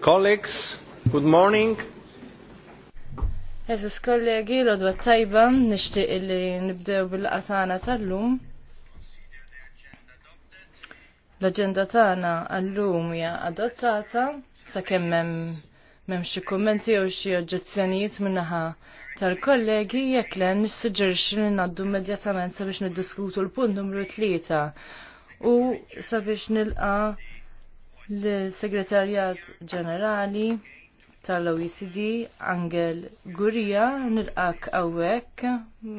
Colleagues, good morning. Eżis kollegi, l-odwa tajba, nishtiq illi nibdew bil-qatana tal-lum. L-agenda tana tagħna lum hija adottata sa kemmem m'hemm xi kummenti jew xi oġġezzjonijiet min-naħa tal-kollegi jekk le nissuġġerixxi li ngħaddu immedjatament sabiex niddiskutu l-punt numru tlieta u sabiex nilqa' l-Segretarjat Ġenerali tal-OECD Angel Gurija nilqak għawek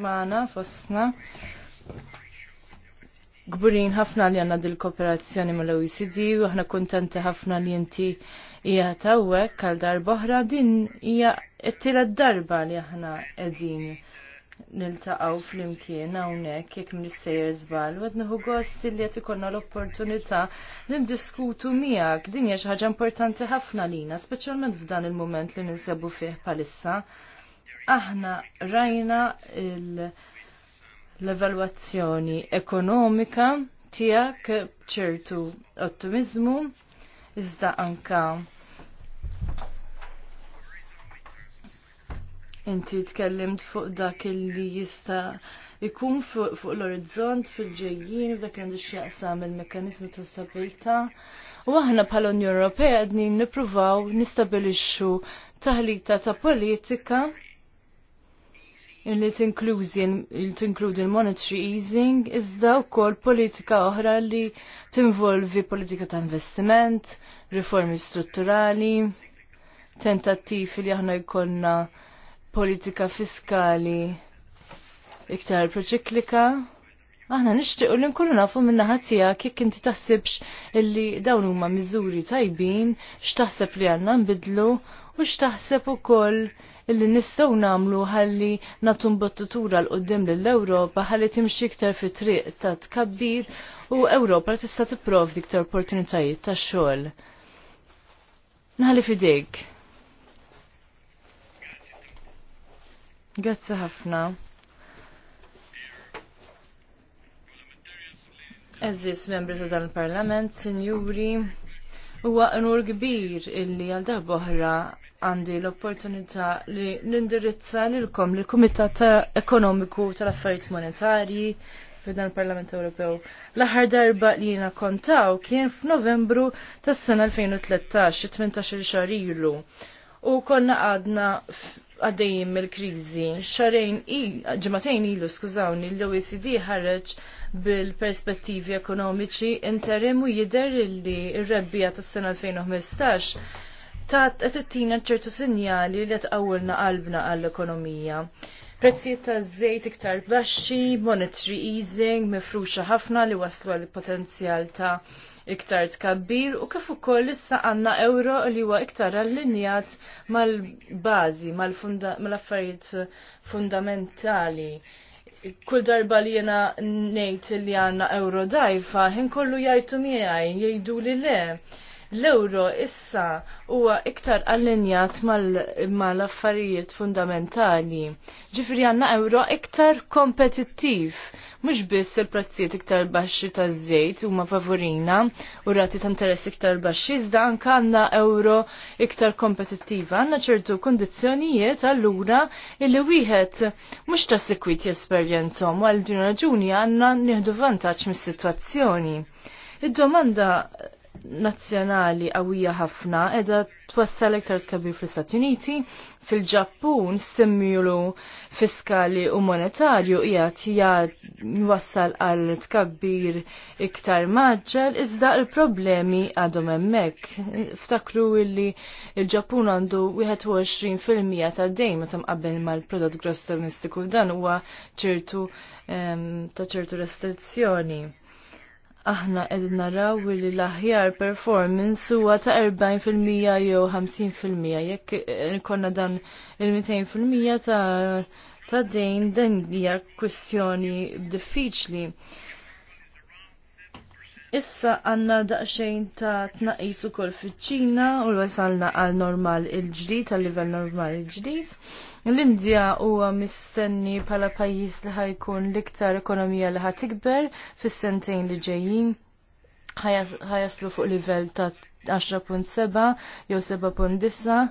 maħna fosna gburin ħafna li għanna dil-kooperazzjoni mal-OECD u ħna kontenti ħafna li jinti hija tawwek għal darboħra din hija t-tielet darba li aħna qegħdin niltaqgħu flimkien hawnhekk jekk mnissejjer żball u qed nieħu gost li qed ikollna l-opportunità li ndiskutu miegħek din hija xi ħaġa importanti ħafna lina, speċjalment f'dan il-mument li ninsabu fih bħalissa. Aħna rajna l-evalwazzjoni ekonomika tiegħek b'ċertu ottimizmu iżda anka Inti tkellimt fuq dak li jista' ikun fuq l-orizzont fil-ġejjin u dak li għandu x'jaqsam il mekanizmu ta' stabilità. U aħna bħala Unjoni Ewropea qegħdin nippruvaw nistabilixxu taħlita ta' politika li tinkludi l-monetary easing iżda wkoll politika oħra li tinvolvi politika ta' investiment, riformi strutturali, tentattiv li aħna jkollna politika fiskali iktar proċiklika. Aħna nixtiequ li nkunu nafu minna ħatija kik inti taħsibx illi dawn huma miżuri tajbin, x'taħseb li għandna nbidlu u x'taħseb ukoll illi nistgħu nagħmlu ħalli nagħtu mbattutura l qoddim lill-Ewropa ħalli timxi iktar fi triq ta' tkabbir u Ewropa tista' tipprovdi iktar opportunitajiet tax-xogħol. Nħalli fidejk. Grazzi ħafna. Eżis membri ta' dan il-Parlament, sinjuri, huwa nur kbir illi għal darboħra għandi l-opportunità li nindirizza lilkom lill l ta' Ekonomiku tal-Affarijiet Monetarji f'dan il-Parlament Ewropew. L-aħħar darba li jiena kontaw kien f'Novembru tas-sena 2013, 18 xahar ilu. U konna għadna għaddejjim mill-kriżi. Xarejn ġematajn ilu skużawni l-OECD ħareġ bil-perspettivi ekonomiċi interim u jider li r-rebbija tas-sena 2015 ta' t-tina ċertu sinjali li t-għawilna qalbna għall-ekonomija. Prezzijiet ta' żejt iktar baxxi, monetary easing, mifruxa ħafna li waslu għal potenzjal ta' iktar tkabbir u kif ukoll issa għandna euro li huwa iktar allinjat mal-bażi, mal-affarijiet -funda fundamentali. Kull darba li jena ngħid li għandna euro dajfa, ħin kollu jajtu miegħi jgħidu li le. L-euro issa huwa iktar allinjat mal-affarijiet mal fundamentali. Ġifri għandna euro iktar kompetittiv mhux biss il-prezzijiet iktar baxxi taż-żejt huma favorina u rati ta' interess iktar baxxi iżda anke għandna euro iktar kompetittiva. Għandna ċertu kondizzjonijiet allura illi wieħed mhux ta' sikwit jesperjenzhom għal din raġuni għandna nieħdu vantaġġ mis-sitwazzjoni. Id-domanda nazzjonali qawwija ħafna edha twassal iktar tkabbir fl-Istati Uniti, fil-Ġappun stimulu fiskali u monetarju qiegħed jwassal għal tkabbir iktar maġġel iżda l-problemi għadhom hemmhekk. Ftakru illi il-Ġappun għandu 21% ta' dejn meta ma' mal-prodott gross domestiku dan huwa ċertu ta' ċertu restrizzjoni aħna qed naraw li l-aħjar performance huwa ta' 40% jew 50% jekk konna dan il-200% ta' ta' dejn dan hija kwestjoni diffiċli. Issa għanna daqxejn ta' tnaqis u kol fiċ-ċina u wasalna għal normal il-ġdid, għal livell normal il-ġdid. L-Indja huwa mistenni pala pajjiż li ħajkun l-iktar ekonomija li ħatikber fis-sentejn li ġejjin ħajaslu fuq livell ta' 10.7 jew 7.9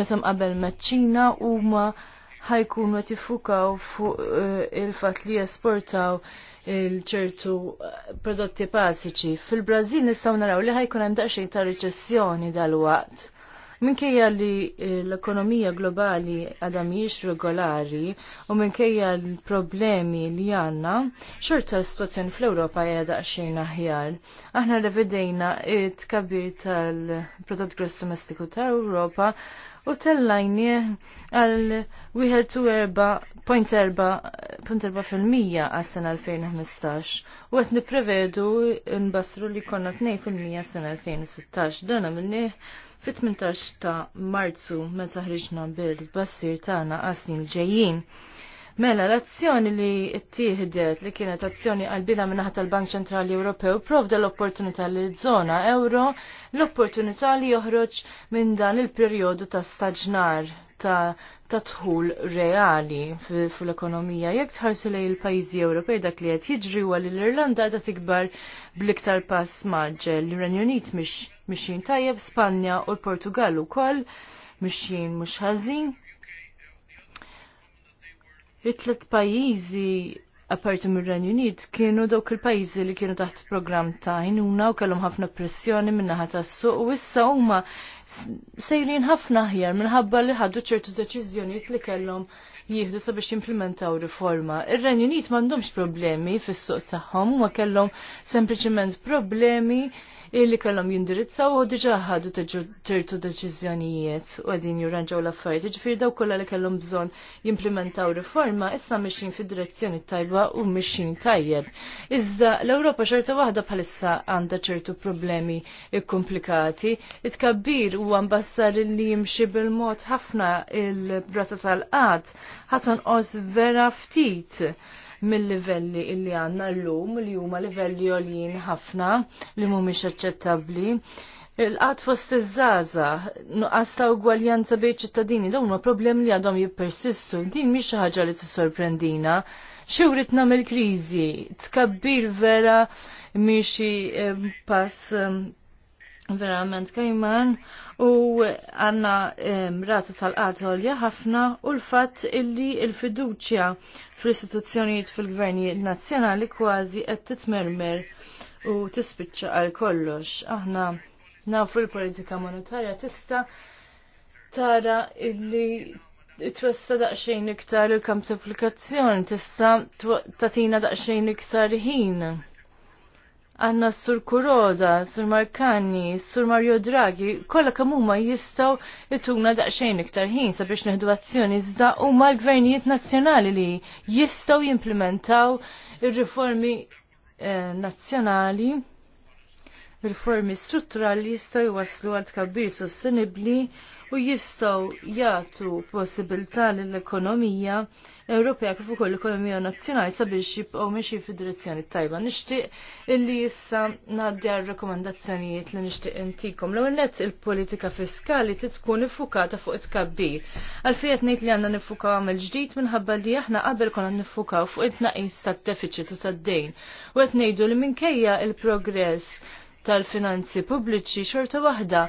meta qabel maċ-Ċina huma ma qed fuq eh, il-fatt li jesportaw il-ċertu eh, prodotti pasiċi. Fil-Brazil nistaw naraw li ħajkun hemm daqsxejn ta' riċessjoni dal-waqt. Minkejja li eh, l-ekonomija globali għadha mhijiex regolari u minkejja l-problemi li għandna, xorta s-situazzjoni fl-Ewropa hija daqsxejn aħjar. Aħna revedejna it-kabir tal-prodott gross domestiku ta' Ewropa u tellajni għal 1.4 fil-mija għas sena 2015 u għet niprevedu nbastru li konna 2 fil-mija sena 2016 Dana minni fit-18 ta' marzu meta ħriġna bil-bassir tagħna għasnin ġejjin. Mela, l-azzjoni li ttieħdet li kienet azzjoni għalbina minnaħat tal-Bank Ċentrali Ewropew provda l-opportunità li zona euro l-opportunità li joħroġ minn dan il-perjodu ta' staġnar ta' ta' tħul reali fil-ekonomija. Jekk tħarsu lej il-pajjiżi Ewropej dak li qed jġri għal li l-Irlanda qiegħda tikbar bliktar pass maġġe l-Renju Unit mhix mixin tajjeb, Spanja u l-Portugal ukoll mixin mhux ħażin it-tlet pajjiżi apparti mir-Renju Unit kienu dawk il-pajjiżi li kienu taħt programm ta' għajnuna u kellhom ħafna pressjoni min-naħa tas-suq u issa huma sejrin ħafna aħjar minħabba li ħaddu ċertu deċiżjonijiet li kellhom jieħdu sabiex jimplementaw riforma. Ir-Renju Unit m'għandhomx problemi fis-suq tagħhom, ma kellhom sempliċement problemi illi kellhom jindirizzaw u diġà ħadu ċertu deċiżjonijiet u għadin jirranġaw l-affarijiet. Ġifieri daw kollha li kellhom bżonn jimplementaw riforma issa mixin fid-direzzjoni tajba u mixin tajjeb. Iżda l-Ewropa ċerta waħda bħalissa għandha ċertu problemi komplikati. It-kabbir u ambassar li jimxi bil-mod ħafna il-brasa tal-qad ħaton os vera ftit mill-livelli illi għanna l-lum li huma livelli għolin ħafna li mhumiex aċċettabbli. Il-qat fost iż-żaza, nuqqas ta' ugwaljanza bej ċittadini, dawn huma problemi li għadhom jippersistu, din mhix xi ħaġa li tissorprendina. Xewritna mill-kriżi, tkabbir vera miexi eh, pass eh, verament kajman u għanna rata tal għolja ħafna u l-fat illi il-fiduċja fl-istituzzjonijiet fil-gvernijiet nazzjonali kważi qed titmermer u tispiċċa għal kollox. Aħna nafu l-politika monetarja tista tara illi twessa daqxejn iktar il-kamp applikazzjoni tista tatina daqxejn iktar ħin għanna sur Kuroda, sur Markani, sur Mario Draghi, kolla kamuma jistaw jitugna daqxejn iktar ħin sabiex neħdu azzjoni iżda u ma l-gvernijiet nazjonali li jistaw jimplementaw il-riformi eh, nazjonali, il-riformi strutturali jistaw jwaslu għad kabbir sostenibli u jistgħu jagħtu possibilità l ekonomija Ewropea kif ukoll l-ekonomija nazzjonali sabiex jibqgħu mexi fid-direzzjoni tajba. Nixtieq illi issa ngħaddi għar rakkomandazzjonijiet li nixtieq intikom. L-ewwel nett il-politika fiskali trid tkun iffukata fuq it tkabbir Għalfejn qed ngħid li għandna nifukaw għamel ġdid minħabba li aħna qabel konna nifukaw fuq it tnaqis tad-deficit u tad-dejn. U qed ngħidu li minkejja il-progress tal-finanzi pubbliċi xorta waħda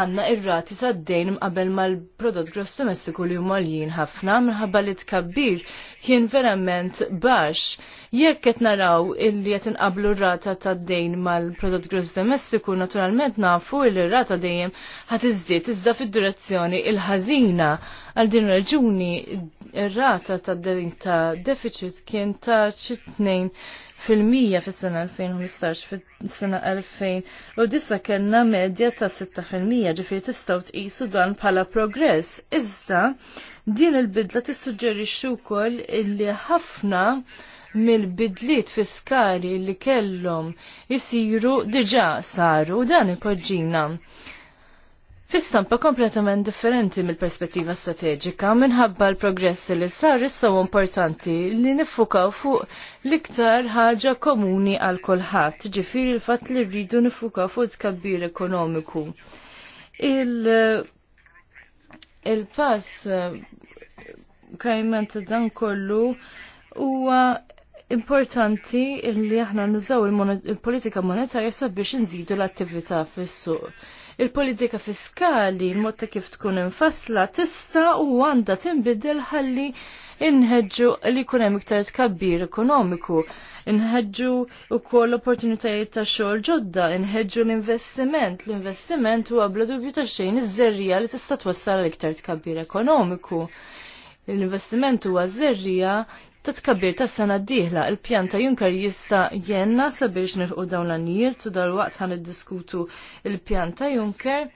għanna irrati rati tad-dejn mqabel mal-prodott gross domestiku li huma għaljin ħafna minħabba li tkabbir kien verament baxx. Jekk qed naraw illi qed inqablu r-rata tad-dejn mal-prodott gross domestiku naturalment nafu li r-rata dejjem ħad iżdied iżda fid-direzzjoni il-ħażina għal din raġuni ir-rata tad-dejn ta' deficit kien ta' xi fil-mija fis-sena 2015 fis-sena 2000 u dissa kellna medja ta' 6% ġifieri tistgħu tqisu dan bħala progress. Iżda din il-bidla tissuġġerixxi wkoll illi ħafna mill-bidliet fiskali li kellhom isiru diġà saru dan ipoġġina fi stampa kompletament differenti mill-perspettiva strateġika minħabba l-progressi li sar issa importanti li nifukaw fuq l-iktar ħaġa komuni għal kulħadd, ġifieri l-fatt li rridu nifukaw fuq tkabbir ekonomiku. Il- il-pass eh, kajment dan kollu huwa importanti li aħna nużaw il-politika monetarja sabiex nżidu l-attività fis-suq il-politika fiskali, il-mod ta' kif tkun infasla, tista' u għandha tinbidel ħalli inħedġu li kunem iktar kabbir ekonomiku, inħedġu u koll opportunitajiet ta' xogħol ġodda, inħedġu l-investiment. L-investiment huwa bla dubju ta' xejn iż-żerrija li tista' twassal l-iktar kabbir ekonomiku. L-investiment huwa żerrija ta' tkabbir ta' sena d-dieħla il pjanta Junker jista' jenna sabiex nirqu dawn l-anijiet u dal-waqt ħan diskutu il pjanta Junker.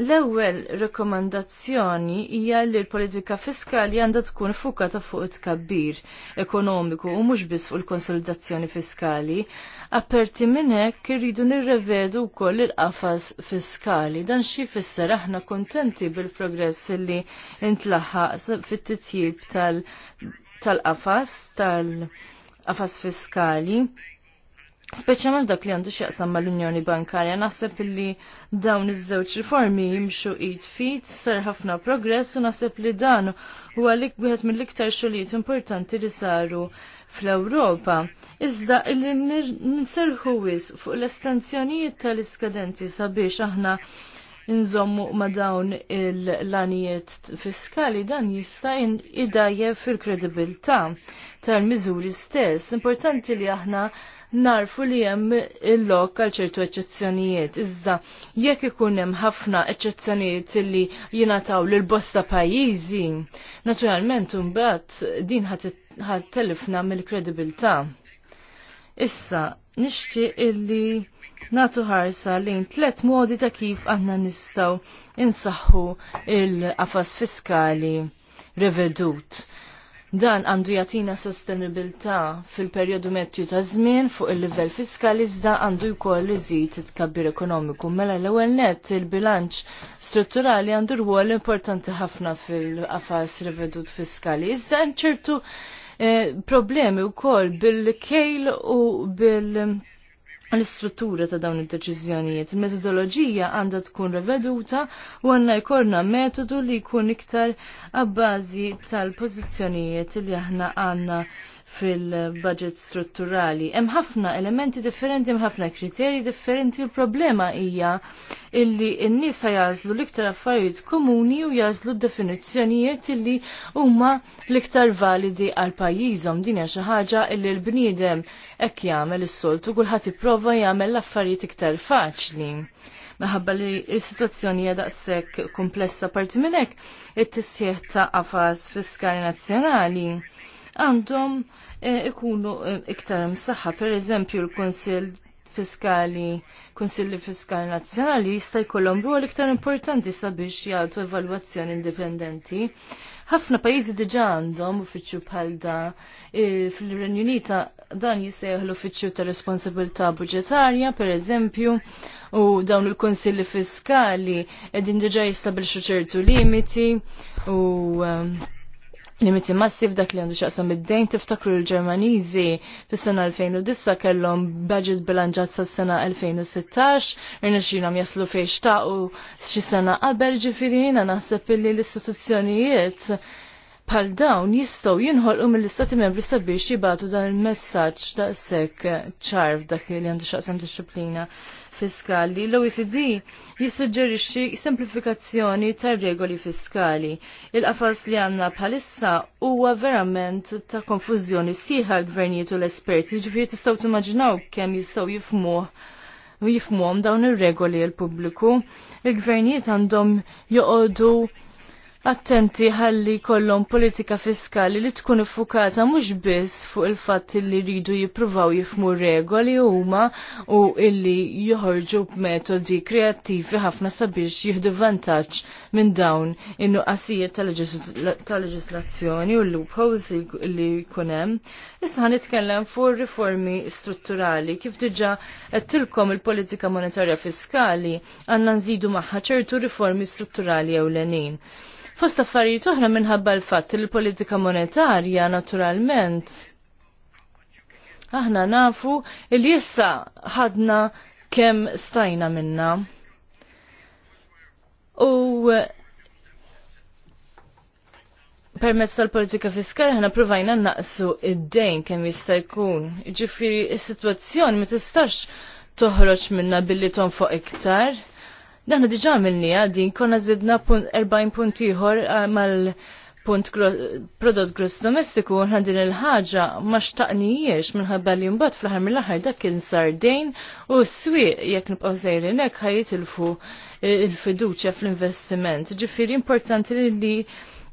L-ewwel rekomandazzjoni hija li l-politika fiskali għandha tkun fukata fuq it-kabbir ekonomiku u mhux biss fuq il-konsolidazzjoni fiskali. Aperti minn hekk irridu nirrevedu wkoll il-qafas fiskali. Dan xi jfisser aħna kontenti bil-progress li intlaħaq fit-titjib tal-qafas tal-qafas fiskali. Speċjalment dak li għandu x'jaqsam mal-Unjoni Bankarja, naħseb li dawn iż-żewġ riformi jimxu id fit, sar ħafna progress u naħseb li dan huwa lik wieħed mill-iktar xogħlijiet importanti li saru fl-Ewropa. Iżda li nserħu wis fuq l estensjonijiet tal-iskadenti sabiex aħna nżommu ma dawn il-lanijiet fiskali dan jista' idajje fil-kredibilità tal-miżuri stess. Importanti li aħna narfu li hemm il-lok għal ċertu eċċezzjonijiet. Iżda jekk ikun hemm ħafna eċċezzjonijiet li jingħataw lil bosta pajjiżi, naturalment imbagħad din ħad mill-kredibilità. Issa nixtieq illi natu ħarsa li tlet modi ta' kif għanna nistaw insaħħu il-qafas fiskali revedut. Dan għandu jatina sostenibilità fil-perjodu metju ta' żmien fuq il-livell fiskali iżda għandu jkoll iżid it-kabbir ekonomiku. Mela l-ewwel nett il-bilanċ strutturali għandu rwol importanti ħafna fil-qafas revedut fiskali. Iżda ċertu eh, problemi wkoll bil-kejl u bil-, -kejl u bil l-istruttura ta' dawn id-deċiżjonijiet. Il-metodoloġija għandha tkun reveduta u għandna jkollna metodu li jkun iktar għabbażi tal-pożizzjonijiet li aħna għandna fil-budget strutturali. Hemm ħafna elementi differenti, hemm ħafna kriterji differenti. Il-problema hija illi n-nies jażlu l-iktar affarijiet komuni u jażlu definizzjonijiet illi huma l-iktar validi għal pajjiżhom. Din hija xi ħaġa illi l-bniedem hekk jagħmel is-soltu kulħadd ipprova jagħmel l-affarijiet iktar faċli meħabba li s-situazzjoni daqshekk komplessa parti minnek, it-tisjeħ ta' għafas fiskali nazjonali għandhom Eh, ikunu eh, iktar msaħħa. Per eżempju, l-Konsil fiskali, konsilli fiskali nazzjonali jista' jkollhom rwol iktar importanti sabiex jagħtu evalwazzjoni indipendenti. Ħafna pajjiżi diġà għandhom uffiċċju bħal da eh, fil-Renju Unita dan jisejħ l-uffiċċju ta' responsabilità budġetarja, per eżempju, u dawn il-konsilli fiskali qegħdin diġà jistabilxu ċertu limiti u um, limiti massiv dak li għandu xaqsam id-dejn tiftakru l-Ġermaniżi fis-sena 2009 kellhom budget bilanġat sas-sena 2016, irnexxinhom jaslu fejn xtaqu xi sena qabel ġifirina naħseb illi l-istituzzjonijiet bħal dawn jistgħu jinħolqu mill-istati membri sabiex jibatu dan il-messaġġ daqshekk ċarf dak li għandu xaqsam disċiplina fiskali. L-OECD jissuġġerixxi semplifikazzjoni tar-regoli fiskali. Il-qafas li għandna bħalissa huwa verament ta' konfużjoni sieħa l-gvernijiet u l-esperti, ġifieri tistgħu timmaġinaw kemm jistgħu jifmuh u jifmuhom dawn ir-regoli l-pubbliku. Il-gvernijiet għandhom joqogħdu attenti ħalli kollom politika fiskali li tkun iffukata mhux biss fuq il-fatt li rridu jippruvaw jifmu regoli huma u illi joħorġu b'metodi kreattivi ħafna sabiex jieħdu vantaġġ minn dawn in-nuqqasijiet tal-leġislazzjoni u l-loopholes li jkun hemm. Issa nitkellem fuq riformi strutturali kif diġà qed tilkom il-politika monetarja fiskali għandna nżidu magħha ċertu riformi strutturali ewlenin. Fost affarijiet oħra minħabba l-fatt li l-politika monetarja naturalment aħna nafu li issa ħadna kemm stajna minna. U permezz tal-politika fiskali ħana provajna naqsu id-dejn kemm jista' jkun. Ġifieri s-sitwazzjoni ma tistax toħroġ minna billi tonfoq iktar. Dan diġa għamilni għadin, konna zidna 40 punt iħor mal punt prodott gross domestiku għandin il-ħagġa ma xtaqnijiex minħabba li jumbat fl-aħħar mill-aħħar dak kien sardejn u s-swieq jekk nibqgħu sejrin hekk ħajitilfu il-fiduċja fl-investiment. Ġifiri importanti li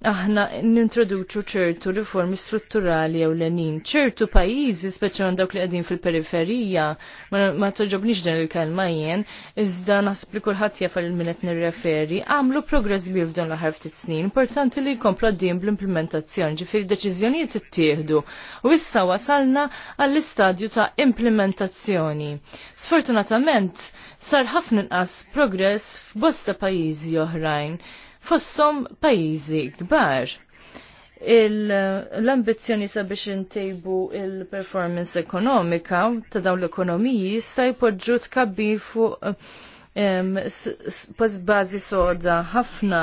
aħna nintroduċu ċertu riformi strutturali jew lenin. ċertu pajjiżi speċjal dawk li qegħdin fil-periferija, ma toġobniex dan il-kelma jien, iżda naħseb li kulħadd jaf min qed nirreferi, għamlu progress kbir f'dan l-aħħar ftit snin, importanti li jkomplu għaddiem bl-implementazzjoni, ġifieri deċiżjonijiet ittieħdu. U issa wasalna għall-istadju ta' implementazzjoni. Sfortunatament sar ħafna inqas progress f'bosta pajjiżi oħrajn fostom pajjiżi kbar l-ambizjoni sabiex intejbu il-performance ekonomika ta' dawn l-ekonomiji sta' jpoġġu tkabbi fuq bażi soda ħafna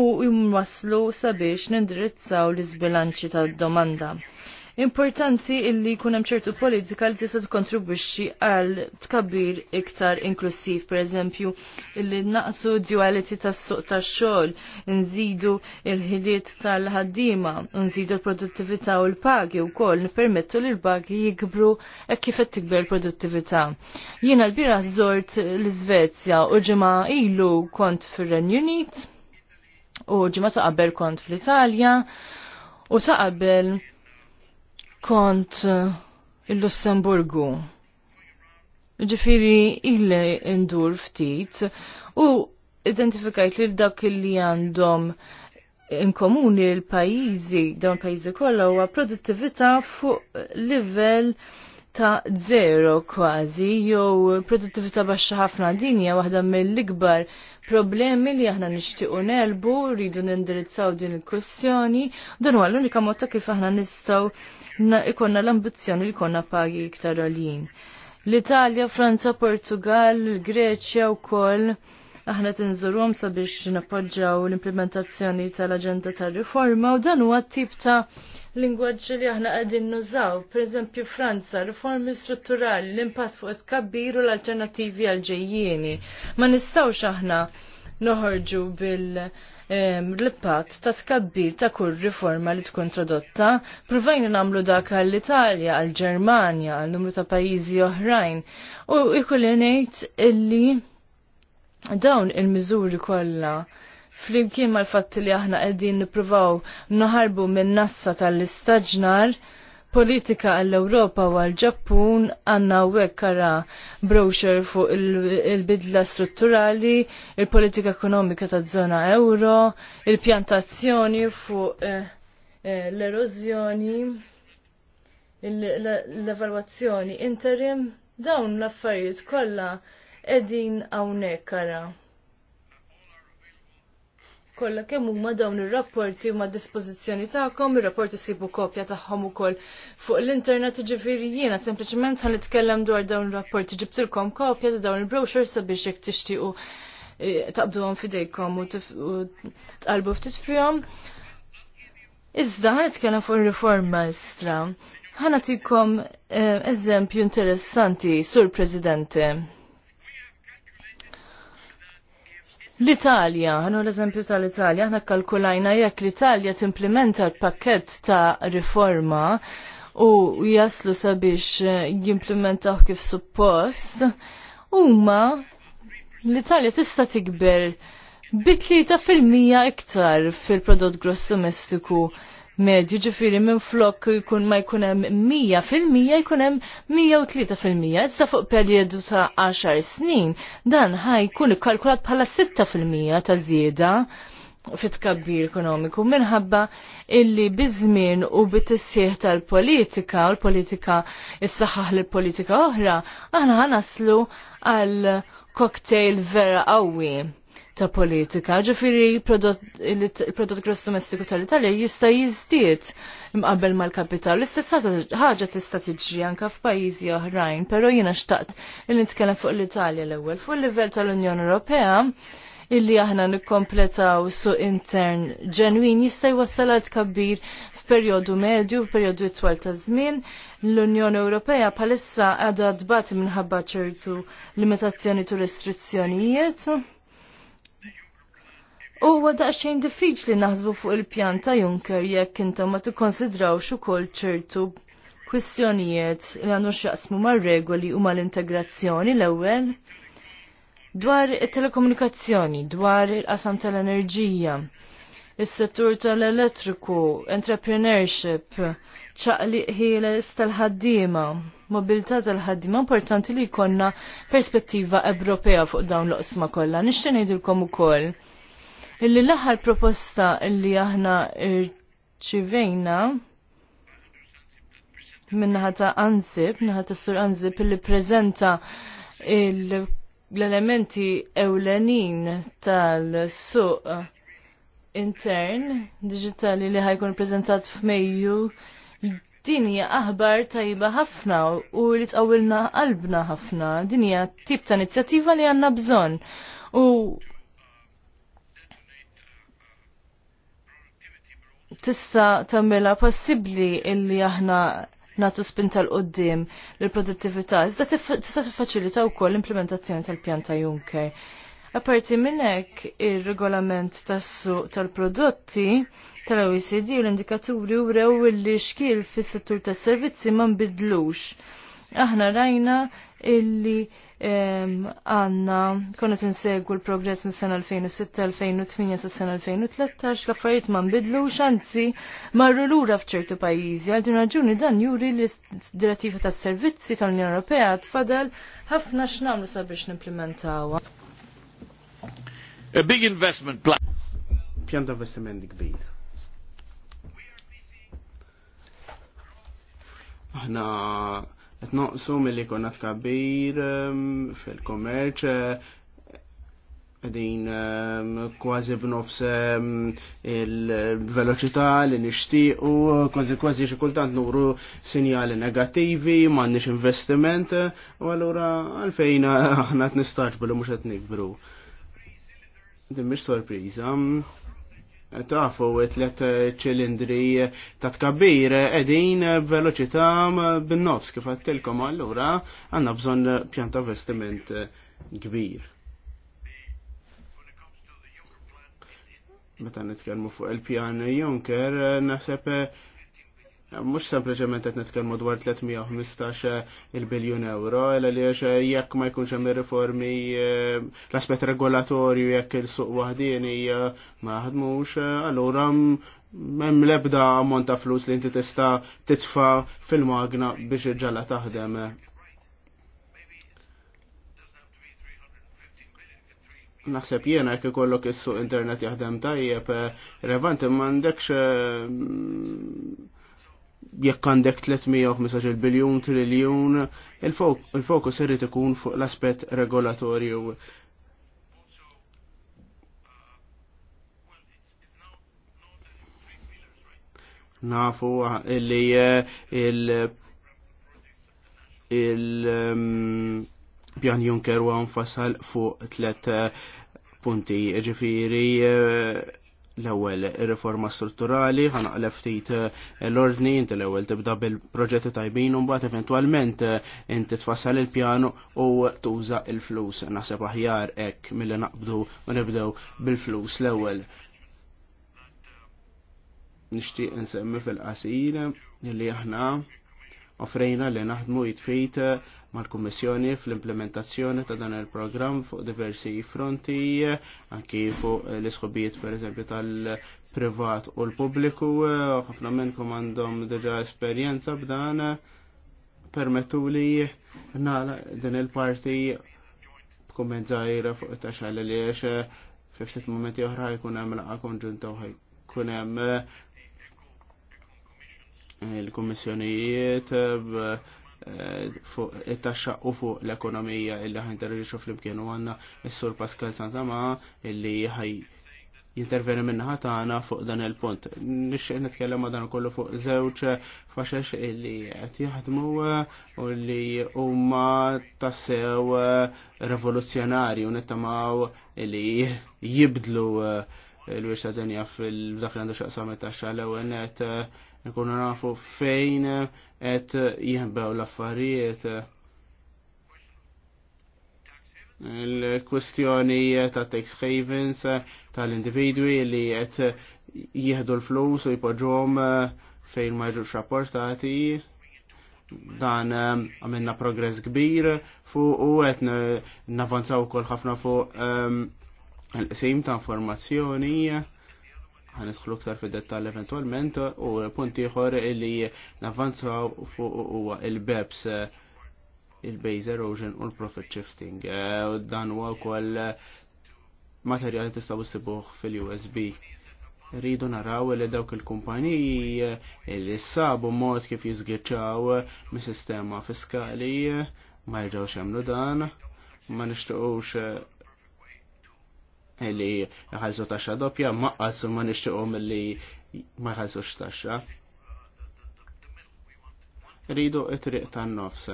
u jmwaslu sabiex nindirizzaw l-izbilanċi tad domanda Importanti illi jkun hemm ċertu politika li tista' tikkontribwixxi għal tkabbir iktar inklusiv, pereżempju illi naqsu duality tas-suq tax-xogħol, nżidu il-ħiliet tal-ħaddiema, nżidu l-produttività u l-pagi wkoll nippermettu li l-pagi jikbru hekk kif qed tikber l-produttività. Jiena l-bira żort l-Iżvezja u ġimgħa ilu kont fir-Renju Unit u ġimgħa ta' kont fl-Italja u ta' qabel kont eh, il-Lussemburgu. Ġifiri ille indur ftit u identifikajt li dak li għandhom in komuni l-pajizi, dawn pajizi kollha huwa produttività fuq livell ta' zero kważi, jew produttività baxxa ħafna din hija waħda mill-ikbar problemi li aħna nixtiequ nelbu, rridu nindirizzaw din il-kwestjoni, dan huwa l-unika mod ta' kif aħna nistgħu ikonna l-ambizjoni li konna pagi iktar għalin. L-Italja, Franza, Portugal, Greċja u koll aħna tinżurhom sabiex napoġġaw l-implementazzjoni tal-aġenda tal-riforma u dan huwa tip ta' lingwaġġ li aħna qegħdin nużaw. Pereżempju Franza, riformi strutturali, l-impatt fuq it-kabbir u l-alternattivi għal ġejjieni. Ma nistgħux aħna noħorġu bil- l-impatt ta' tkabbir ta' kull riforma li tkun tradotta, provajna namlu dak għall-Italja, għall-Ġermanja, għall-numru ta' pajjiżi oħrajn. U ikolli ngħid illi dawn il-miżuri kollha flimkien mal-fatt li aħna qegħdin nippruvaw naħarbu minn nassa tal-istaġnar, politika għall-Europa u għall-Ġappun għanna u kara brochure fuq il-bidla strutturali, il-politika ekonomika ta' zona euro, il-pjantazzjoni fuq eh, eh, l-erozjoni, l-evalwazzjoni interim, dawn l-affarijiet kollha edin hawnhekk kara kollha kemm huma dawn ir-rapporti huma dispożizzjoni tagħkom, ir-rapporti sibu kopja tagħhom ukoll fuq l-internet ġifieri jiena sempliċement għan nitkellem dwar dawn il rapporti ġibtilkom kopja ta' dawn il-brochure sabiex jekk tixtiequ eh, taqbduhom f'idejkom u tqalbu ftit fihom. Iżda għan nitkellem fuq il riforma istra. għan tikom eh, eżempju interessanti, Sur Presidente. L-Italja, għanu l-eżempju tal-Italja, aħna kalkulajna jekk l-Italja timplementa l-pakket ta' riforma u jaslu sabiex eh, jimplementaw kif suppost, huma l-Italja tista' tikber fil-mija iktar fil-prodott gross domestiku medju ġifiri minn flok jkun ma jkun hemm 100% jkun hemm 103%. Issa fuq periodu ta' 10 snin dan ħajkun ikkalkulat bħala 6% ta' żieda fit tkabbir ekonomiku minħabba illi bizmin u bit-tissieħ tal-politika u l-politika s-saħħaħ l-politika oħra, aħna ħanaslu għal cocktail vera qawwi ta' politika. Ġifiri il-prodott gross domestiku tal-Italja jista' jiżdied imqabel mal-kapital. l istessa ħaġa tista' tiġi anke f'pajjiżi oħrajn, però jiena xtaqt il nitkellem fuq l-Italja l-ewwel. Fuq il-livell tal-Unjoni Ewropea illi aħna nikkompletaw su intern ġenwin jista' jwassal għad kabbir f'perjodu medju, f'perjodu twal ta' żmien, l-Unjoni Ewropea palissa għadha dbat minħabba ċertu limitazzjoni tu restrizzjonijiet U għada xejn diffiċli naħsbu fuq il-pjan ta' Juncker jekk intom ma tikkonsidrawx ukoll ċertu kwistjonijiet li għandu xjaqsmu mar-regoli u mal-integrazzjoni l-ewwel dwar telekomunikazzjoni, dwar il-qasam tal-enerġija, is-settur tal-elettriku, entrepreneurship, ċaqli ħieles tal-ħaddima, mobilità tal-ħaddima, importanti li jkollna perspettiva Ewropea fuq dawn l-qosma kollha. Nixtieq ngħidilkom ukoll illi l-aħħar proposta illi aħna irċivejna minnaħa ta' Ansib, minnaħa ta' Sur Ansib illi prezenta l-elementi ewlenin tal-suq intern digitali li ħajkun prezentat f'Mejju din hija aħbar tajba ħafna u li tqawilna qalbna ħafna. Din hija tip ta' inizjattiva li għandna bżonn. U tista tammela possibbli illi aħna natu spin tal-qoddim l-produttività. Iżda tista tiffaċilita wkoll l-implementazzjoni tal-pjan ta' Juncker. Aparti minn hekk ir-regolament tas-suq tal-prodotti tal-OECD u l-indikaturi wrew illi xkiel fis-settur tas-servizzi ma bidlux. Aħna rajna illi għanna konna tinsegwu l-progress mis sena 2006-2008 sa sena 2013 l-affarijiet ma nbidlu xanzi marru lura fċertu pajizi għal din raġuni dan juri l direttiva ta' servizzi tal-Unjoni Ewropea tfadal ħafna x'namlu sabiex nimplementawha. A big investment plan. Pjan ta' investiment kbir. Aħna qed noqsu milli konna tkabbir ehm, fil-kommerċ qegħdin ehm, kważi b'nofs ehm, il-veloċità li nixtiequ, kważi kważi xi kultant nuru sinjali negattivi, m'għandniex investiment, u allura għalfejn aħna qed nistaġbu li mhux qed nikbru. Din sorpriza. sorpriża tafu tlet eh, ċilindri ta' tkabbir edin veloċità bin-nofs kif għattilkom allura għanna bżon pjanta vestiment eh, kbir. Meta nitkellmu fuq il-pjan Juncker eh, naħseb Mux sempliciment qed nitkellmu dwar 315 eh, il-biljun euro, l li eh, jekk ma jkunx hemm riformi eh, l aspet regolatorju jekk il-suq waħdin hija ma ħadmux, allura m'hemm l-ebda ammont ta' flus li inti tista' titfa' fil-magna biex il-ġalla taħdem. naħseb jiena jekk ikollok is-suq internet jaħdem tajjeb, relevanti m'għandekx jekk għandek 315 biljun triljun, il-fokus irrid ikun fuq l-aspett regolatorju. Nafu illi eh, il il ehm, pjan Juncker u għanfasal fuq tlet eh, punti ġifiri eh, l-ewwel ir-riforma strutturali ħanaqleb ftit eh, l-ordni inti l-ewwel tibda bil-proġetti tajbin un bat eventwalment eh, inti tfassal il pjano u tuża il-flus naħseb aħjar hekk milli naqbdu u nibdew bil-flus l-ewwel. Nixtieq insemmi fil-qasir li aħna offrejna li naħdmu jitfejt eh, mal-Kummissjoni fl-implementazzjoni ta' dan il-programm fuq diversi fronti, anki fuq l-isħobijiet per eżempju tal-privat u l-pubbliku, ħafna minnkom għandhom deġa esperjenza b'dan permettu li nala din il-parti b'kumment zaħira fuq taċħal li għax fiftit momenti uħra jkun hemm laqa konġunta uħaj kun hemm il-kommissjonijiet fuq it-taxxa u fuq l-ekonomija illi ħan interriġu fl-imkien u għanna il sur Pascal Santama illi ħaj jinterveni minna ħatana fuq dan il-punt. Nixxie nitkellem ma dan kollu fuq zewċ faxex illi qed jaħdmu u li umma tassew revoluzjonari u nittamaw illi jibdlu l-wisa dinja fil dakħlandu xaqsa me xaqsam it-taxxa l-ewwel nkunu nafu fejn qed jinbew l-affarijiet il-kwestjoni ta' tax havens tal-individwi li qed jieħdu l-flus u jpoġġhom fejn ma ġewx rapportati dan um, għamilna progress kbir fuq u qed navanzaw ukoll ħafna fuq um, l-qsim ta' informazzjoni ħanidħlu ktar fi dettall eventualment u punti ħor illi navanzu fuq huwa il-BEPS il-base erosion u l-profit shifting. Eh, dan huwa wkoll materjali tistgħu issibuh fil-USB. Rridu naraw li dawk il-kumpaniji li sabu mod kif jiżgiċċaw mis-sistema fiskali ma jġawx hemm. dan, ma nixtiequx li ħalsu taxxa doppja maqqas ma nixtieqhom li ma ħalsux taxxa. Ridu it-triq tan-nofs.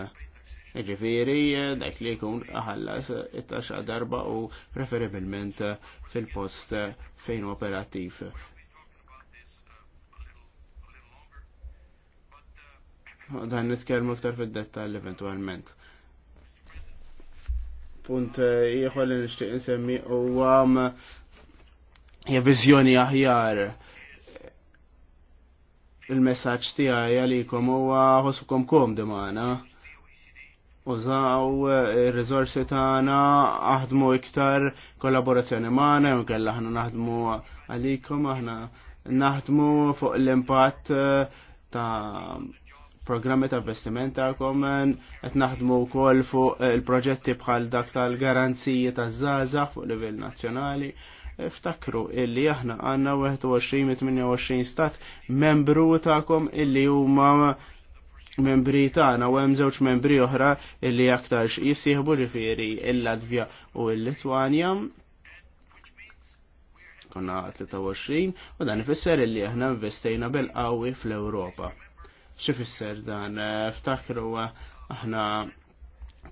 Ġifiri, dak li jkun ħallas it-taxxa darba u preferibilment fil-post fejn operattiv. Dan nitkellmu iktar fid-dettall eventualment. Punt eh, ieħor li nishtiq nsemmi u għam mm, hija vizjoni aħjar il-messaġġ tiegħi għalikom huwa ħossukom komdi magħna. Użaw eh, il-rizorsi tagħna aħdmu iktar kollaborazzjoni maħna, jom kellha ħna naħdmu għalikom ħna naħdmu fuq l impat eh, ta' programmi ta' investiment komen, qed naħdmu wkoll fuq il-proġetti bħal dak tal-garanziji taż zazax fuq livell nazzjonali. Iftakru illi aħna għandna 21-28 stat membru kom illi huma membri tagħna u hemm żewġ membri oħra illi aktar jissieħbu ġifieri il-Latvja u l-Litwanja konna 23 u dan ifisser illi aħna investejna bil-qawwi fl-Ewropa. Ċ'ifisser dan. Eh, ftakru eh, aħna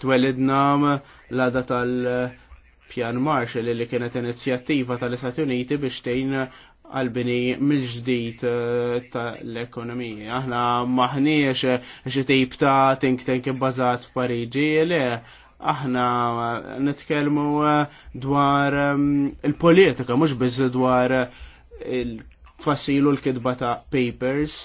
twelidna eh, l-għada tal-Pjan Marshall li kienet inizjattiva tal-Istati Uniti biex tejn għalbini mill-ġdijt tal-ekonomija. Aħna maħniex ġitib ta' think tank bazat f'Pariġi, li aħna nitkellmu dwar il-politika, mhux biss dwar il-fassilu l-kidba ta' papers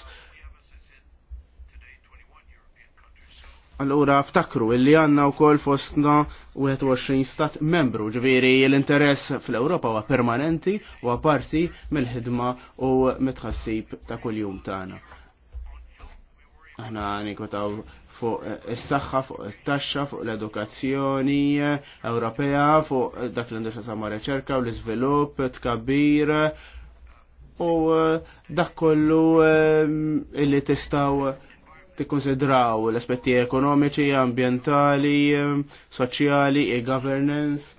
Allura ftakru illi għanna u kol fostna 21 stat membru ġviri l-interess fl-Europa huwa permanenti u parti mill-ħidma u mitħassib ta' kull-jum tagħna. Aħna nikotaw fuq is-saħħa, fuq it-taxxa, fuq l-edukazzjoni Ewropea, fuq dak l indusja sama reċerka u l-iżvilupp, tkabbir u dak kollu eh, illi tistgħu tikkonsidraw l-aspetti ekonomiċi, ambientali, soċjali e governance.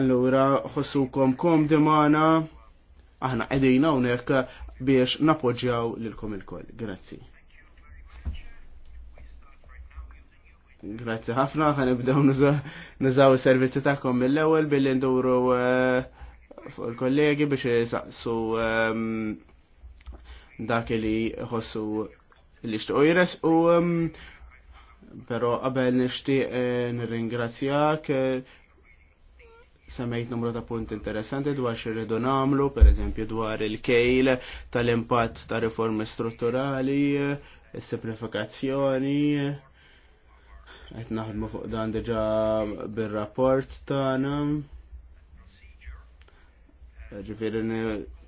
Allura, ħossu kom dimana, aħna edina unek biex napoġġjaw lilkom il-koll. Grazzi. Grazzi ħafna, ħan nibdew nizaw il-servizzi tagħkom mill-ewwel billi nduru eh, fuq il-kollegi biex saqsu dak li ħossu li xtuq jires u um, pero qabel nixtieq eh, nirringrazzjak eh, semmejt numru ta' punt interessanti dwar xirridu namlu, per eżempju dwar il-kejl tal-impatt ta' riformi strutturali, eh, s simplifikazzjoni għet naħdmu fuq dan diġa bil rapport nam. Ġifiri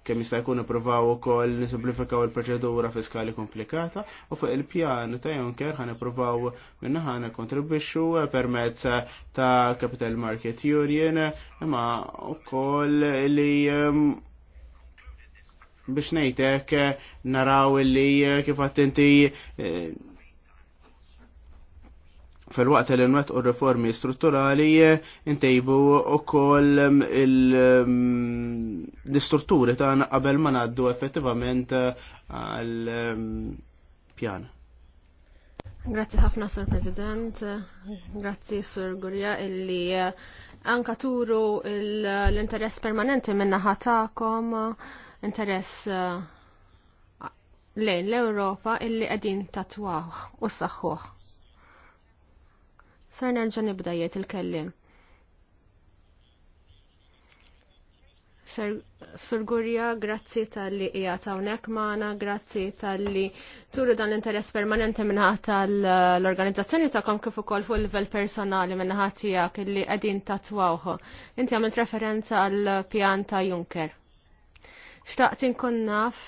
kemm jista' jkun ippruvaw ukoll nisimplifikaw il-proċedura fiskali komplikata u fuq il-pjan ta' Juncker ħan ippruvaw minnaħa kontribwixxu permezz ta' Capital Market Union imma ukoll li um, biex ngħidlek naraw li kif inti fil-waqt li nwet u reformi strutturali intejbu u koll mm, mm, l-istrutturi ta' qabel ma naddu effettivament eh, għal-pjan. Mm, Grazzi ħafna, Sur President. Grazzi, Sur Gurja, illi eh, anka turu l-interess permanenti minna ħatakom, eh, interess lejn l-Europa illi għedin tatwaħ u saħħuħ. Ser nerġa' nibdajiet il-kellim. Sur Gurja, grazzi tal-li ta' hawnhekk magħna, grazzi tal-li turu dan l-interess permanenti minnaħ tal-organizzazzjoni tagħkom kif ukoll fuq il-livell personali minnaħ tiegħek li qegħdin tatwawh. Inti għamilt referenza għall pjan ta' Juncker. Xtaqtin kun naf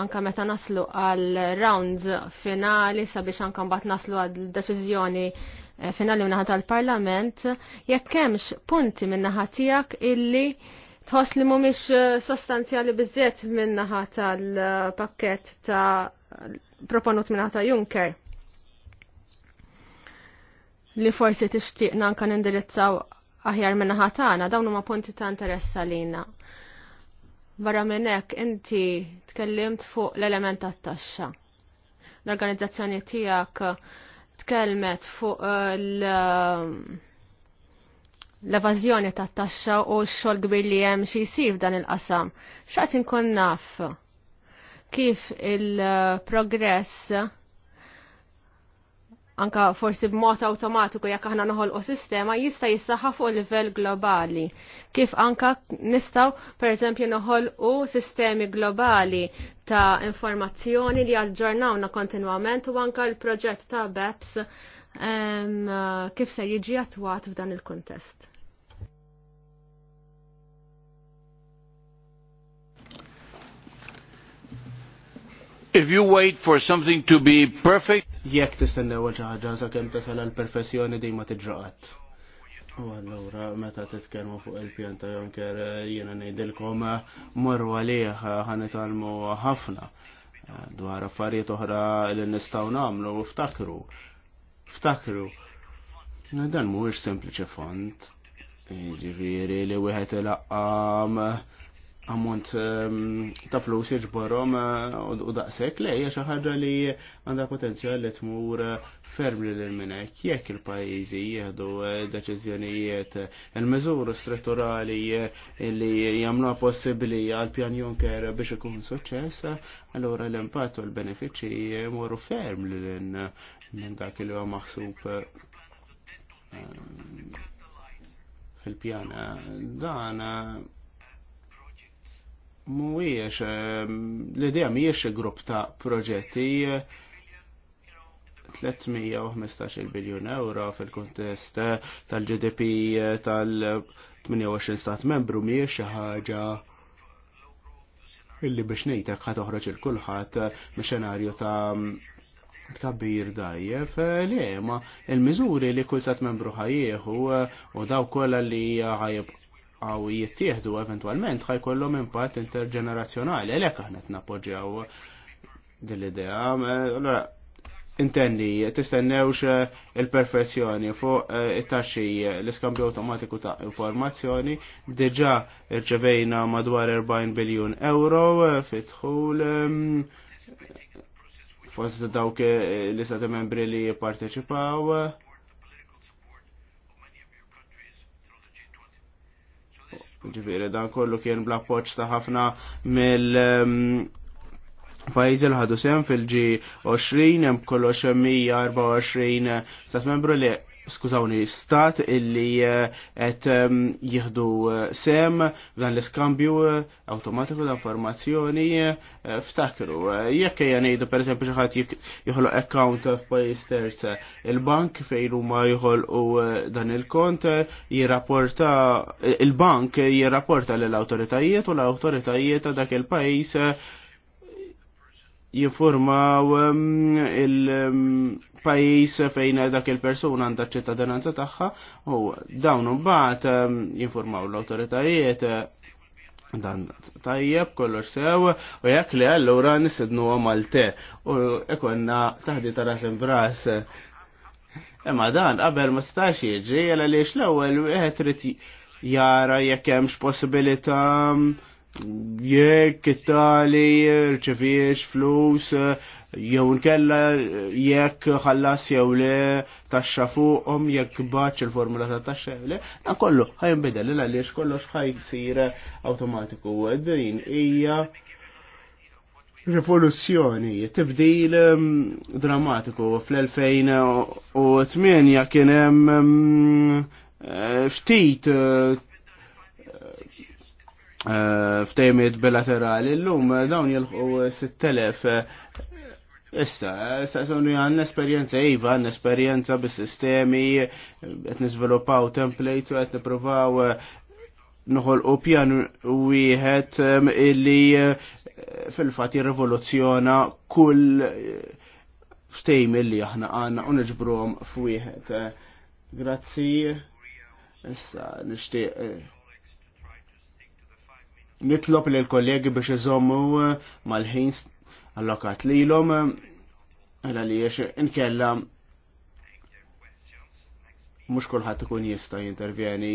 anka meta naslu għal rounds finali sabiex anka mbagħad naslu għal deċiżjoni eh, finali minnaħat tal-Parlament, jekk hemmx punti minnaħat tiegħek illi tħoss li mhumiex eh, sostanzjali biżjed minnaħa tal-pakkett ta' proponut minnaħa ta' Juncker li forsi tixtieq nanka nindirizzaw aħjar min-naħa tagħna dawn huma punti ta' interess għalina. Barra minn hekk inti tkellimt fuq l-element tat-taxxa. L-organizzazzjoni tiegħek tkellmet fuq eh, l-evażjoni tat-taxxa u x-xogħol kbir li hemm xi jsir f'dan il-qasam. X'qed inkun naf kif il-progress eh, anka forsi b'mod awtomatiku jekk aħna noħolqu sistema jista' jissaħħa fuq livell globali. Kif anka nistgħu pereżempju noħolqu sistemi globali ta' informazzjoni li għalġornawna kontinwament u anka l-proġett ta' BEPS um, kif se jiġi attwat f'dan il-kuntest. If you wait for something to be perfect. Jekk tistenna wa xi ħaġa sakemm tasal għall-perfessjoni dejma tiġraqat. U allura meta titkellmu fuq il-pjan ta' Jonker jiena ngħidilkom morru għalih ħanitalmu ħafna eh, dwar affarijiet oħra li nistgħu nagħmlu u ftakru. Ftakru. Dan mhuwiex sempliċi font. Ġifieri li wieħed ilaqqam ammont ehm, ta' flus jiġborhom eh, u daqshekk lejja xi ħaġa li għandha potenzjal li tmur ferm lil minnek jekk il-pajjiżi jieħdu eh, deċiżjonijiet eh, il mezzur strutturali li jagħmluha possibbli għal pjan Juncker biex ikun suċċess, allura l-impatt u l-benefiċċji jmorru ferm lil minn dak li huwa maħsub ehm, fil-pjana dan Mhuwiex ehm, l-idea mhijiex grupp ta' proġetti 315 biljun euro fil-kuntest tal-GDP tal-28 stat membru mhijiex xi ħaġa illi biex ngħidlek ħad toħroġ il kulħadd mix-xenarju ta' tkabbir dajjef, le, ma il-mizuri li kull stat membru ħajieħu u daw kolla li ħajib għaw jittieħdu eventualment ħajkollhom impatt interġenerazzjonali, għalhekk aħna qed nappoġġjaw dil-idea. Allora, intendi, tistennewx eh, il-perfezzjoni fuq eh, it-taxxi l-iskambju automatiku ta' informazzjoni diġà irċevejna madwar 40 biljun euro eh, fitħul ehm, fost dawk l-istati membri li jipparteċipaw. Ġifiri, dan kollu kien bla poċ ta' ħafna mill ehm, Pajizi l-ħadu sem fil ġi 20 kollox 124 stat membru li skużawni, stat illi qed eh, jieħdu eh, sem dan l-iskambju eh, awtomatiku ta' informazzjoni ftakru. Jekk hija ngħidu pereżempju xi ħadd joħloq account f'pajjiż terz il-bank fejn huma jħolqu dan il-kont jirrapporta il-bank jirrapporta lill awtoritajiet u l-awtoritajiet ta' dak il-pajjiż jinformaw um, il-pajis fejn dak il-persuna għandha ċittadinanza tagħha u dawn imbagħad um, jinformaw l-awtoritajiet dan tajjeb kollox sew u jekk li allura nisidnu Malte u ikonna taħdi taras imbras. Imma dan qabel ma stax jiġri għaliex l-ewwel wieħed trid jara jekk hemmx possibilità jekk it-tali rċeviex flus jew nkella jekk ħallas jew le taxxa fuqhom jekk baċ il-formula ta' taxxa jew le dan kollu bidel li għaliex kollox ħaj jsir awtomatiku din hija rivoluzzjoni, tibdil mm, drammatiku fl-2008 kien hemm mm, eh, ftit eh, Eh, f'tejmiet bilaterali l-lum eh, dawn jilħu 6000 eh, Issa, issa sonu għan esperienza, iva għan esperienza bis-sistemi, għet nizvilupaw template, għet niprofaw nħol u pjan u wieħed illi fil-fat jirrivoluzzjona kull ftejm illi aħna għanna u nġbrom f'wieħed. Grazzi, issa nishtiq nitlob li l-kollegi biex iżommu eh, mal-ħin allokat li l-om eh, għala li jiex inkella mux kullħat ikun jista jintervjeni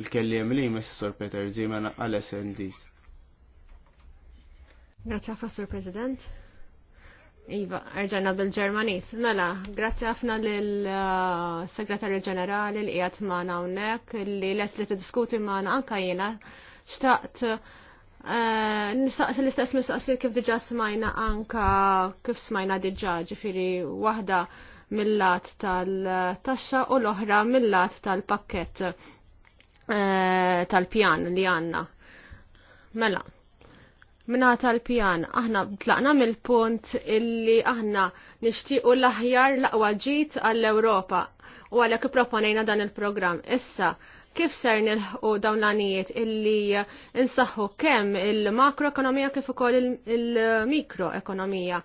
il-kellim li jmiss Sor Peter Zimen għal-SND. Grazie ħafna Sur President. Iva, rġana bil-Ġermanis. Mela, grazie ħafna lill-Segretarju eh, Ġenerali li qiegħed unnek hawnhekk li les li t-diskuti maħna anka jena. xtaqt Eh, nistaqsi l-istess mistaqsi kif diġa smajna anka kif smajna diġa ġifiri waħda mill-lat tal-taxxa u l-oħra mill-lat tal-pakket eh, tal-pjan li għanna. Mela, minna tal-pjan, aħna tlaqna mill-punt illi aħna nishtiqu l-aħjar l ġit għall-Europa u għalek proponejna dan il-program. Issa, kif ser nilħu dawn l-għanijiet illi insaħħu kemm il-makroekonomija kif ukoll il-mikroekonomija.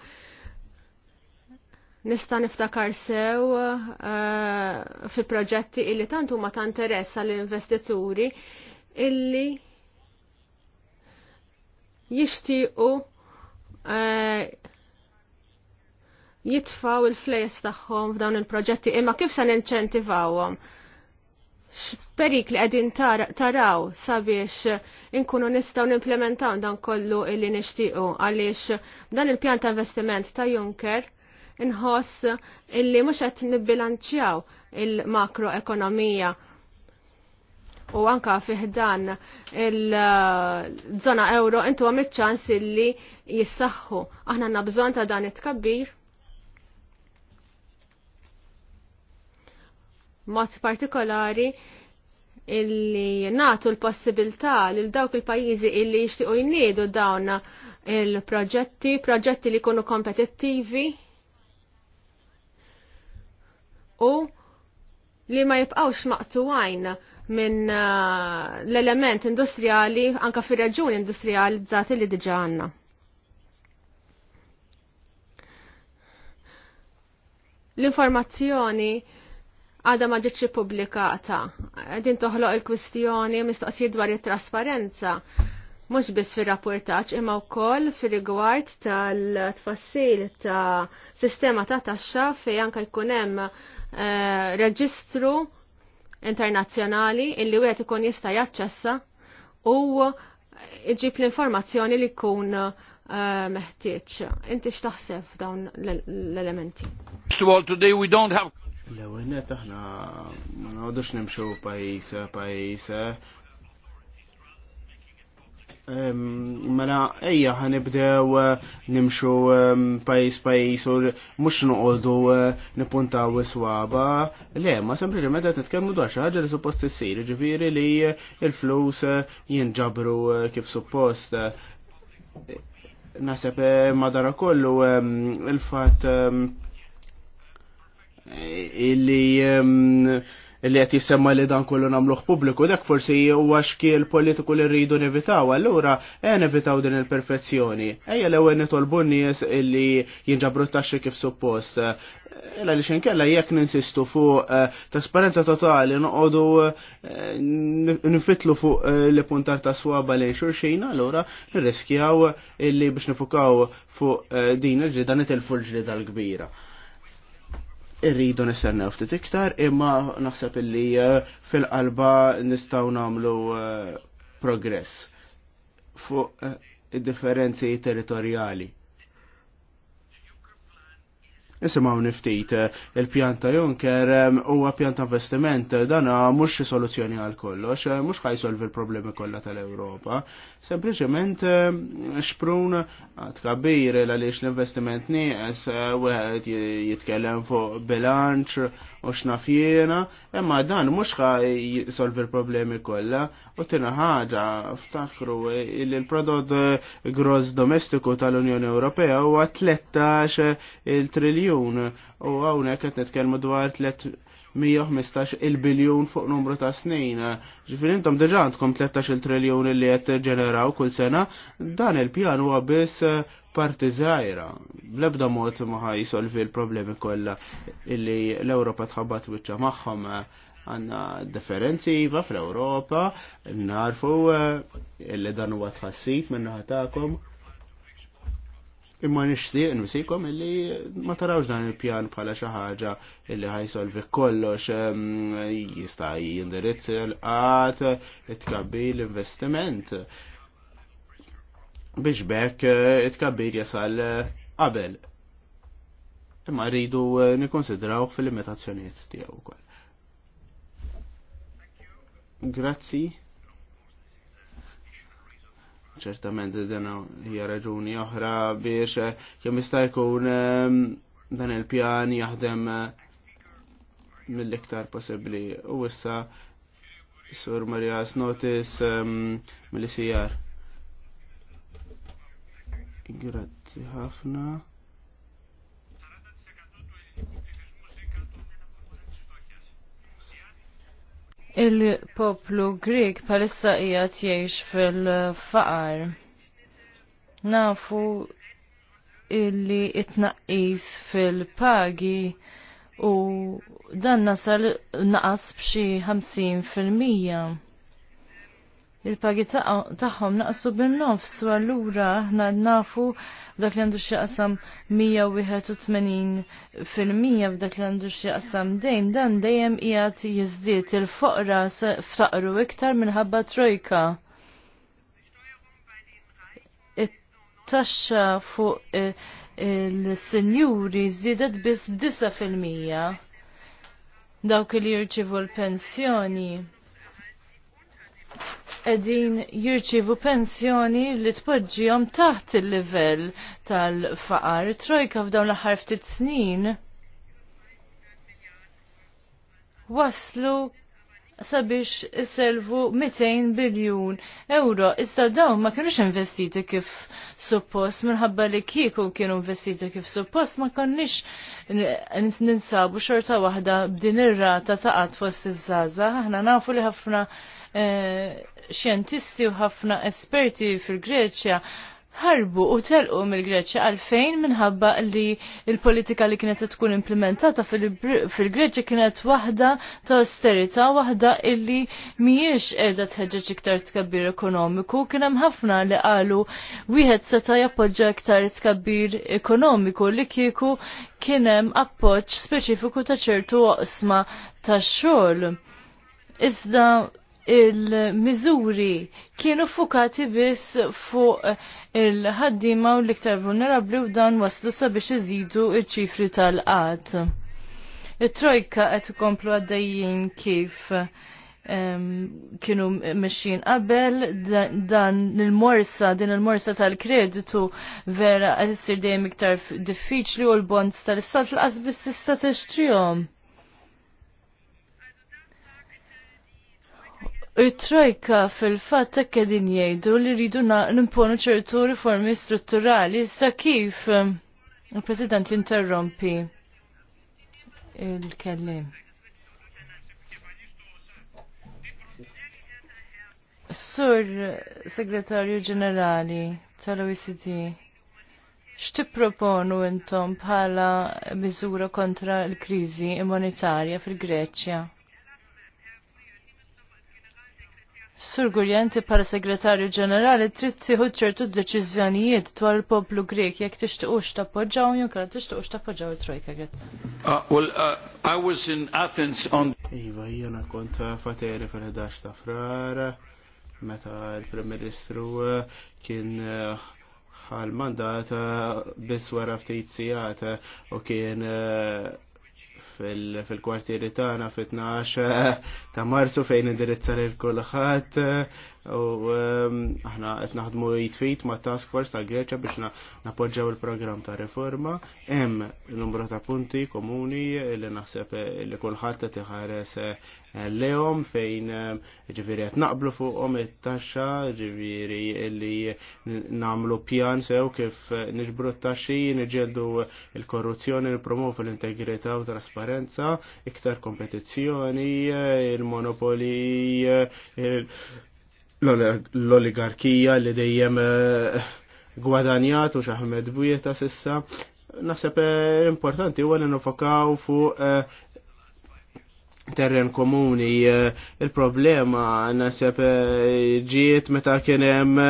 Nista' niftakar sew uh, fi proġetti illi tant huma ta' interess għall-investituri illi jixtiequ uh, jitfaw il-flejes tagħhom f'dawn il-proġetti imma kif se ninċentivawhom? x'perik li qegħdin taraw sabiex inkunu nistgħu nimplementaw dan kollu illi nixtiequ għaliex dan il-pjan ta' investiment ta' Juncker inħoss illi mhux qed nibbilanċjaw il-makroekonomija u anka fiħdan il-żona euro intu għamit ċans illi jissaħħu. Aħna nabżon ta' dan it-kabbir mod partikolari illi natu l-possibilità lil dawk il-pajjiżi illi jixtiequ jniedu dawn il-proġetti, proġetti li jkunu kompetittivi u li ma jibqawx maqtu għajn minn uh, l-element industrijali anka fir reġuni industrijalizzati li diġa għanna. L-informazzjoni għada ma ġietx ippubblikata. Din toħloq il-kwistjoni mistoqsijiet dwar it-trasparenza mhux biss fir-rapportaġġ imma wkoll fir-rigward tal-tfassil ta' sistema ta' taxxa fejn anke jkun hemm eh, reġistru internazzjonali illi wieħed ikun jista' jaċċessa u iġib l-informazzjoni li jkun eh, meħtieġ. Inti x'taħseb f'dawn l-elementi? First of all, today we don't have L-ewenet aħna ma nħodux nimxu pajis pajis. Eh. Mela ejja ħanibdew eh, nimxu pajis pajis u mux nuqodu eh, nipuntaw swaba. Le, ma sempliċement qed nitkellmu dwar xi ħaġa li suppost issir, ġifieri li l-flus jinġabru kif suppost. Naseb madara kollu il-fatt illi ehm, li qed jisemma li dan kollu nagħmluh pubbliku dak forsi huwa l politiku li rridu nevitaw, allura e nevitaw din il-perfezzjoni. Ejja l-ewwel nitolbu nies illi jinġabru taxxi kif suppost. Ela eh, li xinkella jekk ninsistu fuq eh, trasparenza totali noqogħdu nifitlu fuq li puntar ta' swaba li xurxin, allura nirriskjaw illi biex nifukaw fuq din il-ġlida il l tal kbira irridu nisser nefti iktar, imma naħseb illi eh, fil-qalba nistaw namlu eh, progress fuq eh, differenzi territoriali. Nisimaw niftit, eh, il-pjanta Juncker eh, huwa pjanta investiment, eh, dana mux soluzzjoni għal kollox, mux ħajsolvi il-problemi kollha tal-Ewropa. Sempliċement xprun tkabbir għaliex l-investiment nieqes wieħed jitkellem fuq bilanċ u xnafjena, imma dan mux solvi il-problemi kollha u tina ħaġa ftaħru il-prodott gross domestiku tal-Unjoni Ewropea huwa 13 il-triljun biljun u hawnhekk qed nitkellmu dwar 315 il-biljun fuq numru ta' snin. Ġifieri intom diġà għandkom 13 triljun li qed ġeneraw kull sena, dan il-pjan huwa biss parti zaħira. Bl-ebda mod ma ħajsolvi l-problemi kollha illi l-Ewropa tħabbat wiċċa magħhom għanna differenzi iva, fl-Europa, narfu eh, illi dan huwa tħassib minna ħatakom. Imma nixtieq nisikom illi ma tarawx dan il-pjan bħala xi ħaġa illi ħajsolvi kollox jista' jindirizz il-qat, it-tkabbir l-investiment. Biex bekk it-tkabbir jasal qabel. Imma rridu nikkonsidraw fil-limitazzjonijiet tiegħu wkoll. Grazzi ċertament dan hija raġuni oħra biex kemm jista' jkun ehm, dan il-pjan jaħdem ehm, mill-iktar possibbli u issa Sur Maria's Snotis ehm, mill-ICR. Grazzi ħafna. Il-poplu Grieg palissa ijat jgħix fil-faqar. Nafu illi itnaqqis fil-pagi u dan nasal naqas b'xi 50 fil-mija il-pagi tagħhom naqsu bin-nofs u allura aħna nafu dak li għandu xi 181 fil-mija f'dak li għandu xi dejn dan dejjem qiegħed jiżdied il-foqra ftaqru iktar minħabba trojka. It-taxxa fuq eh, il-senjuri żdiedet biss b'disa' fil-mija dawk li jirċivu l-pensjoni edin jirċivu pensjoni li tpoġġihom taħt il-livell tal-faqar. Trojka f'dawn l-aħħar ftit snin waslu sabiex iselvu 200 biljun euro. Iżda dawn ma kienux investiti kif suppost, minħabba li kieku kienu investiti kif suppost, ma konniex ninsabu xorta waħda b'din ir-rata ta' fost iż-żaza. Aħna nafu li ħafna Eh, xjentisti u ħafna esperti fil-Greċja ħarbu u telqu mill-Greċja għalfejn minħabba li l-politika li kienet tkun implementata fil-Greċja kienet waħda ta' austerita, waħda illi miex edha tħeġġeġ iktar tkabbir ekonomiku, kien hemm ħafna li qalu wieħed seta' jappoġġa iktar tkabbir ekonomiku li kieku kien hemm appoġġ speċifiku ta' ċertu oqsma tax-xogħol. Iżda il-miżuri kienu fukati biss fuq il-ħaddima u l-iktar vulnerabli u dan waslu sabiex iżidu il-ċifri tal-qat. Il-trojka qed ikomplu għaddejjin kif kienu meċin qabel dan il-morsa din il-morsa tal-kreditu vera qed issir dejjem iktar diffiċli u l-bonds tal-istat l-qasbis tista' tixtrihom. it-trojka fil-fatt ta' kedin jgħidu li rridu n-imponu ċertu riformi strutturali issa kif um, il-President jinterrompi il-kellim. Sur Segretarju Ġenerali tal-OECD, x'tipproponu intom bħala miżura kontra l-kriżi monetarja fil-Greċja? Sur Gurjenti pala segretarju ġenerali trid tieħu ċertu deċiżjonijiet dwar il-poplu Grek jekk tixtiqux tappoġġaw jew kara tixtiqux tappoġġaw it-Trojka Grezza. Ah, well, uh I was in Athens on Iva, jiena kont uh, fateri fil-11 ta' frar meta l-Prim Ministru uh, kien uh, ħal mandata biss wara ftit sigħat u kien fil-kwartieri tagħna fit-12 eh, ta' Marzu fejn indirizzar il kulħadd eh, u aħna qed naħdmu jitfit ma' task force ta' Greċja biex napoġġaw il-programm ta' reforma. Hemm numru ta' punti komuni li naħseb li kulħadd qed iħares eh, lehom fejn ġifieri qed naqblu fuqhom it-taxxa, ġifieri li nagħmlu pjan sew kif niġbru t-taxxi, niġeldu il-korruzzjoni, nippromovu l-integrità u trasparenza, iktar kompetizzjoni, il-monopoli, l-oligarkija li dejjem eh, gwadanjat u xaħmed bujeta sissa. Naħseb eh, importanti huwa nifokaw fuq eh, terren komuni. Il-problema naħseb ġiet meta kien hemm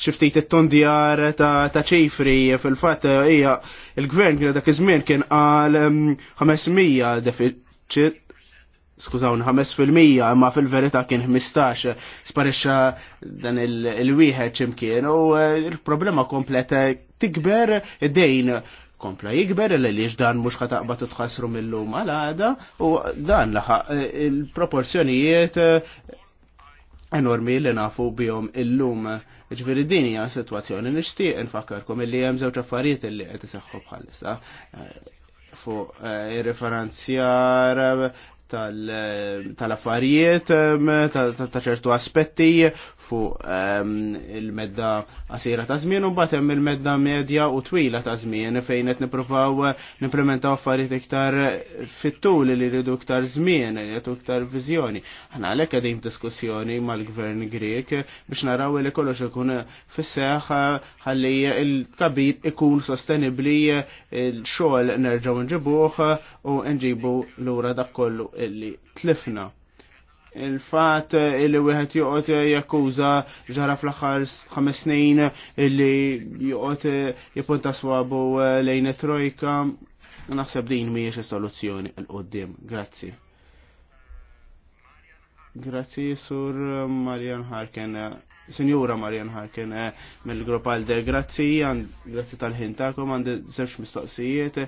xiftit it-tondjar ta' ċifri fil-fatt hija il-gvern dak iż-żmien kien qal 500 mm, deficit skużawni 5% imma fil-verità kien 15 sparixxa dan il-wieħed x'imkien u eh, il-problema kompleta tikber id-dejn kompla jikber l li dan mux ħataqba tħasru mill-lum għal-għada u dan laħaq eh, il-proporzjonijiet eh, enormi li nafu bihom il-lum ġviri din hija situazzjoni nixtieq infakkarkom illi hemm żewġ affarijiet li qed iseħħu bħalissa fuq ir-referenzjar Eh, tal-affarijiet, ta' ċertu aspetti fuq ehm, il-medda qasira ta' żmien u mbagħad hemm il-medda medja u twila ta' żmien fejn qed nippruvaw eh, nimplementaw affarijiet iktar fit-tul li jridu iktar żmien, li jagħtu iktar viżjoni. Aħna għalhekk qegħdin diskussjoni mal-Gvern Grek biex naraw li kollox ikun fis-seħħ ħalli il-kabir ikun sostenibbli il-xogħol nerġgħu nġibuh u nġibu lura dak kollu illi tlifna il-fat eh, li wieħed joqgħod eh, jakkuża ġara fl-aħħar ħames snin eh, li joqgħod jipunta swabu lejn trojka naħseb din mhijiex is-soluzzjoni l qoddim Grazzi. Grazzi sur Marian Harken Sinjura Marjan Harkin eh, mill-grupp għalde, grazzi grazzi tal-ħin ta'kom għandi zewx mistoqsijiet,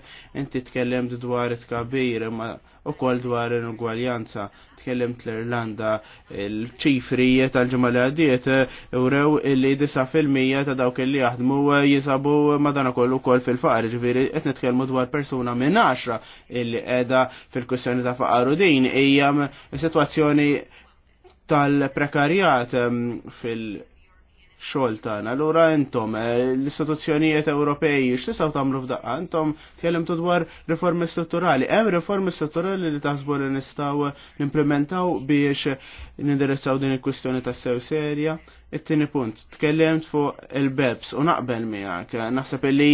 inti tkellemt dwar it-kabir u ukoll dwar l-ugwaljanza, tkellemt l-Irlanda, l ċifrije tal-ġimgħa li għaddiet eh, il li disa' fil-mija ta' dawk li jaħdmu eh, jisabu madana kollu kol fil-faqar, ġifieri qed nitkellmu dwar persuna minn 10 illi qiegħda fil-kwistjoni ta' faqar u din hija situazzjoni tal-prekarjat ehm, fil-xol tagħna. Allura intom eh, l-istituzzjonijiet Ewropej x'tistgħu tagħmlu f'daqqa, intom tkellimtu dwar riformi strutturali. Hemm riformi strutturali li taħsbu li nistgħu nimplementaw biex nindirizzaw din il-kwistjoni tas-sew serja. It-tieni punt, tkellimt fuq il-BEPS u naqbel miegħek. Naħseb li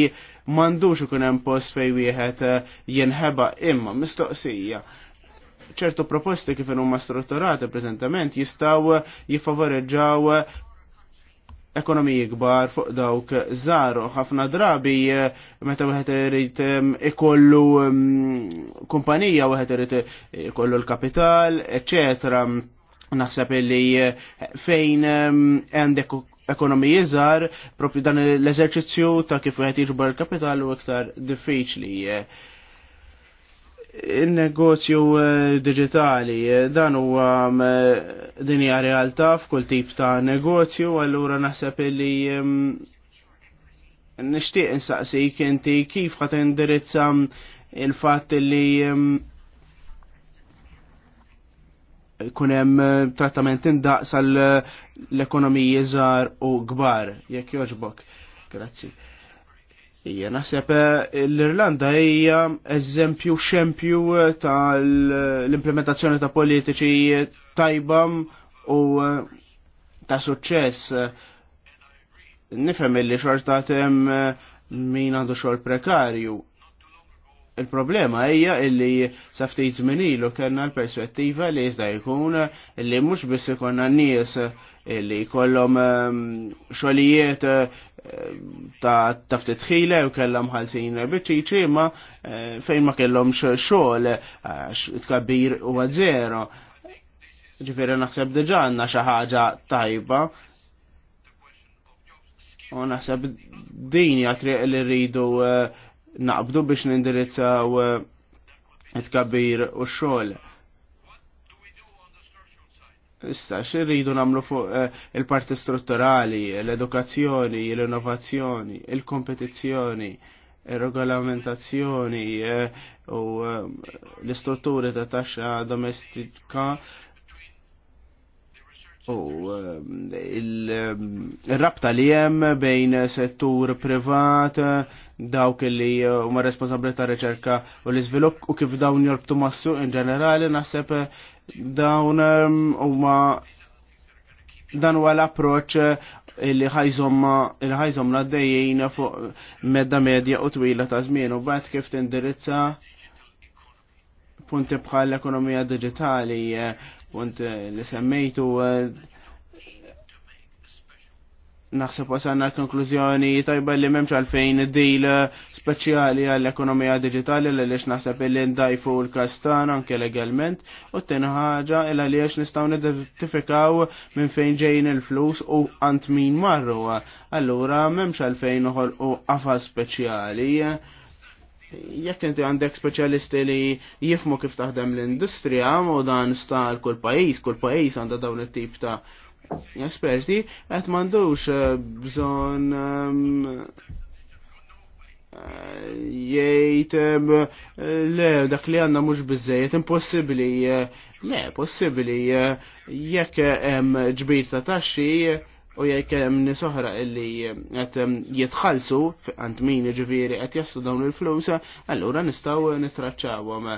m'għandux ikun hemm post fejn wieħed eh, jinħeba imma mistoqsija ċertu proposti kif huma strutturati preżentament jistgħu jifavoreġġaw ekonomiji kbar fuq dawk żaru. ħafna drabi eh, meta wieħed irid eh, ikollu mm, kumpanija wieħed irid eh, ikollu l-kapital, eċetera. Naħseb illi fejn għandek ekonomiji żgħar propju dan l-eżerċizzju ta' kif wieħed jiġbar kapital u iktar diffiċli il-negozju eh, digitali eh, dan huwa mm, eh, din hija realtà f'kull tip ta' negozju allura naħseb li mm, nishtiq insaqsik inti kif għat indirizza mm, il-fatt li kun hemm trattament indaqs l-ekonomiji żgħar u kbar jekk jogħġbok. Grazzi. Ija naħseb eh, l-Irlanda hija eżempju xempju eh, tal-implementazzjoni ta' politiċi tajbam u eh, ta' suċċess. Nifhem li xorta hemm min għandu xogħol prekarju. Il-problema hija illi sa ftit ilu kellna l-perspettiva li jista' jkun li mhux biss ikonna nies illi jkollhom ehm, xogħlijiet eh, ta' taftit ħile u kellhom ħalsin biċċiċi ma eh, fejn ma kellhomx xogħol għax tkabbir huwa zero. Ġifieri naħseb diġà għandna xi ħaġa tajba U naħseb dini għatriq li rridu uh, naqbdu biex nindirizzaw eh, it-kabir u xogħol. Issa, xirridu namlu fuq eh, il-parti strutturali, l-edukazzjoni, l-innovazzjoni, il-kompetizzjoni, il-regolamentazzjoni eh, u l-istrutturi ta' taxxa domestika u il-rabta li jem bejn settur privat, dawk li eh, huma responsabbli ta' riċerka u l-iżvilupp u kif dawn jorbtu massu in ġenerali naħseb eh, dawn ehm, huma dan huwa l-approċċ illi eh, ħajżomma li ħajżomna dejjin fuq medda medja u twila ta' żmien u bad kif tindirizza punti bħal l-ekonomija digitali punti li semmejtu naħseb wasanna l-konklużjoni tajba li memx għalfejn dil speċjali għall-ekonomija digitali li lix naħseb li ndajfu l-kastan anke legalment u t ħaġa illa li għax nistaw nidentifikaw minn fejn ġejn il-flus u għant min marru. Allura memx għalfejn uħol u għafa speċjali. Jekk inti għandek speċjalisti li jifmu kif taħdem l-industrija u dan sta' l-kull pajis, kull pajis għanda dawn it-tip ta' esperti qed m'għandux eh, bżonn ehm, eh, jgħid ehm, eh, le dak li għandna mhux biżejjed impossibbli le possibbli jekk hemm ġbir ta' taxxi u jekk hemm nies illi qed jitħallsu għand min jiġifieri qed jaslu dawn il-flus, allura nistgħu nitraċċawhom.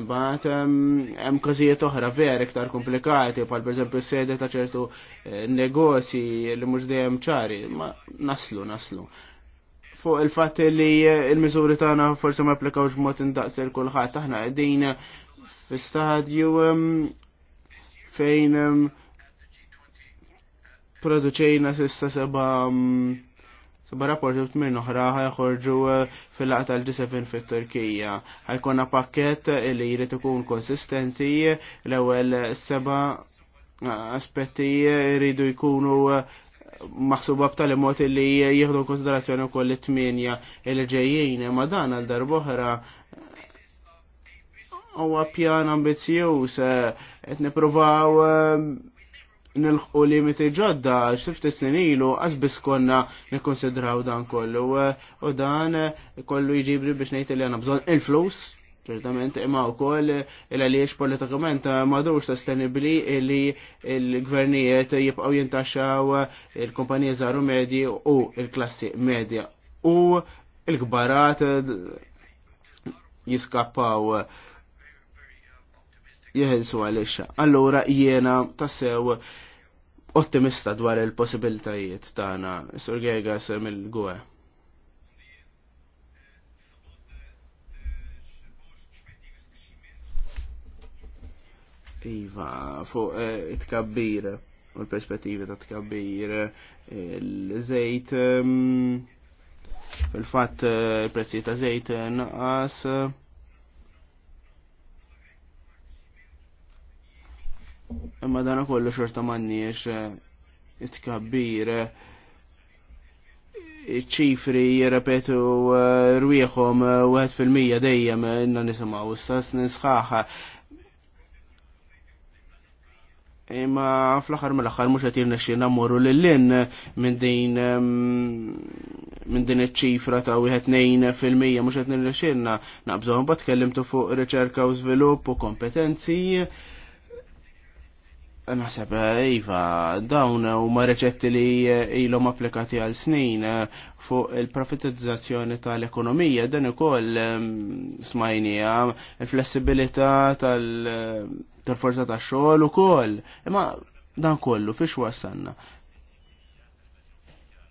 Imbagħad hemm każijiet oħra veri iktar komplikati bħal pereżempju s-sede ta' ċertu eh, negozji li mhux dejjem ċari, ma naslu naslu. Fuq il-fatt li eh, il-miżuri tagħna forsi ma applikawx b'mod indaqs il kulħadd aħna qegħdin fi stadju fejn Produċejna sissa seba mm, Seba rapport u tmir noħra ħajħorġu eh, fil-laqa tal-G7 fit-Turkija. Ħajkonna pakket eh, li jrid ikun konsistenti l-ewwel seba eh, aspetti jridu jkunu maħsuba b'tali mod li jieħdu konsiderazzjoni wkoll it-tminja li ġejjin ma dan għal darboħra huwa pjan ambizzjuż qed nippruvaw nilħu limiti ġodda xift snin ilu għazbis konna nikkonsidraw dan kollu u dan kollu jġibri biex nejt li għana bżon il-flus ċertament imma u koll il-għaliex politikament madux sostenibli li il-gvernijiet jibqaw jintaxxaw il-kompanija zaru medji u il-klassi medja u il-gbarat jiskappaw jihensu għalix. Allura jiena tassew ottimista dwar il-possibilitajiet tagħna Sur Gegas mill-Gwe. Iva, fuq eh, it-kabbir u l-perspettivi ta' t-kabbir, l zejt mm, fil-fatt eh, il-prezzi ta' żejt eh, naqas Imma dana kollu xorta mannix eh, it-kabbir eh, ċifri jirrepetu eh, rwieħom 1% dejjem inna nisimaw s-sas nisħaħa. Imma fl-axar mal axar mux għatir nexxina morru l-lin minn din minn din iċ-ċifra ta' wieħed nejn fil-mija mhux qed nirrexxinna naqbżhom bat kellimtu fuq riċerka u żvilupp u kompetenzi Naħseb, Iva, dawn huma reċetti li ilhom applikati għal snin eh, fuq il-profitizzazzjoni tal-ekonomija, dan ukoll ehm, smajnija il-flessibilità eh, tal-forza tax-xogħol ukoll. Imma dan kollu fiex wassanna.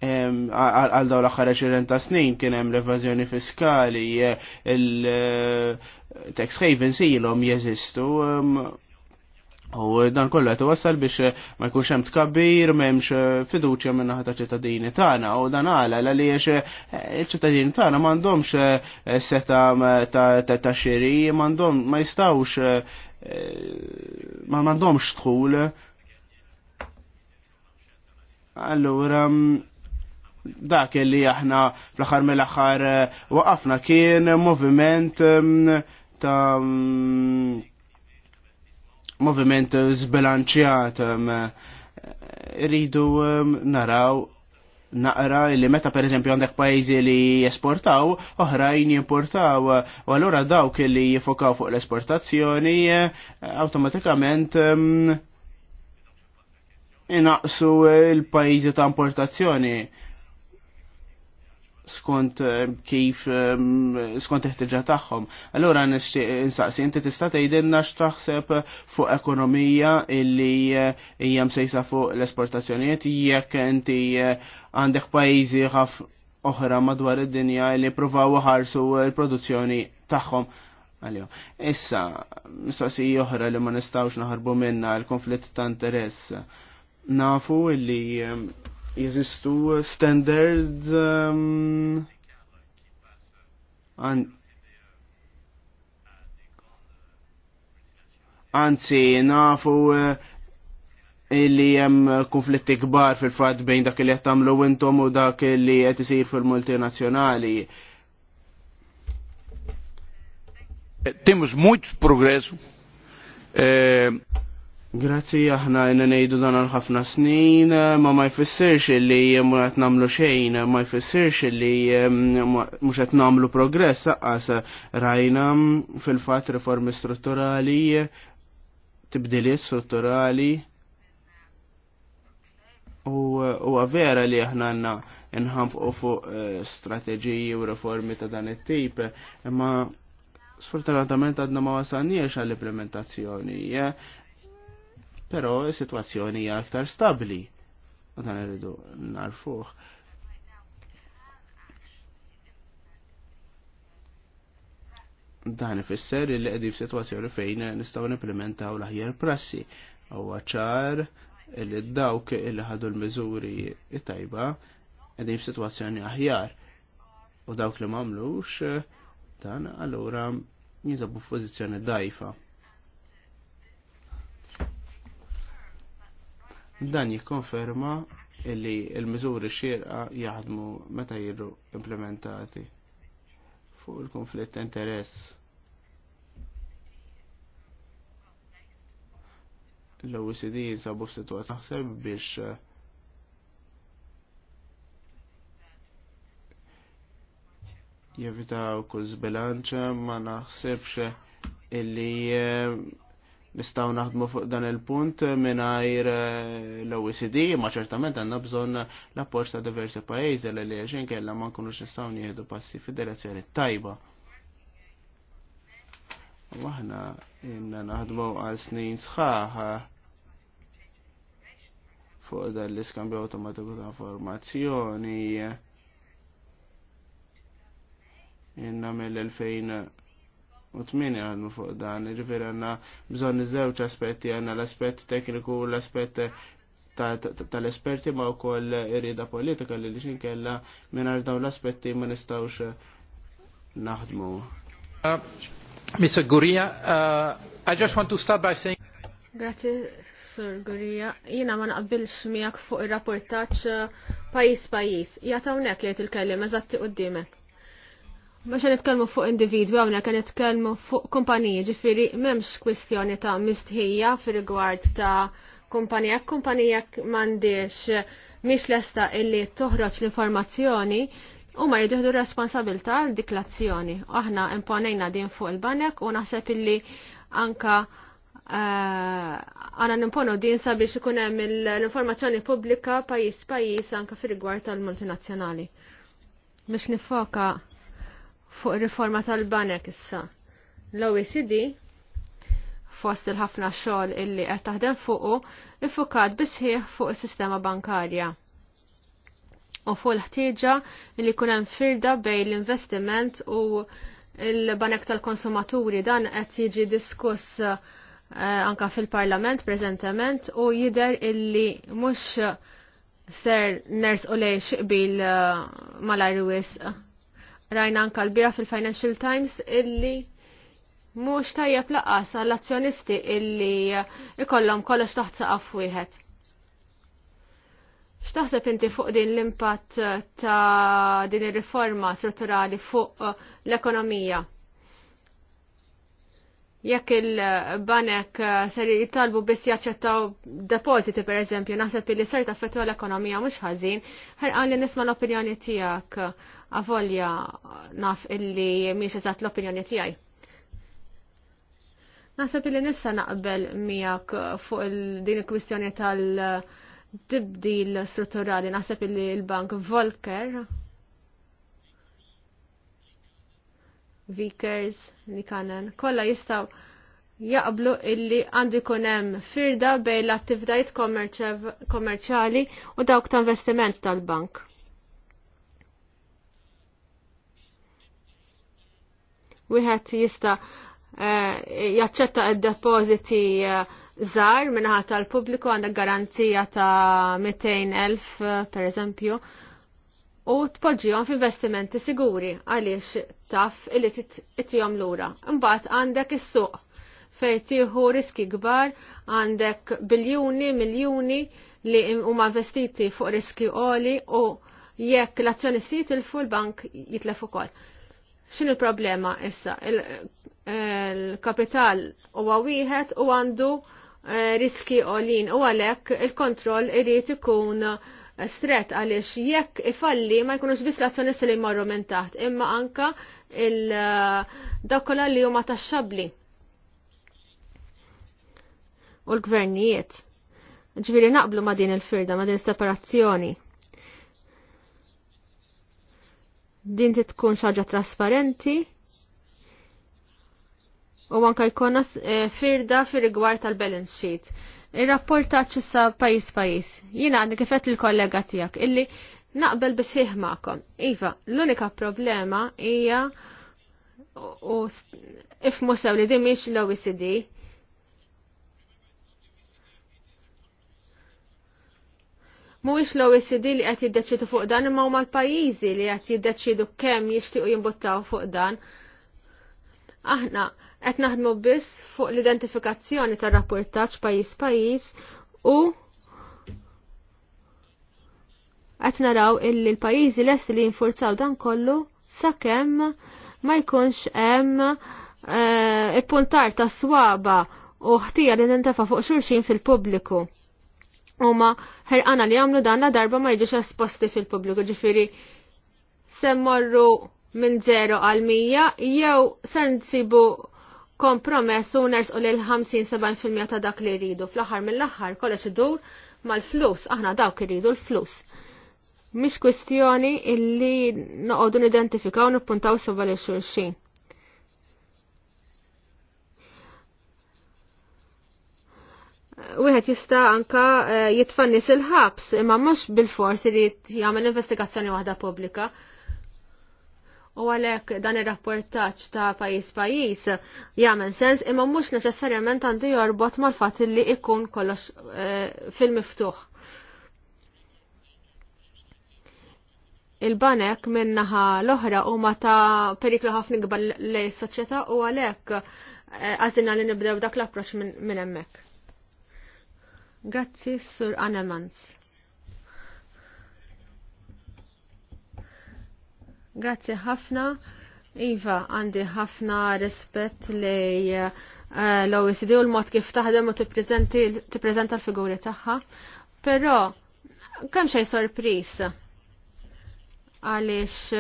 Ehm, għal dawn l-aħħar 20 ta' snin kien hemm l-evażjoni fiskali, eh, il-tax havens ilhom jeżistu ehm, U dan kollu għet wassal biex eh, ma jkunx hemm tkabbir, m'hemmx eh, fiduċja minn naħa ta' ċittadini tagħna u dan għala għaliex il-ċittadini eh, tagħna m'għandhomx seta ta' xiri, m'għandhom ma jistgħux ma m'għandhomx dħul. Allura dak li aħna fl-aħħar mill-aħħar waqafna kien moviment ta' moviment zbilanċjat um, rridu um, naraw naqra li meta per eżempju għandek pajjiżi li jesportaw, oħrajn jimportaw, u allura dawk li jifokaw fuq l-esportazzjoni awtomatikament um, inaqsu l-pajjiżi ta' importazzjoni skont eh, kif ehm, skont teħtieġa tagħhom. Allura nistaqsi eh, inti tista' tgħidilna x'taħseb eh, fuq ekonomija illi hija msejsa fuq l-esportazzjonijiet jekk inti għandek pajjiżi ħaf oħra madwar id-dinja li provaw ħarsu l-produzzjoni tagħhom. Għalju, issa, mistoqsi oħra li ma nistawx naħarbu minna l-konflitt ta' interess. Nafu illi ehm, jeżistu uh, standards um, an anzi nafu uh, illi jem uh, konflitti kbar fil-fat bejn dak li jattamlu intom u dak li jattisir fil multinazjonali Temos muito progresso. Eh... Grazzi, aħna jenna nejdu dan għal-ħafna snin, ma ma jfissirx li muħat namlu xejn, ma jfissirx li muħat namlu progress, saqqas rajna fil-fat reformi strutturali, tibdiliet strutturali, u għavera li aħna għanna u fuq eh, strategiji u reformi ta' dan it-tip, imma sfortunatament għadna ma wasanniex għall-implementazzjoni. Eh, Pero situazzjoni hija aktar stabbli U dan irridu narfuh. Dan ifisser li qegħdin f'sitwazzjoni fejn nistgħu nimplementaw l-aħjar prassi. Huwa ċar li dawk li ħadu l-miżuri tajba qegħdin f'sitwazzjoni aħjar. U dawk li m'għamlux dan allura jinsabu f'pożizzjoni dajfa. Dan jikkonferma illi il-miżuri xierqa jaħdmu meta jirru implementati fuq il-konflitt interess. L-OECD jinsabu f'sitwazzjoni taħseb biex eh, jevitaw kull zbilanċa ma naħsebx illi eh, nistaw naħdmu fuq dan il-punt minnajr eh, l-OECD, ma ċertament għanna bżon l-appoġġ ta' diversi pajjiżi li għaxin kella ma nkunux nistaw nieħdu passi fid-direzzjoni tajba. Waħna inna naħdmu għal snin sħaħ fuq dan l-iskambju automatiku ta' informazzjoni inna mill-2000 u tmini għadmu fuq dan, ġifir għanna bżon iż aspetti għanna l-aspett tekniku u l-aspett tal-esperti ma' u koll irrida politika li li xinkella minar dawn l-aspetti ma' nistawx eh, naħdmu. Uh, Mr. Gurija, uh, I just want to start by saying Grazie, Sir Gurija. Jina ma naqbilx miegħek fuq ir-rapportaġġ pajis uh, pajis. Jata hawnhekk li tilkellem eżatti qudiemek. Mux nitkellmu fuq individwi għawna kan nitkellmu fuq kumpaniji ġifiri memx kwistjoni ta' mistħija fi rigward ta' kumpanija. Kumpanija mandiex miex lesta illi toħroġ l-informazzjoni u ma jridu responsabilta għal dik l-azzjoni. Aħna imponejna din fuq il-banek u naħseb illi anka eh, għana nimponu din sabiex ikun hemm l-informazzjoni pubblika pajjiż pajjiż anka fi rigward tal-multinazzjonali. Mish nifoka fuq riforma tal-banek issa. L-OECD fost il-ħafna xogħol illi qed taħdem fuqu iffukat bisħieħ fuq is-sistema bankarja. U fuq l-ħtieġa li kun hemm firda bejn l-investiment u l-banek tal-konsumaturi dan qed jiġi diskuss eh, anka fil-parlament preżentement u jider illi mhux ser ners u lejx xqbil eh, mal-arwis. Rajna anka l-bira fil-Financial Times illi mhux tajjeb laqas għall-azzjonisti illi ikollhom kollox taħt saqaf wieħed. X'taħseb inti fuq din l-impatt ta' din ir-riforma strutturali fuq l-ekonomija? jekk il-banek eh, seri jitalbu biss jaċċettaw depositi per eżempju, naħseb li seri taffettwa l-ekonomija mhux ħażin, ħerqan li nisma' l-opinjoni tiegħek avolja naf illi mhix eżat l-opinjoni tiegħi. Naħseb li nista' naqbel miegħek fuq din il-kwistjoni tal dibdil strutturali, naħseb li l-bank Volker Vickers, li kanen, kolla jistaw jaqblu illi għandu kunem firda bej l attivdajt kommerċali u dawk ta' investiment tal-bank. Wieħed jista' eh, jaċċetta d depożiti eh, żgħar minħata tal-pubbliku għandek garanzija ta' 200,000 eh, per eżempju u tpoġġihom f'investimenti siguri għaliex taf illi tittijhom lura. Imbagħad għandek is-suq fejn tieħu riski kbar, għandek biljuni, miljuni li huma investiti fuq riski għoli u jekk l-azzjonisti jitilfu l-bank jitlef ukoll. X'inhu l-problema issa? Il-kapital huwa wieħed u għandu eh, riski għolin u għalhekk il-kontroll irid ikun stret għaliex jekk ifalli ma jkunux biss l-azzjonisti li jmorru minn taħt, imma anka il-dakola eh, li huma taxxabli. U l-gvernijiet. Ġviri naqblu ma din il-firda, ma din separazzjoni. Din tkun xaġa trasparenti, u anka jkunna eh, firda fir rigward tal-balance sheet il-rapportaċ issa pajis pajis. Jina għandi kifet il-kollega tijak illi naqbel bisħiħ maqom. Iva, l-unika problema hija u ifmu sew li din miex l-OECD. Mhuwiex l-OECD li qed jiddeċidu fuq dan imma huma l-pajjiżi li qed jiddeċidu kemm jixtiequ jimbuttaw fuq dan. Aħna qed naħdmu biss fuq l-identifikazzjoni tar-rapportaġġ pajjiż pajjiż u qed naraw illi l-pajjiżi lest li jinfurzaw dan kollu sakemm ma jkunx hemm eh, ippuntar ta' swaba u ħtija li nintefa' fuq xulxin fil-pubbliku. Huma ħerqana li jagħmlu dan la darba ma jiġux esposti fil-pubbliku, ġifieri se mmorru minn 0 għal 100 jew se nsibu kompromess u l lil 50-70% ta' dak li rridu. Fl-aħħar mill-aħħar kollox idur mal-flus, aħna dawk irridu l-flus. Mhix kwestjoni illi noqogħdu nidentifikaw nippuntaw sewwa li xulxin. Wieħed jista' anka eh, jitfannis il-ħabs imma mhux bil-fors irid jagħmel investigazzjoni waħda pubblika u għalek dan il rapportaċ ta' pajis pajis jagħmel sens imma mhux neċessarjament għandu jorbot mal fat li ikun kollox e, fil-miftuħ. Il-banek minnaħa l-oħra huma ta' periklu ħafna kbar lej soċjetà u għalhekk e, għazina li nibdew dak l approċ minn emmek. Grazzi, Sur Anemans. Grazzi ħafna. Iva, għandi ħafna rispett li eh, l-OECD u l-mod kif taħdem u tippreżenta l-figuri tagħha. Però kemm xejn sorpris Għalix,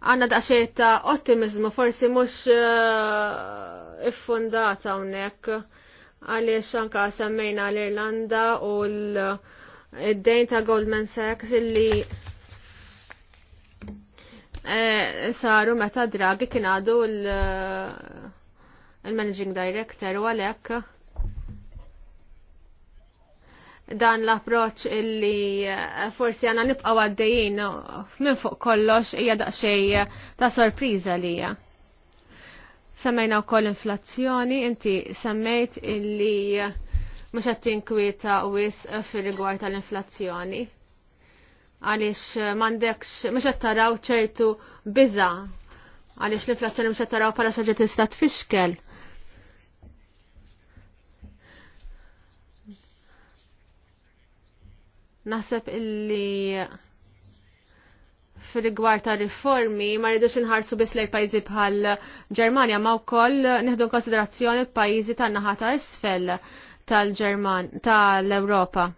għanna daqxej ta' ottimizmu forsi mhux eh, iffundata hawnhekk għaliex anka semmejna l-Irlanda u l-dejn ta' Goldman Sachs illi Eh, saru meta dragi kien għadu eh, l-Managing Director u għalek dan l-approċ illi eh, forsi għana nibqa għaddejjien minn fuq kollox hija daqsxej ta' sorpriża lija. Semmejna wkoll inflazzjoni, inti semmejt illi mhux qed tinkwieta wis fil rigward tal-inflazzjoni għaliex m'għandekx mhux qed taraw ċertu biza, għaliex l-inflazzjoni mhux qed taraw bħala xi tista' tfixkel. Naħseb illi fil-rigward ta' riformi ma rridux inħarsu biss lej pajjiżi bħal Ġermanja ma wkoll nieħdu konsiderazzjoni l-pajjiżi tan-naħa ta' isfel tal-Ġerman tal-Ewropa. Ta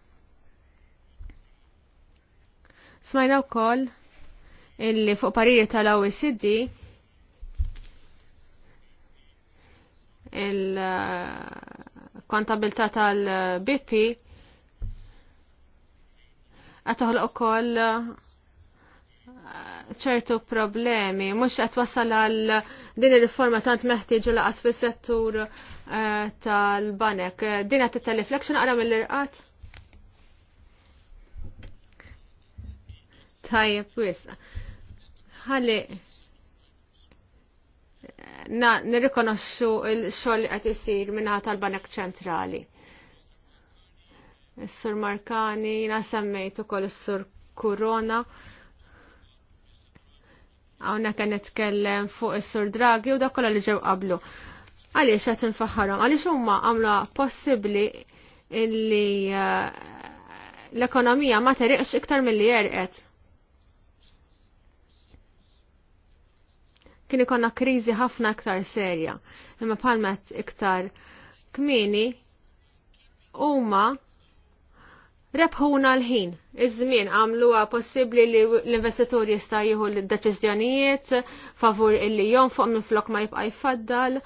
Smajna wkoll illi fuq pariri tal-OECD il kontabilta tal-BP u ukoll eh, ċertu problemi, mux għat wasal għal din il-riforma tant meħtieġu laqas fis settur eh, tal-banek. Din għat t-teleflexion għara mill-irqat? Tajjeb, wisa. Ħalli nirrikonoxxu il xogħol li qed isir mingħata tal-Banek Ċentrali. Is-Sur Markani, na semmejt ukoll is-Sur Kurona. Hawnhekk qed nitkellem fuq is-Sur Draghi u dak kolla li ġew qablu. Għaliex qed infaħħarhom, għaliex huma għamla possibbli illi eh, l-ekonomija ma teriqx iktar mill-li jerqet kien ikonna kriżi ħafna iktar serja. Imma palmet iktar kmini huma rebħuna l-ħin. Iż-żmien għamluha possibbli li l-investitur jista' jieħu l-deċiżjonijiet favur illi jonfoq minn flok ma jibqa' jfaddal.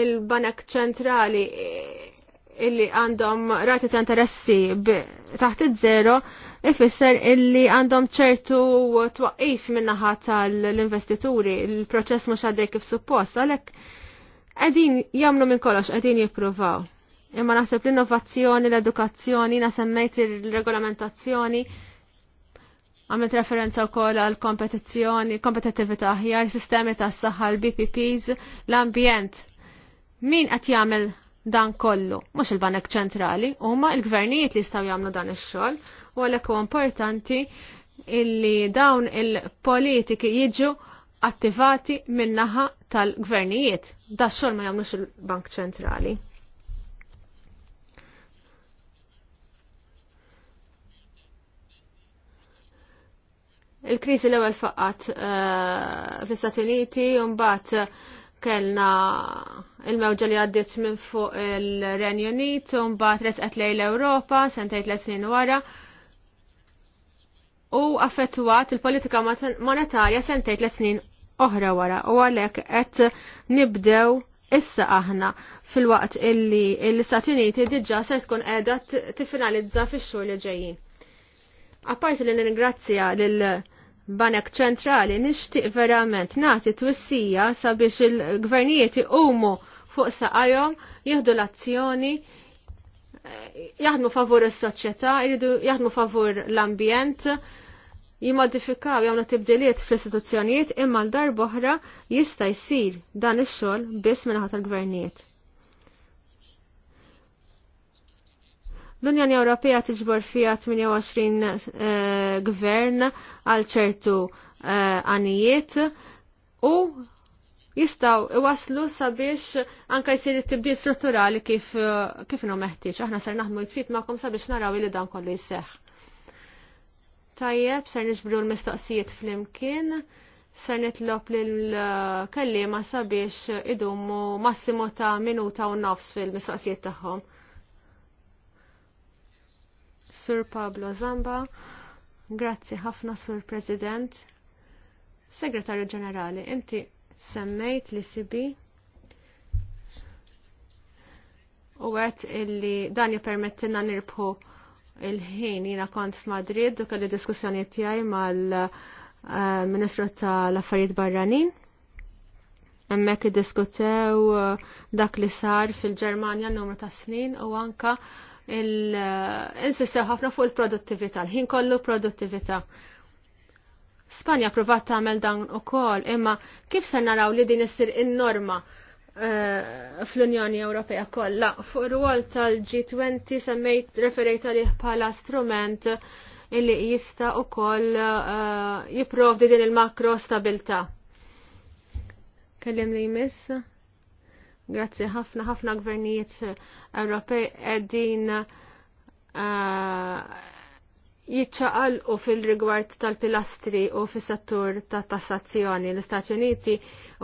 il-banek ċentrali illi għandhom rati ta' interessi taħt iż-żero ifisser illi għandhom ċertu twaqif minnaħa tal-investituri, il-proċess mhux għaddej kif suppost, għalhekk qegħdin jagħmlu minn kollox qegħdin jippruvaw. Imma naħseb l-innovazzjoni, l-edukazzjoni, nasemmejt il-regolamentazzjoni, għamilt referenza wkoll għal kompetizzjoni, l-kompetitività aħjar, sistemi tas saħħa l-BPPs, l-ambjent. Min qed jagħmel dan kollu? Mhux il-Banek Ċentrali, huma l-gvernijiet li jistgħu jagħmlu dan ix-xogħol u għalhekk huwa importanti illi dawn il-politiki jiġu attivati minnaħa tal-gvernijiet. Da xol ma jamnux il-Bank ċentrali. Il-krizi l-ewel faqqat eh, fl-Istati Uniti, un-bat kellna il-mewġa li għaddit minn fuq il-Renju Unit, un-bat resqet lej l-Europa, sentajt l esnin wara u affettwat il-politika monetarja sentejt l-snin oħra wara u għalhekk qed nibdew issa aħna fil-waqt illi l-Istati Uniti diġà se tkun qiegħda tiffinalizza fix-xhur li ġejjin. Apparti li ningrazzja lil Banek ċentrali nixtieq verament nagħti twissija sabiex il-gvernijiet iqumu fuq saqajhom jieħdu l-azzjoni jaħdmu favur is-soċjetà, jridu jaħdmu favur l-ambjent, jimodifikaw jagħmlu tibdiliet fl-istituzzjonijiet imma l darb oħra jista' jsir dan ix-xogħol biss minħata tal-gvernijiet. L-Unjoni Ewropea tiġbor fiha 28 eh, gvern għal ċertu għanijiet eh, u jistaw iwaslu sabiex anka jisir tibdil strutturali kif kif no meħtieġ. Aħna ser naħdmu jitfit ma'kom sabiex naraw li dan kollu jseħħ. Tajjeb, ser niġbru l-mistoqsijiet flimkien, ser nitlob l kellima sabiex idumu massimo ta' minuta u nofs fil-mistoqsijiet tagħhom. Sur Pablo Zamba, grazzi ħafna Sur President, Segretarju Ġenerali, inti semmejt li sibi u għet illi dan jipermettina nirbħu il-ħin jina kont f'Madrid u kelli diskussjoni tiegħi mal-Ministru eh, tal-Affarijiet Barranin. Hemmhekk iddiskutew eh, dak li sar fil-Ġermanja n numru ta' snin u anka eh, insistew ħafna fuq il-produttività, l-ħin kollu produttività. Spanja provat tagħmel dan ukoll, imma kif se naraw li din issir in-norma eh, fl-Unjoni Ewropea kollha. Fuq ruol rwol tal tal-G20 semmejt referejt għalih bħala strument illi jista wkoll eh, jipprovdi din il-makro stabilta. Kellim li jmiss? Grazzi ħafna ħafna gvernijiet Ewropej qegħdin eh, jitċaqalqu fil-rigward tal-pilastri u fis-settur ta' tassazzjoni. L-Istati Uniti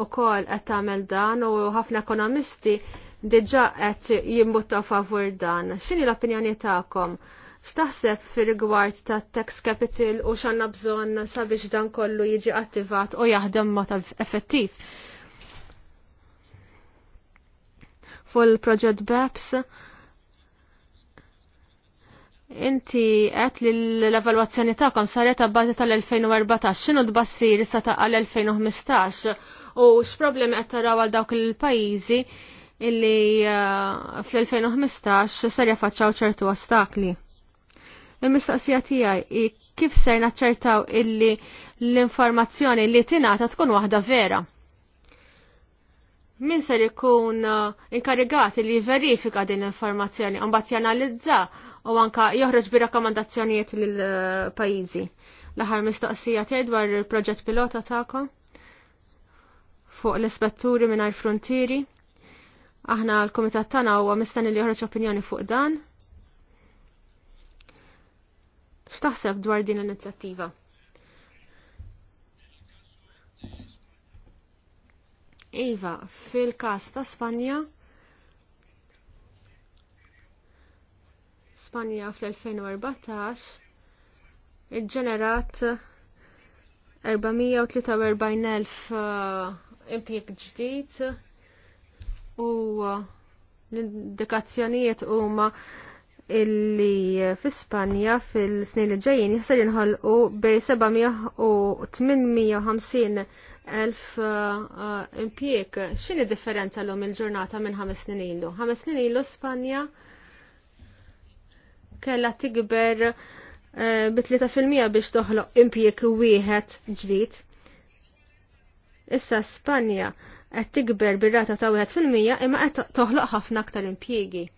wkoll qed tagħmel dan u ħafna ekonomisti diġà qed jimbuttaw favur dan. X'inhi l-opinjoni tagħkom? X'taħseb fir-rigward ta' tax capital u x'għandna bżonn sabiex dan kollu jiġi attivat u jaħdem mod effettiv? Full Project BEPS Inti għet li l-evaluazzjoni kon saret għabbażi tal-2014, xinu d bassi issa ta' għal-2015 u x-problemi għet taraw għal dawk il-pajizi illi uh, fl-2015 ser jaffaċċaw ċertu ostakli. Il-mistaqsija tiegħi kif ser naċċertaw illi l-informazzjoni li tingħata tkun waħda vera min ser ikun uh, inkarigati li verifika din l-informazzjoni, bat janalizza u anka joħroġ bi rakkomandazzjonijiet l pajjiżi. L-aħħar mistoqsija tiegħi dwar il-proġett pilota tagħkom fuq l-ispetturi mingħajr frontieri. Aħna l-kumitat tagħna huwa mistenni li joħroġ opinjoni fuq dan. X'taħseb dwar din l-inizjattiva? Iva, fil-kas ta' Spanja, Spanja fl-2014 ġenerat 443.000 impjek ġdijt u l-indikazzjonijiet huma illi fi Spanja fil-snin li ġejjin jisir jinħolqu bej 700 impjek. X'inhi differenza l il-ġurnata minn ħames snin ilu? 5 snin ilu Spanja kellha tikber eh, bi 3% biex toħloq impjek wieħed ġdid. Issa Spanja qed tikber bir-rata ta' 1% imma qed toħloq ħafna aktar impjiegi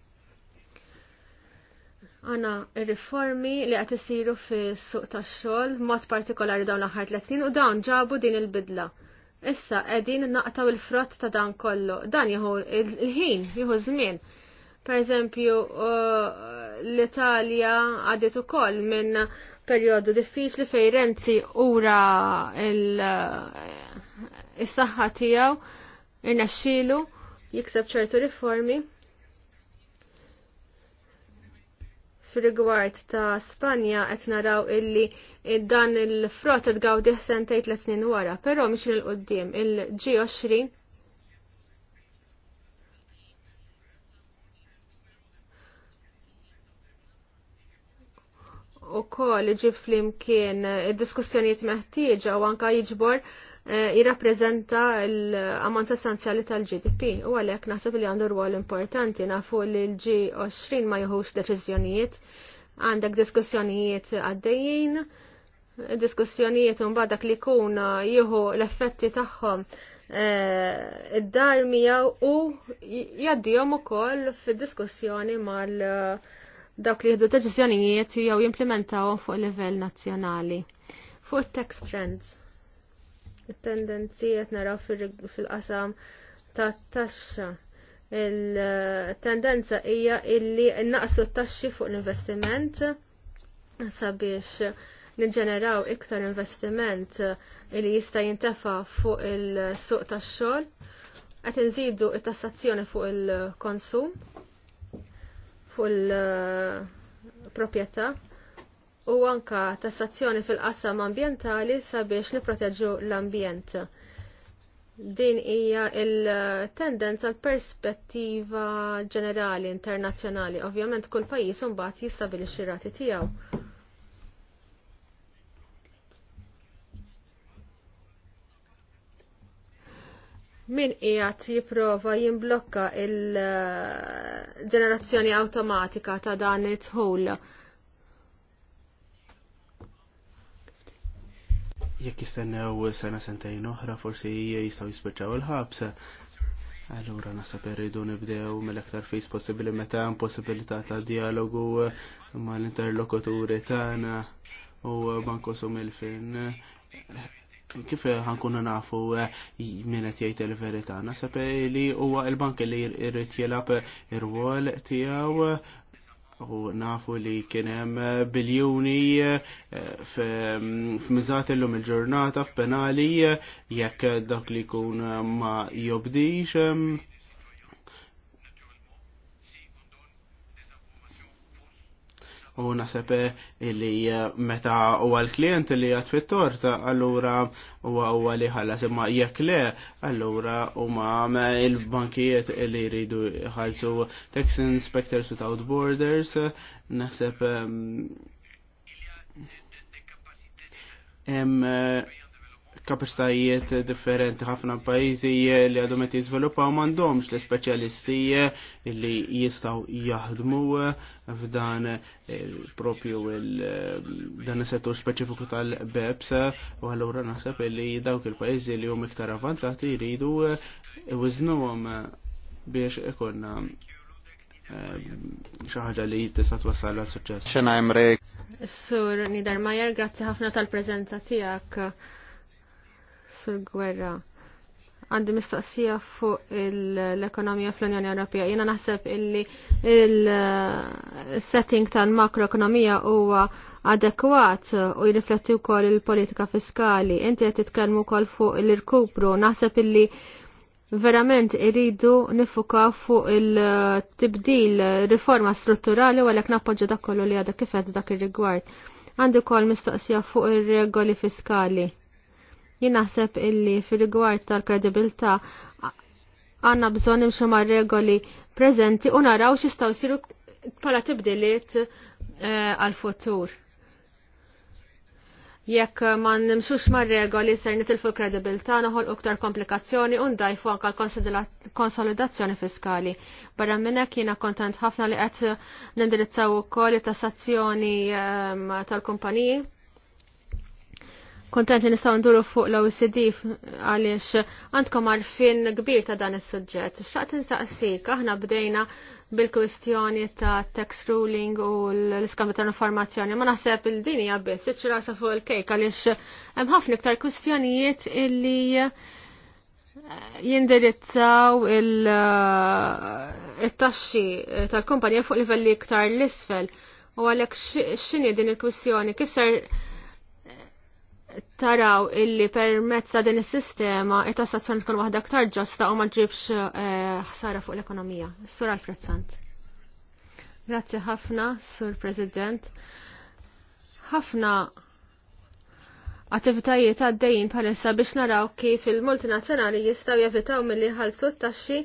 għana riformi li għat isiru fi suq ta' xol, mod partikolari dawn l-ħar u dawn ġabu din il-bidla. Issa edin naqtaw il-frott ta' dan kollu, dan jħu il-ħin, jieħu żmien. Per eżempju, uh, l-Italja għadet ukoll minn periodu diffiċli fej Renzi ura il-saħħa uh, tiegħu irnexxielu jikseb ċertu riformi. fil-rigward ta' Spanja qed naraw illi dan il-frott qed gawdi ħsen sentej tliet snin wara, però mhix il qudiem il-G20 u kol ġib flimkien id-diskussjonijiet meħtieġa u anka jiġbor Eh, jirrappreżenta l amman sostanzjali tal-GDP u għalhekk naħseb li għandu rwol importanti nafu li l-G20 ma jħux deċiżjonijiet għandek diskussjonijiet għaddejjin, diskussjonijiet un badak li kun eh, jieħu l-effetti tagħhom eh, id-dar miegħu u jaddihom ukoll fid-diskussjoni mal dawk li jieħdu deċiżjonijiet jew jimplementawhom fuq livell nazzjonali. Fuq text trends tendenzi qed naraw fil-qasam tat-taxxa. Il-tendenza hija illi naqsu t-taxxi fuq l-investiment sabiex niġġeneraw iktar investiment li jista' jintefa' fuq il-suq tax-xogħol, qed inżidu t tassazzjoni fuq il-konsum, fuq il-proprjetà, u anka tassazzjoni fil-qassam ambjentali sabiex niproteġu l-ambjent. Din hija il-tendenza l-perspettiva ġenerali internazzjonali. Ovvjament kull pajjiż imbagħad jistabilixxi rati tiegħu. min qiegħed jipprova jimblokka il-ġenerazzjoni awtomatika ta' dan it-tħul jekk jistennew sena sentejn oħra forsi jistgħu jispiċċaw il-ħabs. Allura nasab irridu nibdew mill-aktar fis possibbli meta impossibilità possibilità ta' dialogu mal-interlokuturi tagħna u bankosum il-sin. Kif ħankunu nafu min qed jgħid il-verità? Nasa li huwa l-bank li jrid jilab ir wol tiegħu u nafu li kienem eh, biljoni eh, mm, f'mizat l-lum il-ġurnata f'penali eh, jekk dak li kun ma jobdix u naħseb eh, illi eh, meta u għal-klient li għat fit-tort, allura u għal-li ħallas imma jek le, allura u ma il-bankijiet li jridu ħalsu Tax Inspectors Without Borders, naħseb eh, kapistajiet differenti ħafna pajjiżi li għadhom qed jiżviluppaw m'għandhomx l-ispeċjalisti li jistgħu jaħdmu f'dan propju dan is-settur speċifiku tal-BEPS u allura naħseb li dawk il-pajjiżi li hum iktar avanzati jridu għom biex ikonna eh, xaħġa li tista' twassal għal sucċess Xena Sur Nidar Majer, grazzi ħafna tal prezenza tiegħek il gwerra għandi mistaqsija fuq l-ekonomija fl-Unjoni Ewropea. Jiena naħseb illi il-setting tal-makroekonomija huwa adekwat u jirrifletti wkoll il-politika fiskali. Inti qed titkellmu wkoll fuq l-irkupru. Naħseb illi verament iridu nifuka fuq il-tibdil riforma strutturali u għalhekk nappoġġa dak kollu li għadha kif dak ir-rigward. Għandi wkoll mistaqsija fuq ir-regoli fiskali Jien naħseb illi fil-rigward tal-kredibilità għandna bżonn imxu ma' regoli preżenti u naraw xistaw jsiru bħala tibdiliet eh, għal-futur. Jekk ma nimxux ma' regoli ser nitilfu l-kredibilità noħol uktar komplikazzjoni u ndajfu anka l-konsolidazzjoni fiskali. Barra minnek jiena kontent ħafna li qed nindirizzaw ukoll it-tassazzjoni ehm, tal-kumpaniji kontent li nistaw nduru fuq l ocd e għaliex għandkom għarfin kbir ta' dan is-suġġett. Xaqt nistaqsik, aħna bdejna bil-kwistjoni ta' tax ruling u l-iskambju ta' informazzjoni. Ma naħseb il-dini għabbis, iċċirasa fuq il-kejk għaliex hemm ħafna iktar kwistjonijiet illi eh, jindirizzaw il-taxxi eh, tal-kumpanija fuq livelli iktar l-isfel. U għalek xini din il-kwistjoni, kif ser taraw illi permezz ta' din is-sistema it-tassazzjoni tkun waħda aktar ġosta u ma ġibx eh, ħsara fuq l-ekonomija. Sur Alfred Grazzi ħafna, Sur President. Ħafna attivitajiet għaddejjin palissa biex naraw kif il-multinazzjonali jistaw jevitaw mill-li ħalsu t-taxxi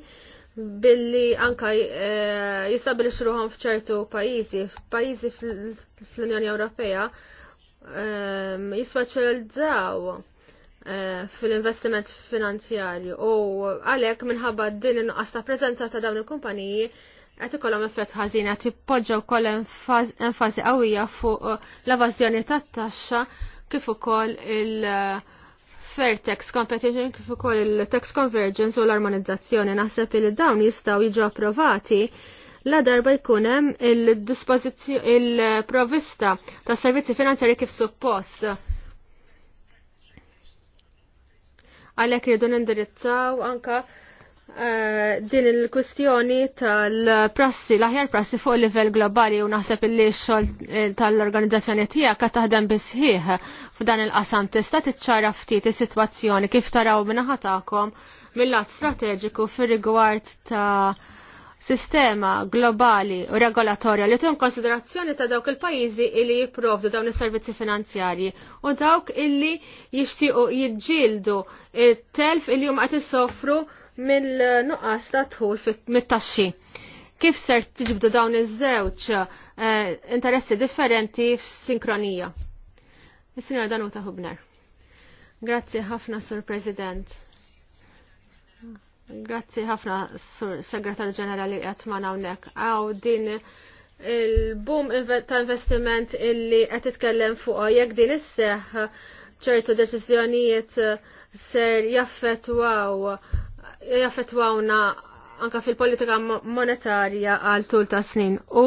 billi anka eh, jistabilixruhom f'ċertu pajjiżi, f'pajjiżi fl-Unjoni Ewropea Ehm, Jispeċjalizzaw ehm, fil-investiment finanzjarju u għalek minħabba din inqas ta' prezenza ta' dawn il-kumpaniji qed ikollhom effett ħażin qed jippoġġew ukoll enfasi qawwija fuq eh, l-evażjoni tat-taxxa kif ukoll il- eh, fair tax competition kif ukoll il-tax convergence u l-armonizzazzjoni naħseb li dawn jistgħu jiġu approvati la darba jkun hemm il-provista il ta' servizzi finanzjari kif suppost. Għalhekk irridu nindirizzaw anka Uh, din il-kwestjoni tal-prassi, l-aħjar prassi fuq livell globali u naħseb il-li xol eh, tal-organizzazzjoni tijak ka taħdem bisħiħ f'dan il-qasam tista tiċċara ftit is-sitwazzjoni kif taraw minnaħatakom mill-lat strateġiku fir rigward ta' sistema globali u regolatorja li tkun konsiderazzjoni ta' dawk il-pajjiżi li jipprovdu dawn is-servizzi finanzjarji u dawk illi jixtiequ jiġġieldu it-telf illi huma qed isofru mill-nuqqas ta' tħul mit-taxxi. Kif ser tiġbdu dawn iż-żewġ eh, interessi differenti f'sinkronija? Is-Sinjora Danuta Hubner. Grazzi ħafna, Sur President. Grazzi ħafna, Sur Segretar Ġenerali għatman għawnek. Għaw din il-boom ta' investiment illi għet titkellem fuq jekk din isseħ ċertu deċizjonijiet ser jaffetwaw jaffetwawna anka fil-politika monetarja għal tul ta' snin. U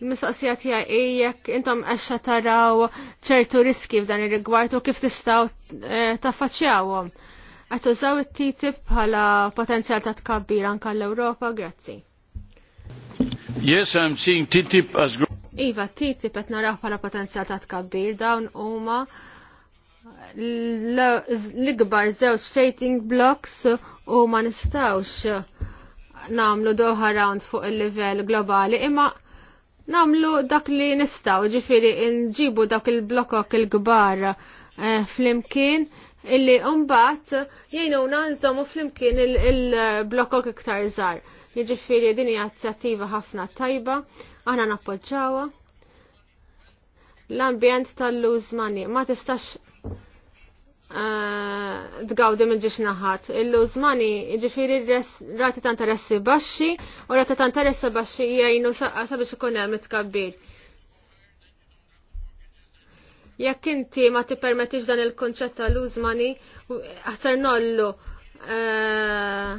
l-mistoqsija tiegħi jekk intom għaxa taraw ċertu riski f'dan ir-rigward u kif tistaw eh, taffaċċjawhom. Ta Qed tużaw it-TTIP bħala potenzjal ta' tkabbir anke l-Ewropa, grazzi. Yes, I'm seeing TTIP as Iva, TTIP qed naraw bħala potenzjal ta' tkabbir dawn huma l-ikbar żewġ trading blocks u ma nistawx namlu doħa round fuq il-livell globali imma namlu dak li nistaw ġifiri nġibu dak il-blokok il-gbar eh, fl-imkien illi umbat jgħinuna nżommu flimkien il-blokok iktar żgħar. Jiġifieri din hija inizjattiva ħafna tajba, aħna nappoġġawha. L-ambjent tal-luż mani ma tistax eh, tgawdi mill ġiex naħat. Il-luż mani jiġifieri rati ta' ta'ressi baxxi u rati ta' interessi baxxi jajnu sabiex ikun hemm it Jekk inti ma tippermettix dan il-konċett tal lose money, aħtar nollu. Eh,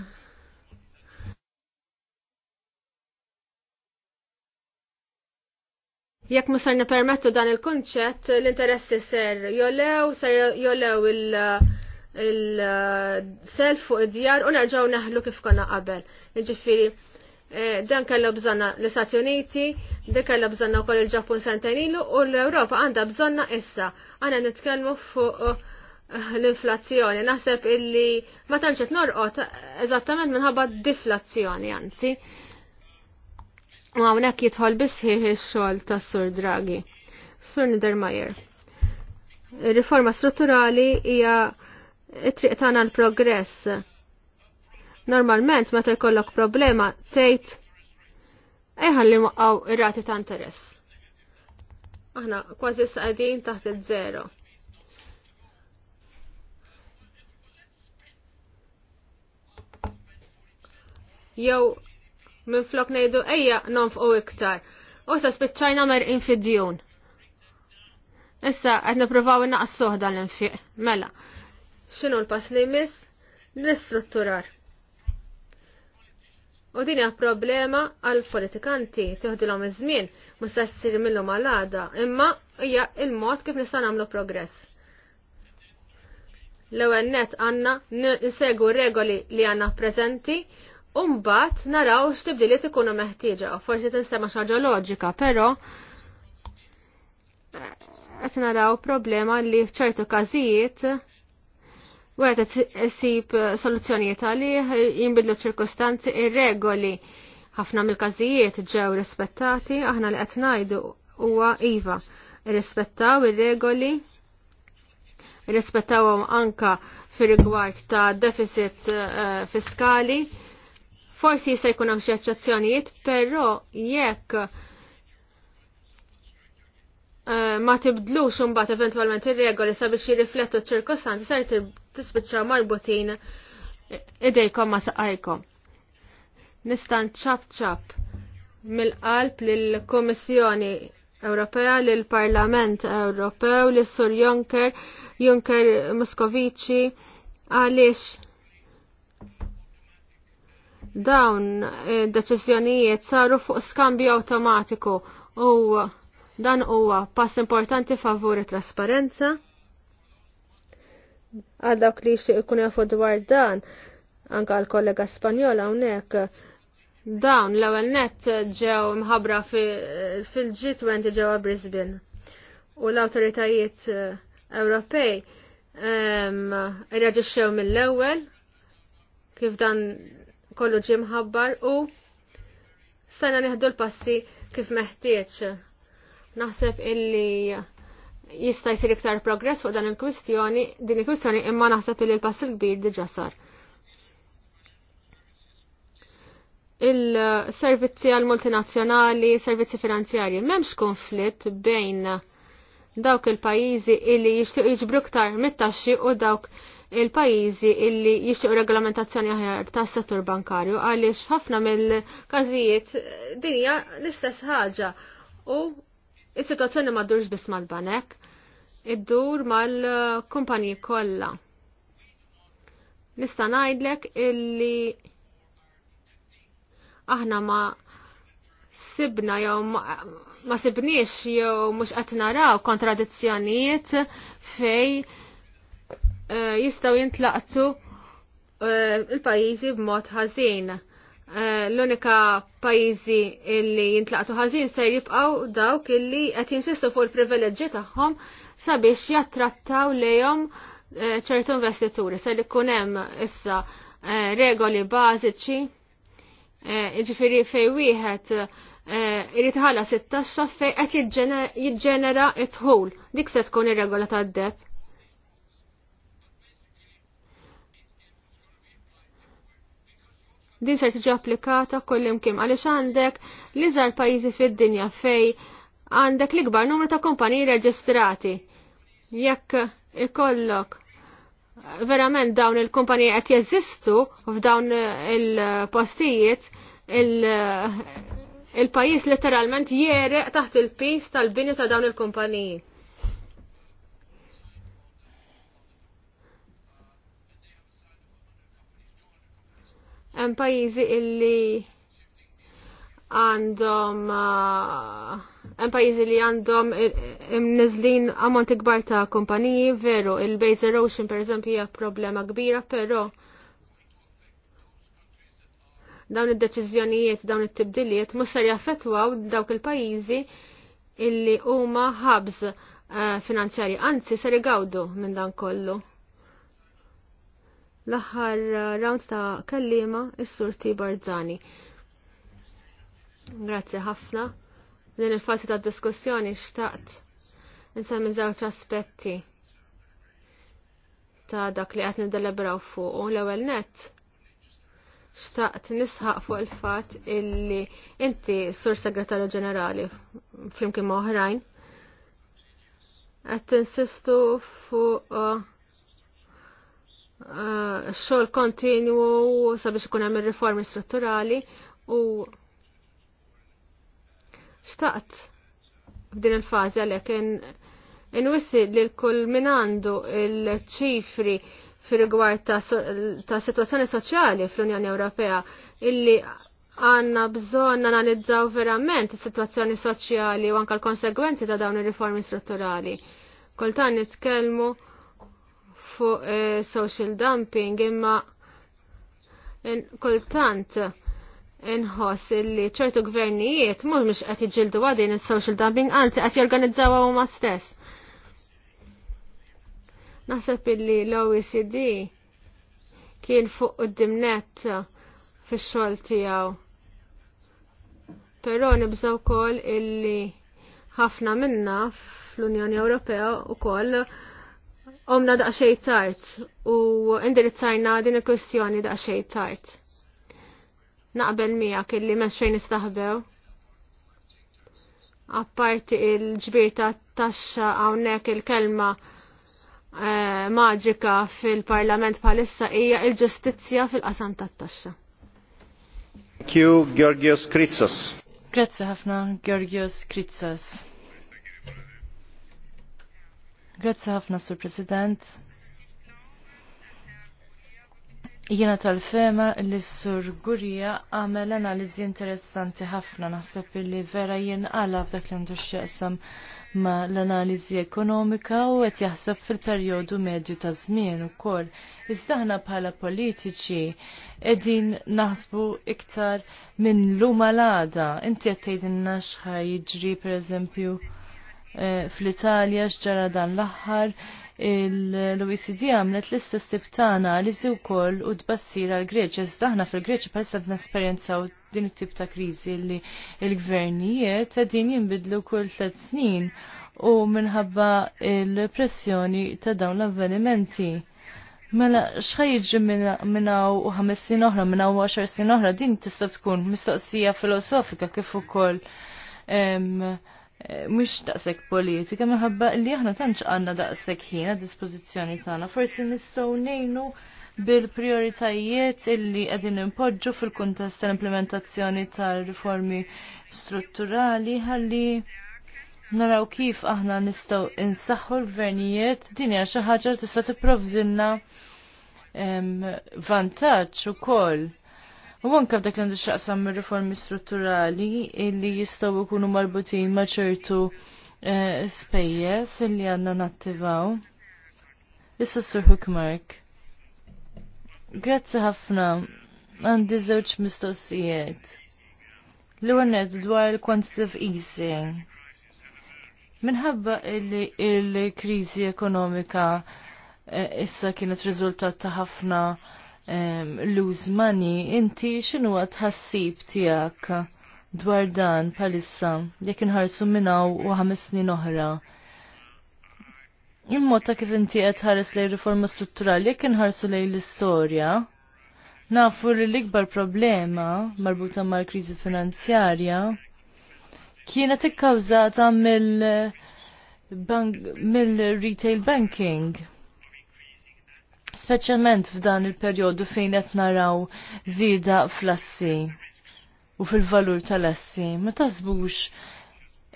jekk ma ser permettu dan il-konċett, l-interessi ser jolew, ser jolew il- il-self u id-djar u nerġaw naħlu kif konna qabel. Ġifiri, Eh, dan kellu bżonna l-Istati Uniti, dan kellha bżonna wkoll il-Ġappun sentenilu u l-Ewropa għandha bżonna issa. Għana nitkellmu fuq eh, l-inflazzjoni. Naħseb illi ma tanċet norqot eżattament minħabba deflazzjoni anzi. U hawnhekk jidħol bisħieħ ix-xogħol tas-Sur Draghi. Sur Niedermayer. Riforma strutturali hija it-triq tagħna l-progress Normalment meta jkollok problema tgħid ejħalli maqgħu ir-rati ta' interess. Aħna kważi saqdin taħt il zero Jew minn flok ngħidu ejja nonfqu iktar. U sa spiċċajna mer infidjun. Issa qed nippruvaw innaqsuh dan l-infiq. Mela, x'inhu l-pass li jmiss? L-istrutturar. U din hija problema għal politikanti tieħdilhom iż-żmien ma se ssir minnhom għal imma hija il-mod kif nista' nagħmlu progress. L-ewwel net għandna nsegu regoli li għandna preżenti u mbagħad naraw x'tibdiliet ikunu meħtieġa. Forsi tinstema' xaġa loġika, però qed naraw problema li f'ċertu każijiet Wara tsib eh, soluzzjonijiet għalih jinbidlu ċirkostanzi ir-regoli ħafna mill-każijiet ġew rispettati, aħna li qed ngħidu huwa iva irrispettaw ir-regoli irrispettawhom anka fir-rigward ta' deficit eh, fiskali. Forsi jista' jkun hemm xi eċċezzjonijiet, però jekk Eh, ma tibdlux imbagħad eventwalment ir-regoli sabiex jirriflettu ċ-ċirkostanzi ser tispiċċaw marbutin idejkom ma saqajkom. Nistan ċab ċab mill-qalb lill-Kummissjoni Ewropea, lill-Parlament Ewropew, lis sur Juncker, Juncker Moscovici, għaliex dawn eh, deċiżjonijiet saru fuq skambju awtomatiku u Dan huwa pass importanti favuri trasparenza. Għal dawk li xie ikun jafu dwar dan, anka għal kollega Spanjola hawnhekk dawn l-ewwel nett ġew mħabbra fil-G20 ġewwa Brisbane. U l-awtoritajiet eh, Ewropej irreġixxew mill-ewwel kif dan kollu ġie mħabbar u sena neħdu l-passi kif meħtieġ Naħseb illi jista' jsir iktar progress fuq dan il-kwistjoni, din il-kwistjoni imma naħseb illi l-pass il-kbir diġà sar. Il-servizzi għal multinazzjonali, servizzi finanzjarji, m'hemmx konflitt bejn dawk il-pajjiżi illi jixtiequ jiġbru iktar mit-taxxi u dawk il-pajizi illi jixtiequ regolamentazzjoni aħjar tas settur bankarju għaliex ħafna mill-każijiet dinja l-istess ħaġa u Is-situazzjoni ma durx biss mal-banek, iddur mal-kumpaniji kollha. Nista' ngħidlek illi aħna ma sibna jew ma sibniex jew mhux qed naraw kontradizzjonijiet fej eh, jistgħu jintlaqtu eh, il-pajjiżi b'mod ħażin Eh, l-unika pajizi illi jintlaqtu ħażin se jibqaw dawk illi qed jinsistu fuq il-privileġġi tagħhom sabiex jattrattaw lejhom eh, ċertu investituri se li kun hemm issa eh, regoli bażiċi jiġifieri fej wieħed irrid it-taxxa fejn qed jiġġenera t tħul Dik se tkun ir-regola tad-deb. din ser tiġi applikata kull imkien għaliex għandek l-iżgħar pajjiżi fid-dinja fej għandek l-ikbar numru ta' kumpaniji reġistrati. Jekk ikollok verament dawn il-kumpaniji qed jeżistu f'dawn il-postijiet il-pajjiż il letteralment jereq taħt il-pis tal-bini ta' dawn il-kumpaniji. Hemm pajjiżi illi għandhom uh, hemm pajjiżi li għandhom nizlin ammont ikbar ta' kumpaniji veru il-base erosion pereżempju hija problema kbira però dawn id-deċiżjonijiet dawn it-tibdiliet mhux ser jaffettwaw dawk il-pajjiżi illi huma ħabs uh, finanzjarji anzi ser igawdu minn dan kollu l-aħħar uh, round ta' kallima is-sur Barzani. Grazzi ħafna. Din il-fasi ta' diskussjoni xtaqt minn żewġ aspetti ta' dak li qed niddelebraw fuq u l-ewwel nett xtaqt nisħaq fuq il-fatt illi inti sur segretarju ġenerali flimkien ma' oħrajn qed tinsistu fuq uh, Eh, xogħol kontinwu sabiex ikun hemm ir-riformi strutturali u xtaqt f'din il-fażi għalhekk inwissi li l-kull min għandu il-ċifri fir rigward ta', situazzjoni soċjali fl-Unjoni Ewropea illi għanna bżon analizzaw verament is-sitwazzjoni soċjali u anka l-konsegwenzi ta' dawn ir-riformi strutturali. Kultan nitkellmu fuq eh, social dumping imma in, kultant inħoss li ċertu gvernijiet mhux mhux qed jiġġieldu għadin is-social dumping anzi qed jorganizzawha huma stess. Naħseb illi l-OECD kien fuq net fix-xogħol tiegħu. Però nibżgħu wkoll illi ħafna minna fl-Unjoni Ewropea wkoll omna daqxej tart u indirizzajna din il-kwestjoni daqxej tart. Naqbel mija kelli mhux fejn istaħbew. Apparti il-ġbir ta' taxxa hawnhekk il-kelma eh, maġika fil-Parlament bħalissa hija il-ġustizzja fil-qasam tat-taxxa. Thank Georgios Grazie ħafna, Georgios Kritsas. Grazzi ħafna, Sur President. Jiena tal-fema li Sur Gurija għamel analiżi interessanti ħafna naħseb li vera jien għala f'dak li għandu x'jaqsam ma l-analiżi ekonomika u qed jaħseb fil-perjodu medju ta' żmien ukoll. Iżda aħna bħala politiċi qegħdin naħsbu iktar minn luma l umalada Inti qed tgħidilna x'ħaj per eżempju, Eh, fl-Italja xġara dan l-aħħar l-OECD għamlet l-istess tibtana li ziw kol u tbassir għal Greċja. Zdaħna fil-Greċja palissa nesperjenzaw din it-tip ta' krizi li l-gvernijiet din jimbidlu kull tlet snin u minħabba il-pressjoni ta' dawn l-avvenimenti. Mela, xħajġi minnaw u ħames sin oħra, minnaw u għaxar sin oħra, din tista' tkun mistoqsija filosofika kif ukoll Eh, mhux daqshekk politika minħabba li aħna tantx għandna daqshekk ħin għad dispożizzjoni tagħna. Forsi nistgħu ngħinu bil-prioritajiet illi qegħdin impoġġu fil-kuntest tal-implementazzjoni tal-riformi strutturali ħalli naraw kif aħna nistgħu insaħħu l-gvernijiet din hija xi ħaġa tista' tipprovdilna ehm, vantaġġ ukoll U anke f'dak li għandu xaqsam riformi strutturali illi jistgħu jkunu marbutin ma' ċertu eh, spejjes illi għandna nattivaw. Issa Sur Hookmark. Grazzi ħafna għandi żewġ mistoqsijiet. L-għonet dwar il-quantitative easing. Minħabba il-krizi ekonomika eh, issa kienet riżultat ta' ħafna lose money, inti xinu tħassib tijak dwar dan palissa, jek nħarsu minnaw u ħames snin oħra. il ta' kif inti qed ħares lejn riforma strutturali jekk inħarsu lej l-istorja, nafu li l-ikbar problema marbuta mal-kriżi finanzjarja kienet ikkawżata mill-retail banking Speċjalment f'dan il-perjodu fejn qed naraw żieda fl-assi u fil-valur tal-assi. Ma tażbux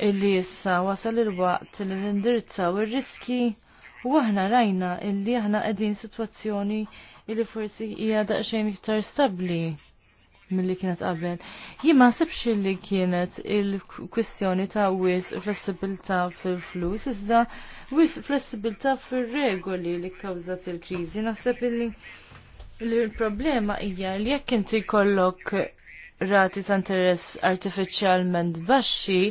illi issa wasal il-waqt li nindirizzaw ir-riski u aħna rajna illi aħna qegħdin sitwazzjoni illi forsi hija daqsxejn iktar stabbli mill-li kienet qabel. Jien ma nsibx li kienet il-kwistjoni ta' wis flessibilità fil-flus, iżda wis flessibilità fil-regoli li kkawżat il-kriżi. Naħseb li l-problema hija li jekk inti kollok rati ta' interess artifiċjalment baxxi,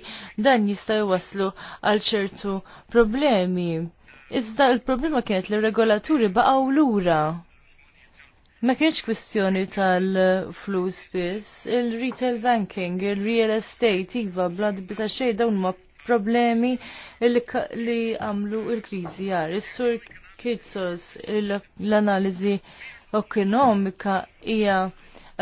dan jista' jwaslu għal ċertu problemi. Iżda l problema kienet li regolaturi baqgħu lura Ma kienx kwistjoni tal-flus biss, il-retail banking, il-real estate, iva, blad bisa xej dawn ma problemi li għamlu il-krizi jar. Is-sur Kitsos, l-analizi ekonomika hija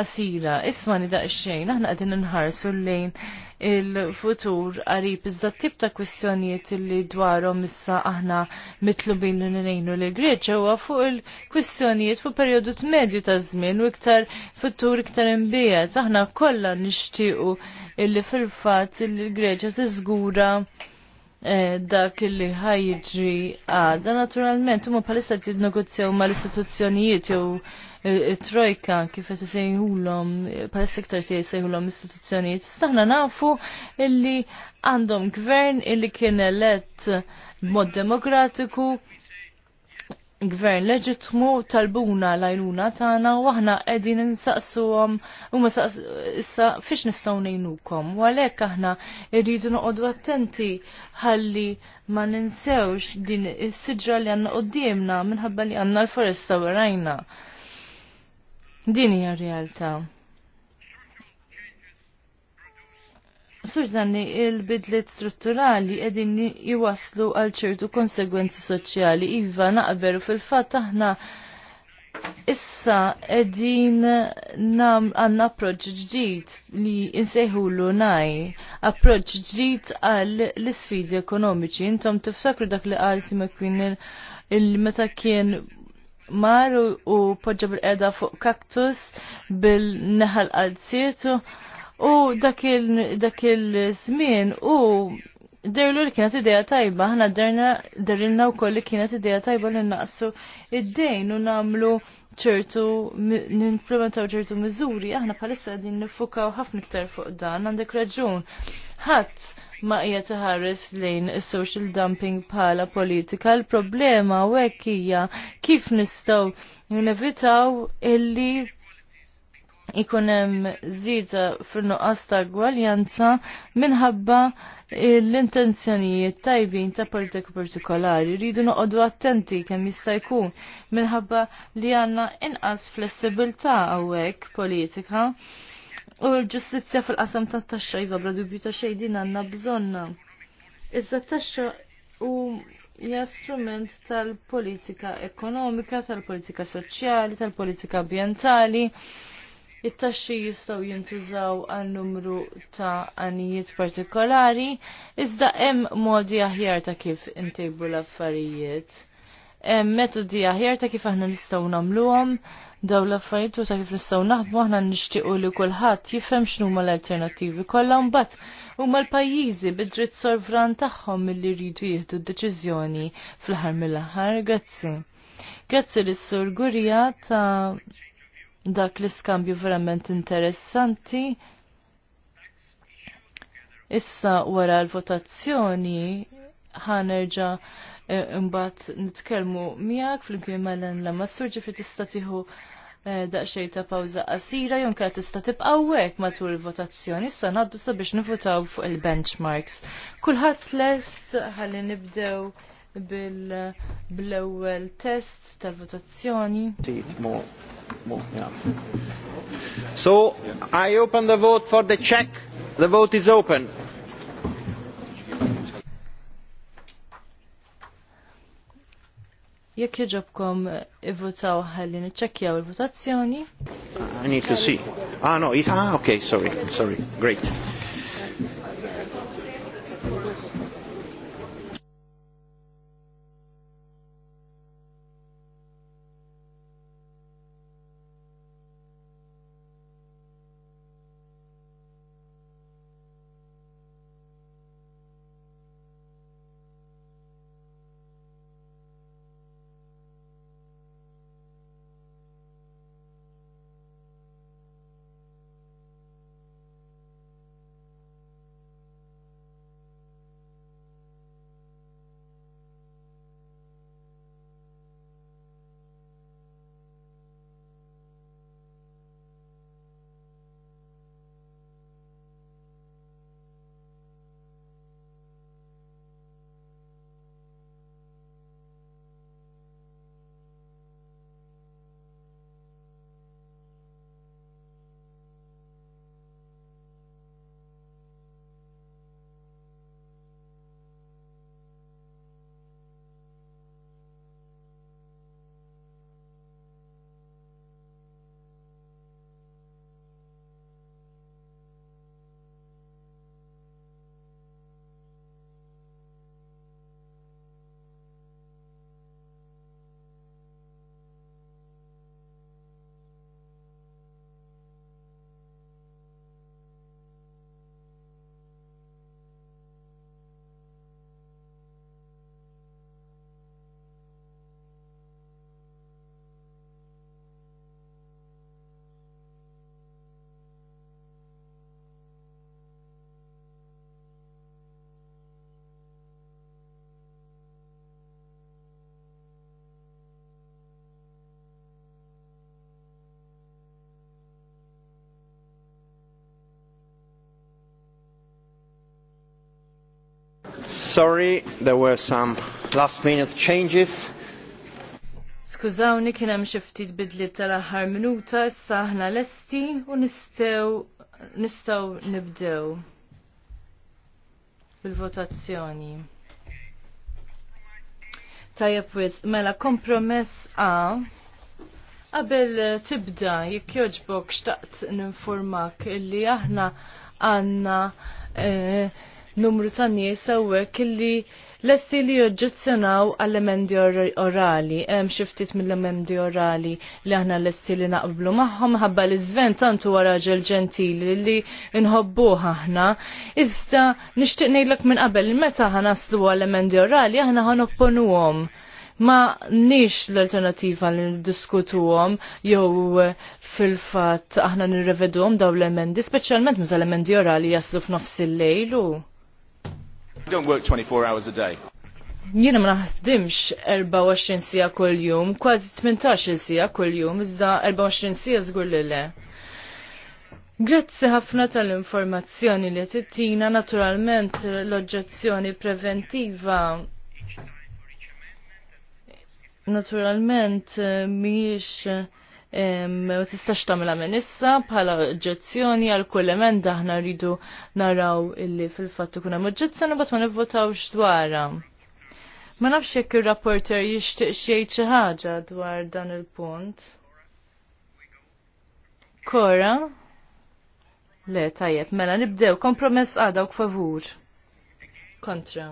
asila. Isma' nidaq daqsxejn, aħna qegħdin nħarsu lejn il-futur qarib. Iżda tip ta' kwistjonijiet li dwarhom issa aħna mitlubin li ngħinu li Greċja huwa fuq il-kwistjonijiet fuq perjodu medju ta' żmien u iktar futur iktar imbiegħed. Aħna kollha nixtiequ illi fil-fatt il-Greċja tiżgura eh, dak li ħajġri għada naturalment huma palissa jinnegozjaw mal-istituzzjonijiet jew trojka kif se isejħulhom bħalissa sektar tiegħi sejħulhom istituzzjonijiet. Staħna nafu illi għandhom gvern illi kien elett b'mod demokratiku gvern leġitmu talbuna lajnuna tagħna u aħna qegħdin insaqsuhom u ma issa fiex nistgħu ngħinukom. U għalhekk aħna rridu noqogħdu attenti ħalli ma ninsewx din is-siġra li għandna qudiemna minħabba li għandna l-foresta warajna. Din hija realtà. Surżanni, il bidliet strutturali edin jwaslu għal ċertu konsegwenzi soċjali. Iva, naqberu fil-fat aħna issa edin nam għanna approċ ġdid li insejħulu naj. Approċ ġdid għal l-sfidi ekonomiċi. Intom tifsakru dak li għal simekwin il-meta kien mar u poġġa bil-qeda fuq kaktus bil-neħal għal għal-sirtu u dak il-żmien u derlu li kienet ideja tajba, ħana derilna u koll li kienet ideja tajba li naqsu id-dejn u namlu ċertu, ninfluentaw ċertu miżuri, aħna palissa din nifukaw ħafna iktar fuq dan, għandek raġun. ħadd ma hija taħares lejn is-social dumping bħala politika. l problema u hekk hija kif nistgħu nevitaw illi ikun hemm żieda fin-nuqqas ta' gwaljanza minħabba l-intenzjonijiet tajbin ta' politika partikolari. Rridu noqogħdu attenti kemm jista' jkun minħabba li għandna inqas flessibilità hawnhekk politika U l-ġustizzja fil-qasam ta' taxxa jiva bla dubju ta' xejdin din għandna bżonna. Iżda taxxa u jastrument strument tal-politika ekonomika, tal-politika soċjali, tal-politika ambjentali. It-taxxi jistgħu jintużaw għal numru ta' għanijiet partikolari, iżda hemm modi aħjar ta' kif intejbu l-affarijiet metodi aħjar ta' kif aħna nistgħu nagħmluhom daw l-affarijiet u ta' kif nistgħu naħdmu aħna nixtiequ li kulħadd jifhem x'numa l-alternattivi kollha mbagħad huma l-pajjiżi bid-dritt sovran tagħhom milli jridu jieħdu d-deċiżjoni fl-aħħar mill-aħħar. Grazzi. Grazzi lis sur Gurija ta' dak l-iskambju verament interessanti. Issa wara l-votazzjoni ħanerġa' eh, imbagħad nitkellmu miegħek fl-imkien mal-en l fi tista' tieħu Eh, daqxej ta' pawza qasira jew tista' tibqa' hekk matul il-votazzjoni issa ngħaddu sabiex nivutaw fuq il-benchmarks. Kulħadd lest ħalli nibdew bil-ewwel test tal-votazzjoni. So I open the vote for the check. The vote is open. Jek jġobkom eh, ivvutaw ħalli niċċekkjaw il-votazzjoni. I need to see. Ah no, it's ah okay, sorry, sorry. Great. Sorry, there were some last minute changes. Skużawni kien hemm xi ftit bidliet tal-aħħar minuta, issa aħna lesti u nistgħu nistgħu nibdew bil-votazzjoni. Tajjeb wis, mela kompromess A qabel tibda jekk jogħġbok xtaqt ninformak illi aħna għandna eh, numru ta' nies hawnhekk illi lesti li joġġezzjonaw għall-emendi orali, hemm xi ftit mill-emendi orali li aħna lesti li naqblu magħhom ħabba li żvent tant huwa raġel ġentili li nħobbuh aħna. Iżda nixtieq ngħidlek minn qabel meta ħanaslu għall-emendi orali aħna ħanopponuhom ma nix l-alternativa li n-diskutuwom jew fil-fatt aħna nirrevedhom daw l-emendi, speċjalment mużal l-emendi orali jaslu f'nofs il-lejlu don't work 24 hours a day. Jiena ma naħdimx 24 sija kull jum, kważi 18 sija kull jum, iżda 24 sija żgur li le. Grazzi ħafna tal-informazzjoni li tittina naturalment l-oġġezzjoni preventiva naturalment mhijiex u tistax tagħmilha minn issa bħala oġġezzjoni għal kull emenda aħna rridu naraw illi fil-fatt ikun hemm oġġezzjoni bad ma nivvotawx dwarha. Ma nafx jekk ir-rapporter jixtieq jgħid xi ħaġa dwar dan il-punt. Kora? Le, tajjeb, mela nibdew kompromess għada u favur. Kontra.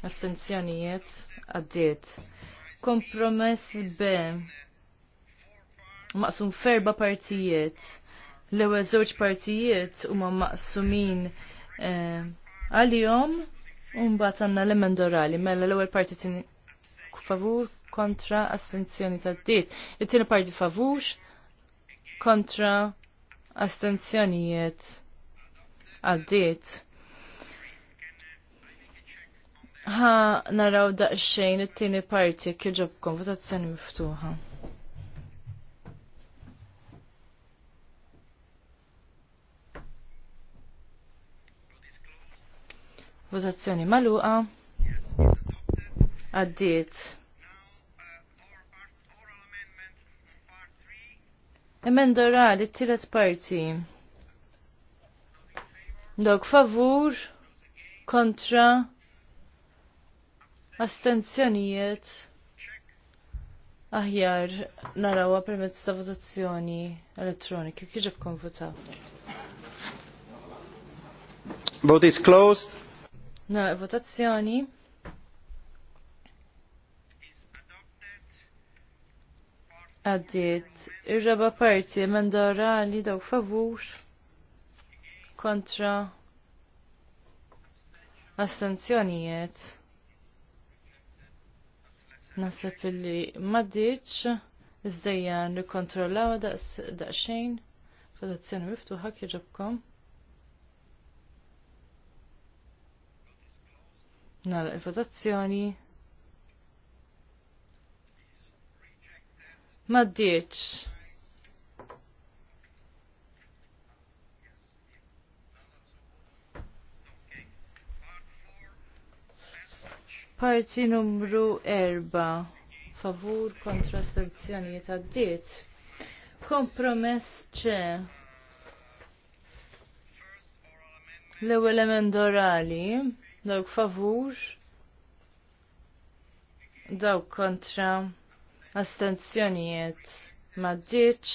Astenzjonijiet għaddiet. Kompromess B maqsum ferba partijiet. L-ewwel żewġ partijiet huma maqsumin eh, għal-jom u mbagħad għandna l emendorali mella mela l-ewwel parti favur kontra astenzjoni d diet It-tieni parti favux kontra astenzjonijiet għaddiet. Ha naraw daqsxejn it-tieni parti kieġobkom votazzjoni miftuħa. Votazzjoni maluqa. Għaddiet. Emenda orali, t-tielet parti. Dok favur, kontra, astenzjonijiet. Aħjar, narawa permezz ta' votazzjoni elettronika, kieġab konvuta. Vote is closed. Na, votazzjoni. Għaddiet, ir-raba parti emenda li dawk favur kontra astenzjonijiet. Nasib illi maddiċ, iżdejja kontrollaw daqsxejn, votazzjoni miftuħa kieġobkom. Nara il-votazzjoni. Maddiċ. Parti numru erba. Favur kontra stazzjonijiet għaddiet. Kompromess ċe. L-ewel emend orali dawk favur, dawk kontra, astenzjonijiet maddiċ.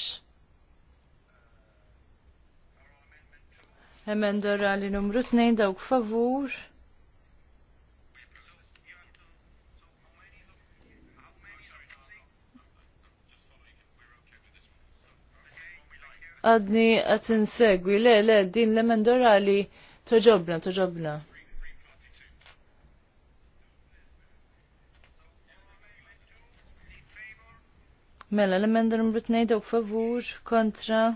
Emendora li numru 2 dawk favur. Għadni għat insegwi, le, le, din l-emendora li toġobna, toġobna. Mela, l-emenda numru 2 dawk favur kontra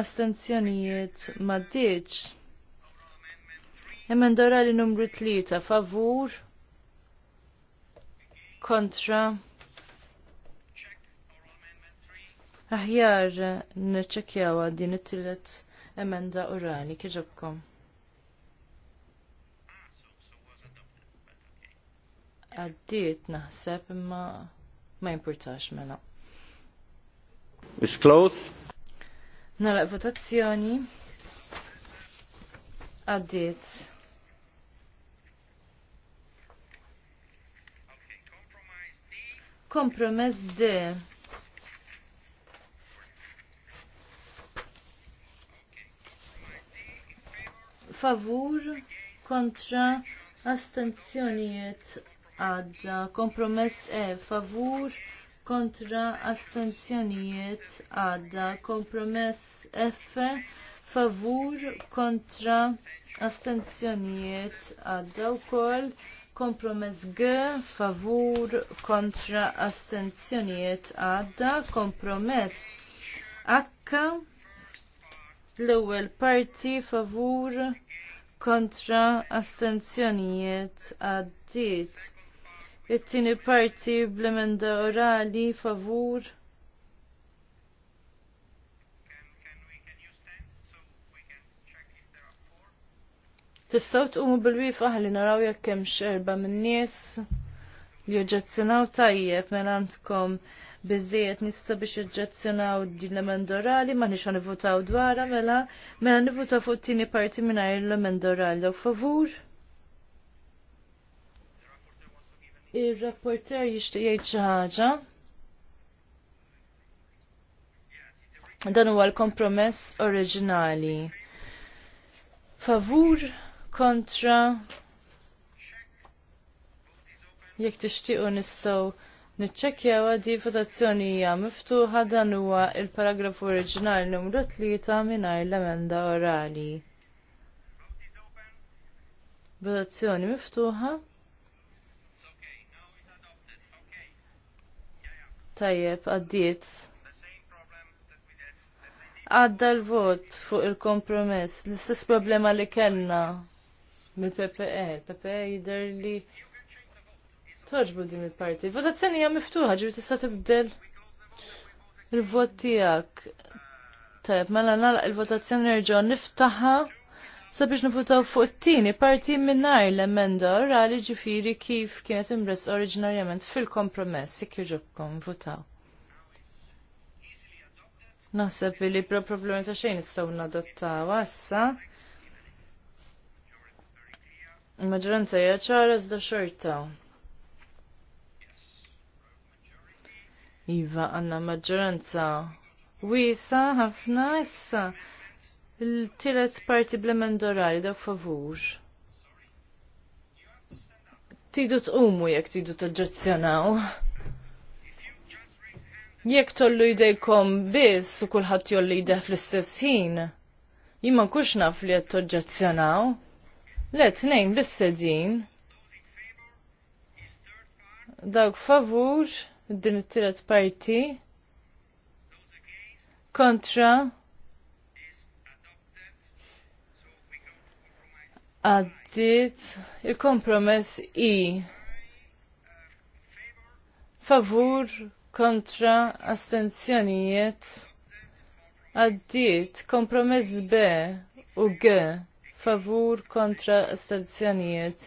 astenzjonijiet ma ddiċ. Emenda orali numru 3 favur kontra Aħjar nċekjawa din it-tillet emenda orali kieġobkom. Għaddiet naħseb imma ma jimpurtax mela. Is close. Nala, votazzjoni. Għaddiet. Kompromess D. Favur kontra astenzjonijiet għad kompromess E favur kontra astenzjonijiet għad kompromess F favur kontra astenzjonijiet għadda koll kompromess G favur kontra astenzjonijiet għadda kompromess H l-ewwel parti favur kontra astenzjonijiet għaddiet it-tieni parti bl-emenda orali favur. Tistaw tqumu bil wif aħli naraw jekk hemm xerba min-nies li oġġezzjonaw tajjeb minn mela għandkom biżejjed nista' biex oġġezzjonaw din l-emendorali ma nix nivutaw dwarha mela mela nivutaw fuq tieni parti mingħajr l-emendorali daw favur. Ir-rapporter jixtieq jgħid xi ħaġa. Dan huwa l-kompromess oriġinali. Favur kontra jekk tixtiequ nistgħu Niċċekkjaw għaddi votazzjoni hija miftuħa dan huwa il-paragrafu oriġinali numru 3 mingħajr l-emenda orali. Votazzjoni miftuħa. Tajjeb, għaddiet. Għadda l-vot fuq il-kompromess, l-istess problema li kellna mill-PPE, PPE jider li toġbu din il-parti. Votazzjoni hija miftuħa, ġibi tista' tibdel il-vot tiegħek. Tajjeb, mela nagħlaq il-votazzjoni nerġgħu niftaħha sabiex nifutaw fuq it-tieni parti minnar l-emenda orali ġifiri kif kienet imres oriġinarjament fil-kompromess ikkiġobkom votaw. Naħseb li pro problemi ta' xejn nistgħu nadottaw għassa. Maġranza maġġoranza hija xorta. Iva għandna maġġoranza wiesa ħafna issa Il-tiret parti dorari, dawk favur. Tidu t'umu jekk tidu toġġezzjonaw. Jekk tollu jdejkom biss u kulħadd jolli jdeħ fl-istess ħin, jien ma kux naf li qed toġġezzjonaw. Le tnejn biss sedin. Dawk favur din it-tielet parti kontra għaddit il-kompromess i favur kontra astenzjonijiet għaddit kompromess B u G favur kontra astenzjonijiet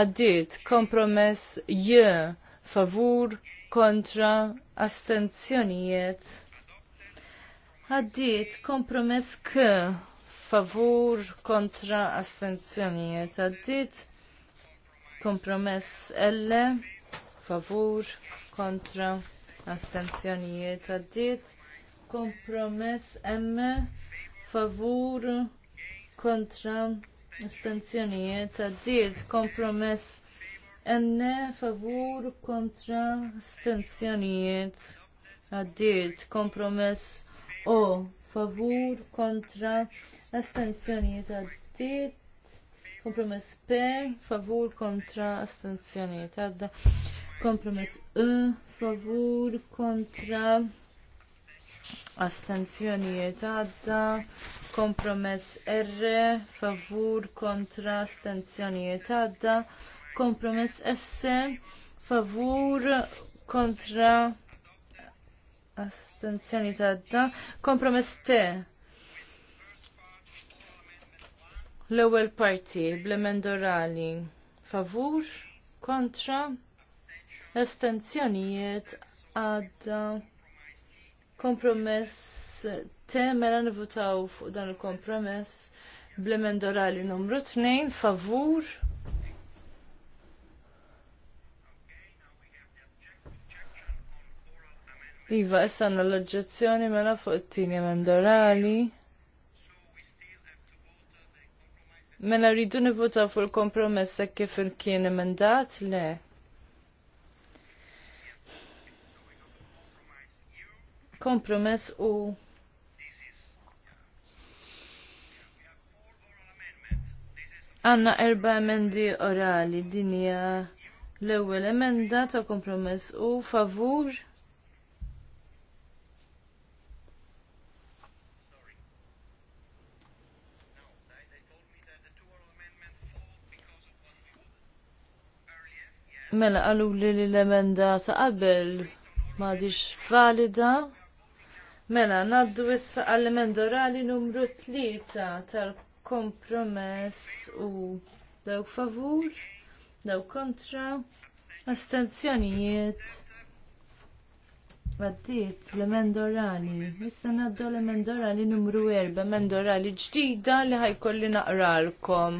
għaddit kompromess J favur kontra astenzjonijiet għaddit kompromess K favur kontra astenzjonijiet għaddit kompromess L favur kontra astenzjonijiet għaddit kompromess M favur kontra astenzjonijiet għaddit kompromess N favur kontra astenzjonijiet għaddit kompromess O favur kontra astenzjonijiet dit Kompromess P, favur kontra astenzjonijiet għadda. Kompromess E, favur kontra astenzjonijiet għadda. Kompromess R, favur kontra astenzjonijiet għadda. Kompromess S, favur kontra astenzjonijiet għadda. Kompromess T, L-ewwel parti bl-emendorali favur kontra estensjonijiet għadda kompromess te mela nivutaw fuq dan il-kompromess bl-emendorali numru 2 favur Iva, issa għanna l-oġġezzjoni mela fuq it-tini emendorali. Mela rridu nivvotaw fuq il-kompromess kif kien emendat? Le. Kompromess u Għanna erba emendi orali, dinja l-ewwel emenda ta' kompromess u favur. Mela għalu li l-emenda ta' qabel ma' diġ valida. Mela naddu issa għall-emenda orali numru 3 tal-kompromess u daw favur, daw kontra, astenzjonijiet. Għaddit l-emenda orali. Issa naddu l-emenda orali numru 4, emenda orali ġdida li ħajkolli naqralkom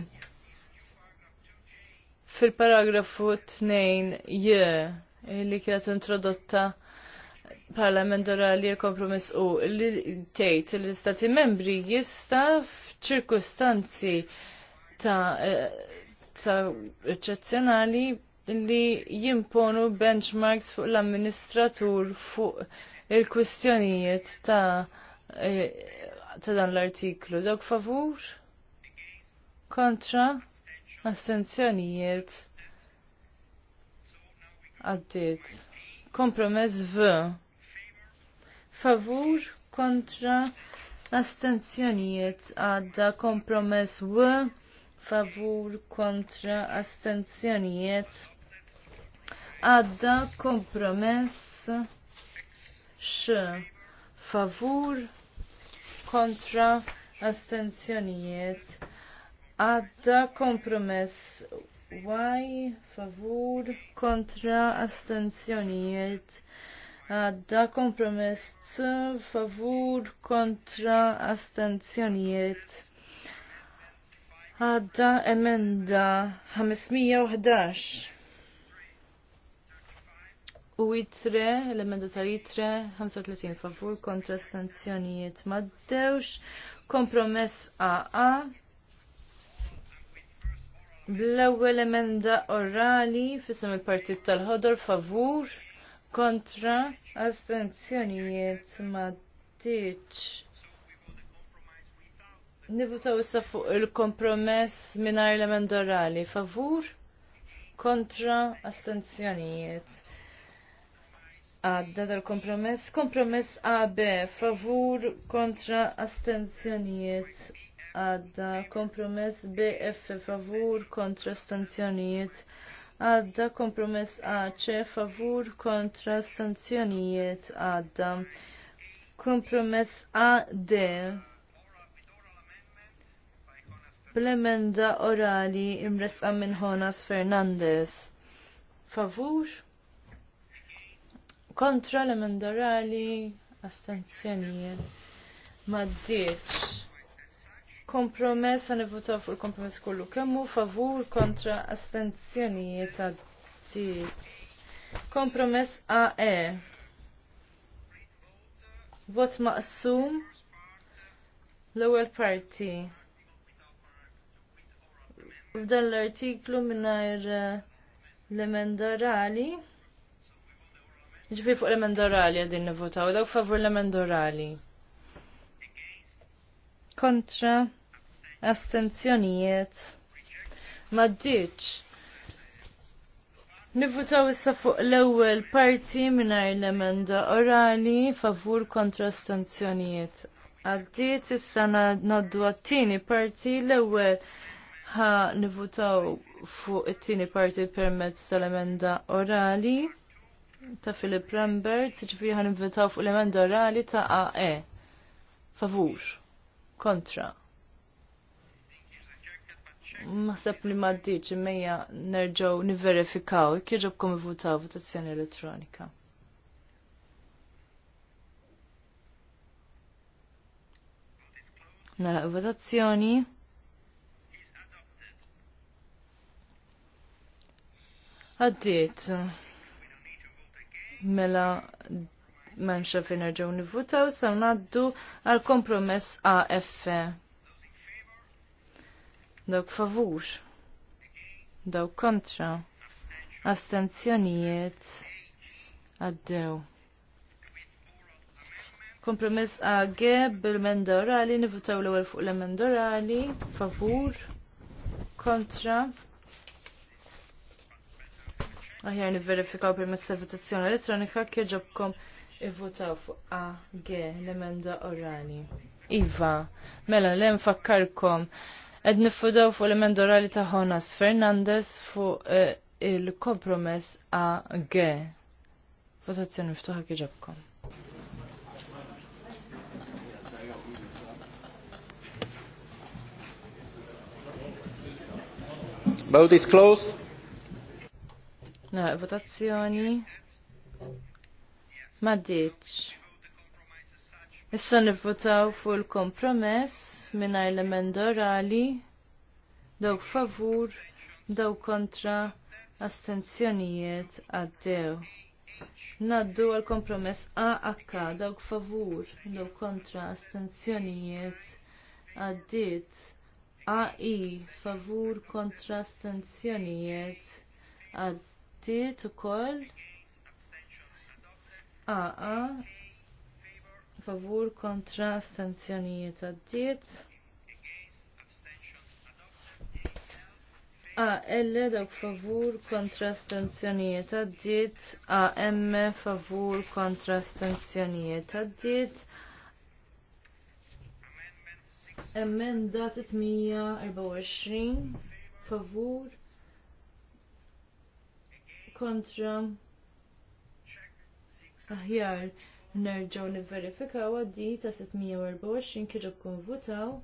fil-paragrafu 2 je li kienet introdotta Parlament orali l-kompromiss u li tgħid li l-istati membri jista' f'ċirkustanzi ta' eh, ta' eċċezzjonali li jimponu benchmarks fuq l-amministratur fuq il-kwistjonijiet ta' eh, ta' dan l-artiklu. Dok favur? Kontra? Astenzjonijiet għaddit. Kompromess V. Favur kontra astenzjonijiet għadda kompromess V. Favur kontra astenzjonijiet għadda kompromess X. Favur kontra astenzjonijiet Għadda kompromess waj favur kontra astenzjonijiet. Għadda kompromess favur kontra astenzjonijiet. Għadda emenda 511. U itre, l-emenda tal-itre, 35 favur kontra stanzjonijiet maddewx, kompromess AA, bl ewwel emenda orali fisem il-Partit tal-Ħodor favur kontra astenzjonijiet ma tiġ. Nibutaw issa fuq il-kompromess minar l-emenda orali favur kontra astenzjonijiet. Għadda dal-kompromess, kompromess AB, favur kontra astenzjonijiet għadda kompromess BF favur kontra stanzjonijiet għadda kompromess AC favur kontra stanzjonijiet għadda kompromess AD bl-emenda orali imresqa minn Jonas Fernandez favur kontra l-emenda orali astenzjonijiet maddiċ Kompromess għan votaw fuq il-kompromess kollu kemmu favur kontra astenzjonijiet tit. Kompromess AE. Vot maqsum l-ewwel parti. F'dan l-artiklu mingħajr eh, l-emenda orali. Ġifi fuq l emendorali orali għadin nivotaw, dawk favur l emendorali kontra astenzjonijiet maddiċ. Nivvutaw issa fuq l-ewwel parti mingħajr l-emenda orali favur kontra astenzjonijiet. Għaddiet issa naddu għattini tieni parti l-ewwel ħa nivvutaw fuq it-tieni parti permezz tal-emenda orali ta' Philip Rambert, ċifri ħan nivvutaw fuq l-emenda orali ta' AE. Favur kontra. Maħseb li maddiċ imejja nerġaw niverifikaw, kieġobkom votaw votazzjoni elettronika. Nara votazzjoni. Għaddiet. Mela manxa fejn nerġgħu nivvutaw sa ngħaddu għal kompromess AF. Dawk favur. Dawk kontra. Astenzjonijiet għaddew. Kompromess AG bil-menda orali, nivutaw l-ewwel fuq l-emenda orali, favur, kontra, Aħjar niverifikaw permezz tal votazzjoni elettronika kieġobkom ivvotaw fuq A, G, l-emenda orali. Iva, mela l-enfakkarkom Ed nifudaw fuq l emenda orali ta' Honas Fernandez fuq eh, il-kompromess A G. Votazzjoni miftuħa kieġabkom. Vote is closed. Nara, mela, votazzjoni Maddiċ. Issa nifutaw fuq il-kompromess mingħajr l-emenda orali dawk favur, dawk kontra astenzjonijiet għaddew. Naddu għal kompromess AAK, dawk favur, dawk kontra astenzjonijiet għaddit. AI favur kontra astenzjonijiet u ukoll. AA favur kontra astenzjonijiet għaddiet. AL dawk favur kontra astenzjonijiet għaddiet. AM favur kontra astenzjonijiet għaddiet. Emenda 624 favur kontra aħjar nerġaw nivverifikaw għaddi ta' 624 kieġu konvutaw.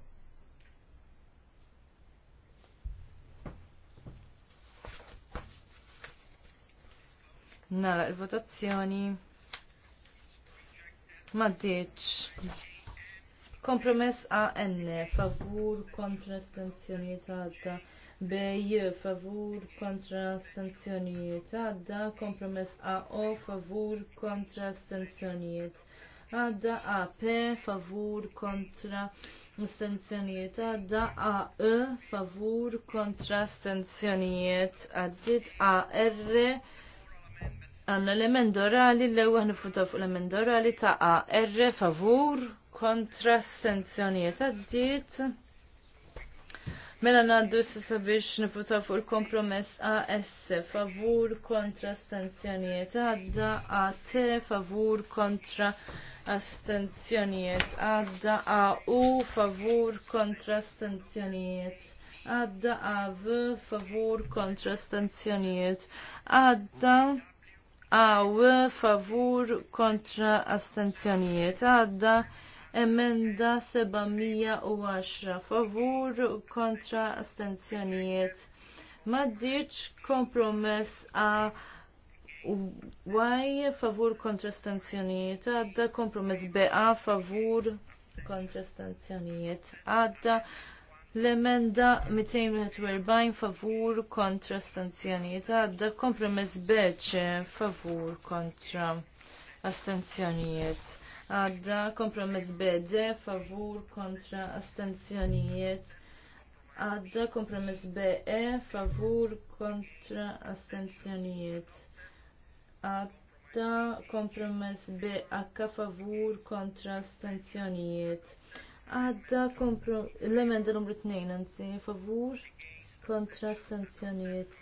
Nala il-votazzjoni. Maddiċ. Kompromess ANN, favur kontra estensjoni ta' bej favur kontra astenzjonijiet għadda kompromess AO favur kontra astenzjonijiet għadda AP favur kontra astenzjonijiet għadda A-E, favur kontra astenzjonijiet għaddit AR għanna l-emend orali l-ewwel nifutaw fuq l-emend orali ta' AR favur kontra astenzjonijiet għaddit Mela naddu issa biex nifuta fuq il-kompromess AS favur kontra astenzjonijiet għadda AT favur kontra astenzjonijiet għadda u favur kontra astenzjonijiet għadda a v favur kontra astenzjonijiet għadda a għaw favur kontra astenzjonijiet għadda emenda 710 favur kontra astenzjonijiet maddiċ kompromess a Waj favur kontra astenzjonijiet għadda kompromess BA favur kontra astenzjonijiet għadda l-emenda 240 favur kontra astenzjonijiet għadda kompromess beċ favur kontra astenzjonijiet għadda kompromess bede favur kontra astenzjonijiet għadda kompromess BE favur kontra astenzjonijiet għadda kompromess BH favur kontra astenzjonijiet għadda l-emenda numru 2 anzi favur kontra astenzjonijiet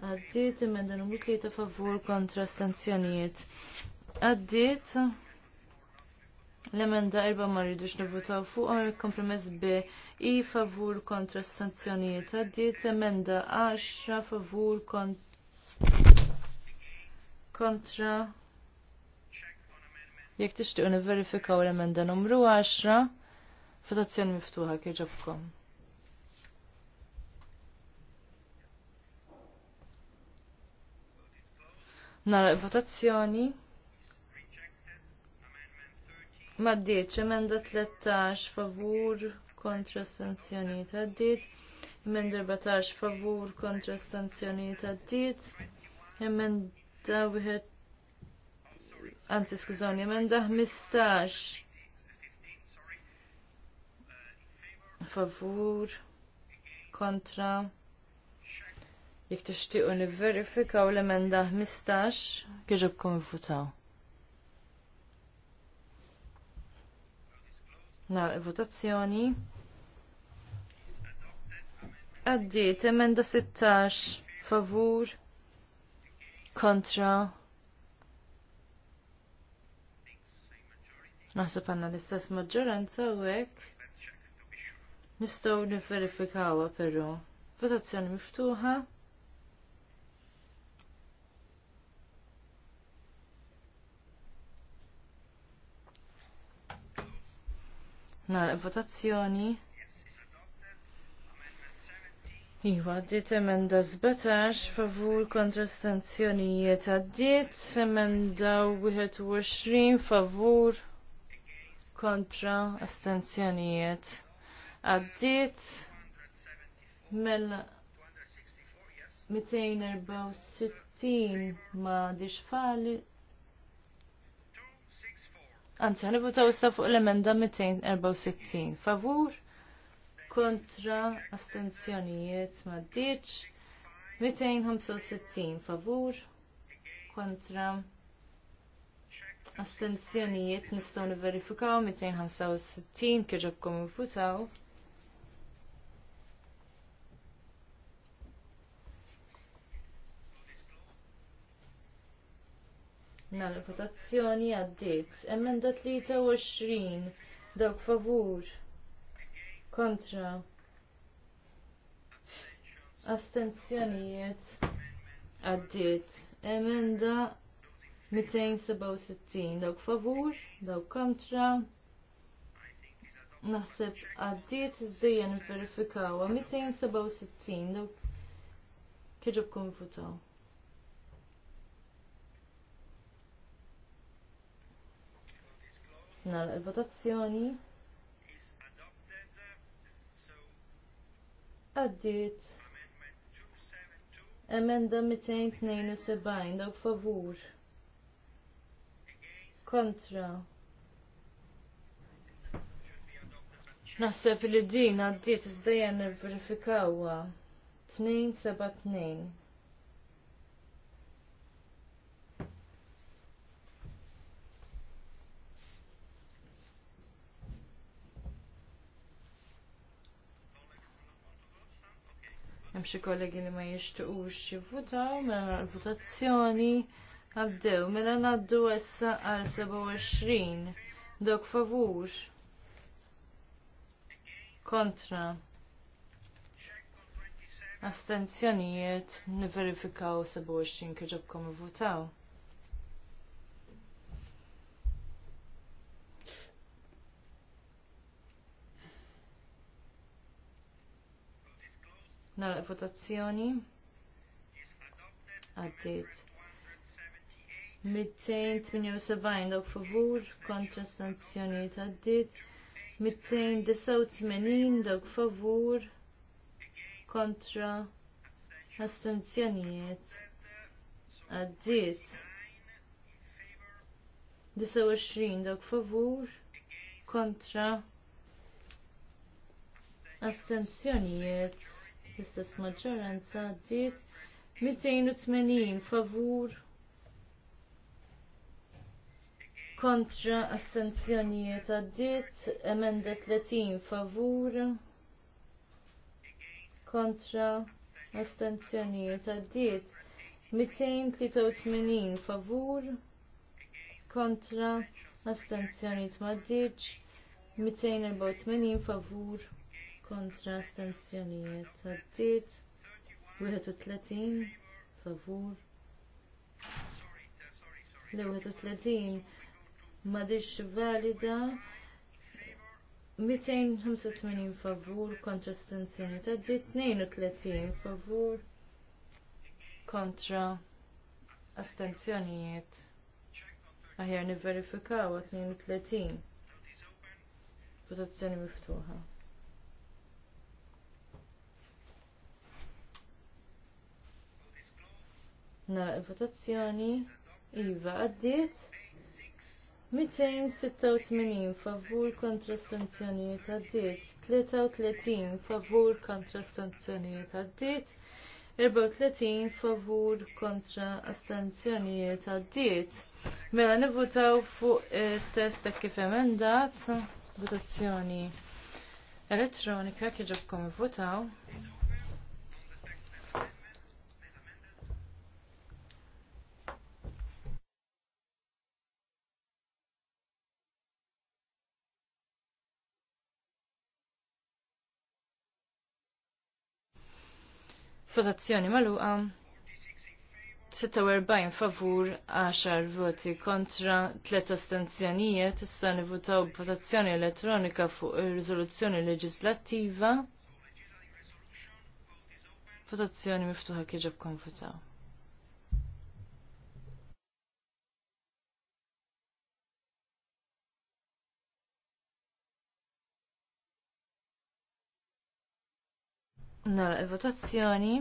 għaddit emenda numru 3 favur kontra astenzjonijiet għaddit L-emenda erba ma rridux nivvotaw fuq għal kompromess B. I favur kontra sanzjonijiet għaddiet. Emenda 10 favur kontra. Jek tixtiqu niverifikaw l-emenda numru 10, votazzjoni miftuħa kieġobkom. Nara votazzjoni Maddiċ, emenda 13 favur kontra stanzjoniet għaddiet, Emenda 14 favur kontra stanzjoniet għaddiet, Emenda wieħed Anzi, skużoni, emenda 15. Favur kontra jek tixtiequ nivverifikaw l-emenda 15 kieġobkom ivvutaw. Nar votazzjoni. Għaddiet, emenda 16, favur, kontra. Naħseb għanna l-istess maġġoranza u hekk. Nistgħu niverifikawa però. Votazzjoni miftuħa. Nara votazzjoni. Iwa, dit emenda zbetax, favur kontra jeta dit, emenda 21, favur kontra stanzjonijiet għaddit, mela 264 ma diċfali Anzi, ħanibutaw issa fuq l-emenda 264. Favur, kontra, astenzjonijiet, ma' diċ. 265 favur, kontra, astenzjonijiet, nistaw niverifikaw, 265 kieġobkom infutaw. votaw Nal votazzjoni għaddiet. Emenda 23. Dawk favur. Kontra. Astenzjonijiet. Għaddiet. Emenda 267. Dawk favur. Dawk kontra. Naħseb għaddiet iżdejja niverifikawa 267 dawk kieġu votaw. Nal il-votazzjoni. Għaddit. Emenda 272, dawk favur. Kontra. Naħseb li din għaddiet il-verifikawa. 272. Hemm xi kollegi li ma jixtiequx jivvutaw mela l-votazzjoni għaddew mela ngħaddu issa għal 27 dok favur kontra astenzjonijiet niverifikaw 27 kieġobkom ivvutaw. Nara votazzjoni. Għaddit. 278 dawk favur kontra sanzjonijiet għaddit. 289 dawk favur kontra astenzjonijiet għaddit 29 dawk favur kontra astenzjonijiet l istess maġġoranza għaddiet 280 favur kontra astenzjonijiet għaddiet emenda 30 favur kontra astenzjonijiet għaddiet 283 favur kontra astenzjoni tmaddiċ 284 favur kontra astenzjonijiet għaddit 31 favur l-31 madix valida 285 favur kontra astenzjonijiet għaddit 32 favur kontra astenzjonijiet aħjar niverifikaw 32 votazzjoni miftuħa. Nara il-votazzjoni. Iva għaddiet. 286 favur kontra stanzjonijiet għaddiet, 33 favur kontra stanzjonijiet għaddiet, 34 favur kontra stanzjonijiet għaddiet. Mela nivvutaw fuq il-test eh, ta' kif emendat, votazzjoni elettronika kieġobkom votaw. Votazzjoni maluqa. 46 favur, 10 voti kontra, 3 astenzjonijiet, issa nivutaw votazzjoni elettronika fuq ir-riżoluzzjoni leġislattiva. Votazzjoni miftuħa kieġeb konfutaw. Nala, il-votazzjoni.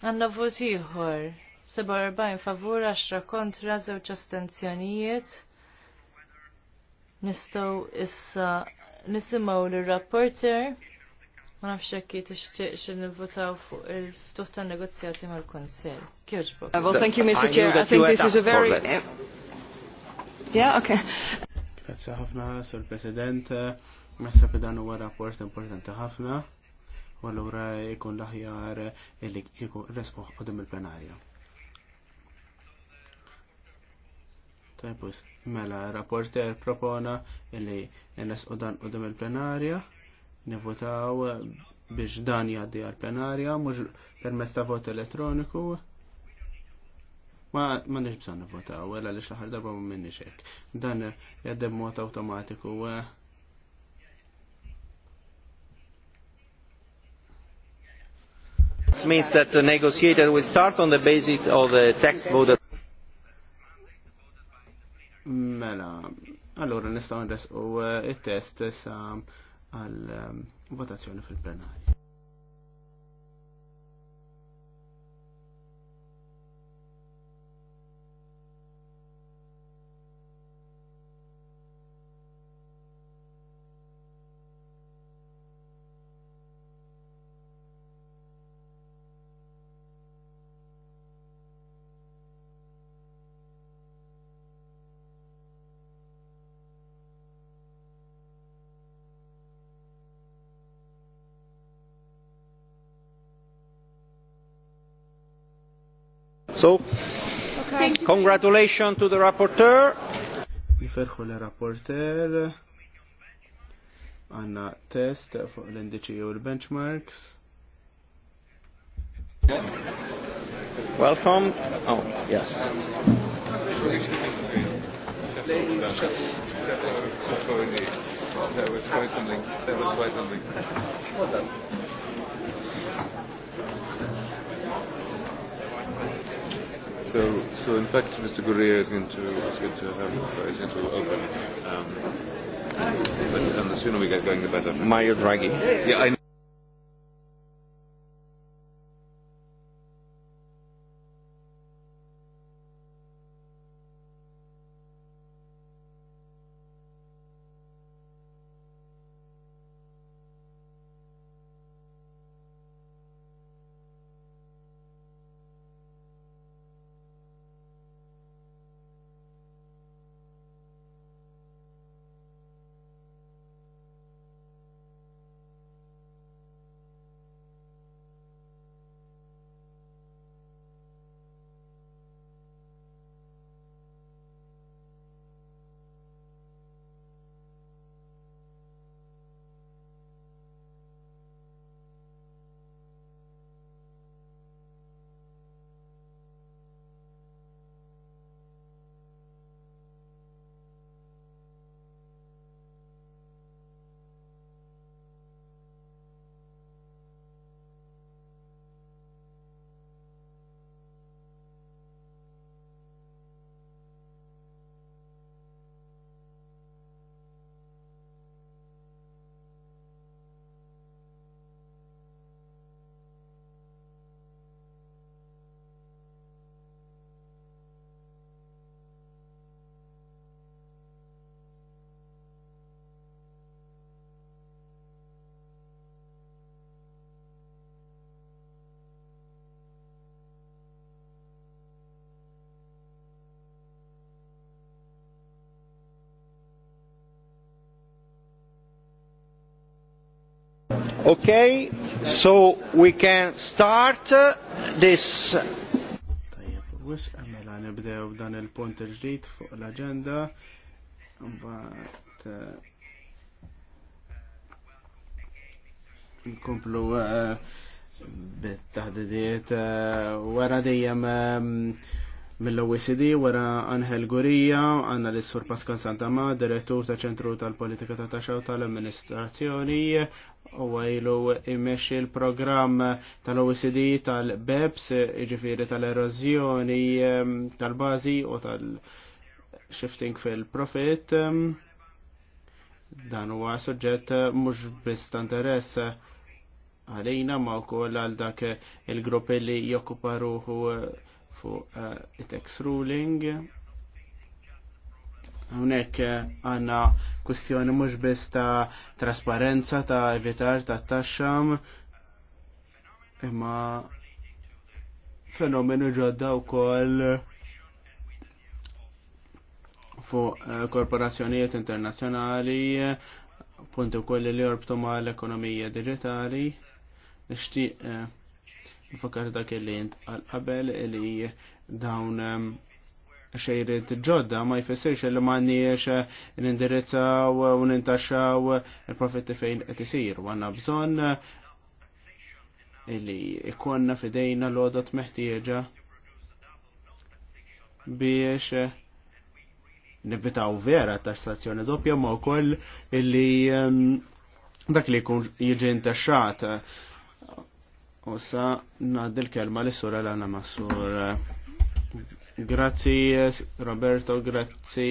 Għanna votiħor. 47 favur, 10 kontra, 0 astenzjonijiet. Nistaw issa nisimaw l-rapporter. Ma nafx hekk tixtieq xi nivvotaw fuq il-ftuħ ta' negozjati mal-Kunsell. Kjoġbok. Uh, well, thank you, Mr. Chair. I think this is a very eh, Yeah, okay. Grazzi ħafna, Sur President. Naħseb dan huwa rapport importanti ħafna u allura jkun l-aħjar illi kieku respoħ il-plenarja. Tajbus, mela rapporter propona illi nesqu dan qudiem il-plenarja nivotaw biex dan jgħaddi għal plenarja, mux permess ta' vot elettroniku. Ma nix bżan nivotaw, għela li xaħar daba minni xek. Dan jgħaddi mod automatiku. Eh, This means that the negotiator will start on the basis of the tax voted. Mela, allora nistaw nresqu eh, it-test sa għal eh, votazzjoni fil-plenari. So, okay. congratulations to the rapporteur. Niferħu l rapporteur. Għanna test fuq l-indiċi u l-benchmarks. Welcome. Oh, yes. There was quite something. There was quite something. So, so in fact, Mr. Gurria is going to, is going to, have, uh is going to open. Um, but and um, the sooner we get going, the better. Mario Draghi. Yeah, I know. Okay, so we can start uh, this. Wis għamela nibdew dan il-punt il-ġdid fuq l-agenda. Mbagħad uh, nkomplu uh, bit-taħdidiet wara dejjem um, mill-OECD wara Angel Gurija, għanna l sur Pascal Santama, direttur ta' ċentru tal-politika ta' Taxaw tal-amministrazzjoni, u għajlu immexxi l-programm tal-OECD tal-BEPS, iġifiri tal-erozjoni tal-bazi u tal-shifting fil-profit. Dan huwa suġġett mhux biss ta' interess għalina ma' wkoll għal dak il-grupp li jokkupa ruħu fuq uh, it-tax ruling. Hawnhekk eh, għandna kwestjoni mhux biss ta' trasparenza ta' evitar ta' taxxam imma fenomenu ġodda wkoll fuq eh, korporazzjonijiet internazzjonali punti wkoll li jorbtu mal ekonomija digitali nixtieq nfakar dak li jint qabel li dawn um, xejrid ġodda ma jfessirx li ma għandniex nindirizzaw u nintaxxaw il-profitti fejn qed isir. Għandna bżonn uh, li ikonna fidejna l-għodot meħtieġa biex uh, nibitaw vera ta' stazzjoni doppja ma' wkoll li um, dak li jkun jiġi intaxxata U sa naddi l-kelma li sura l-għana massur. Grazzi Roberto, grazzi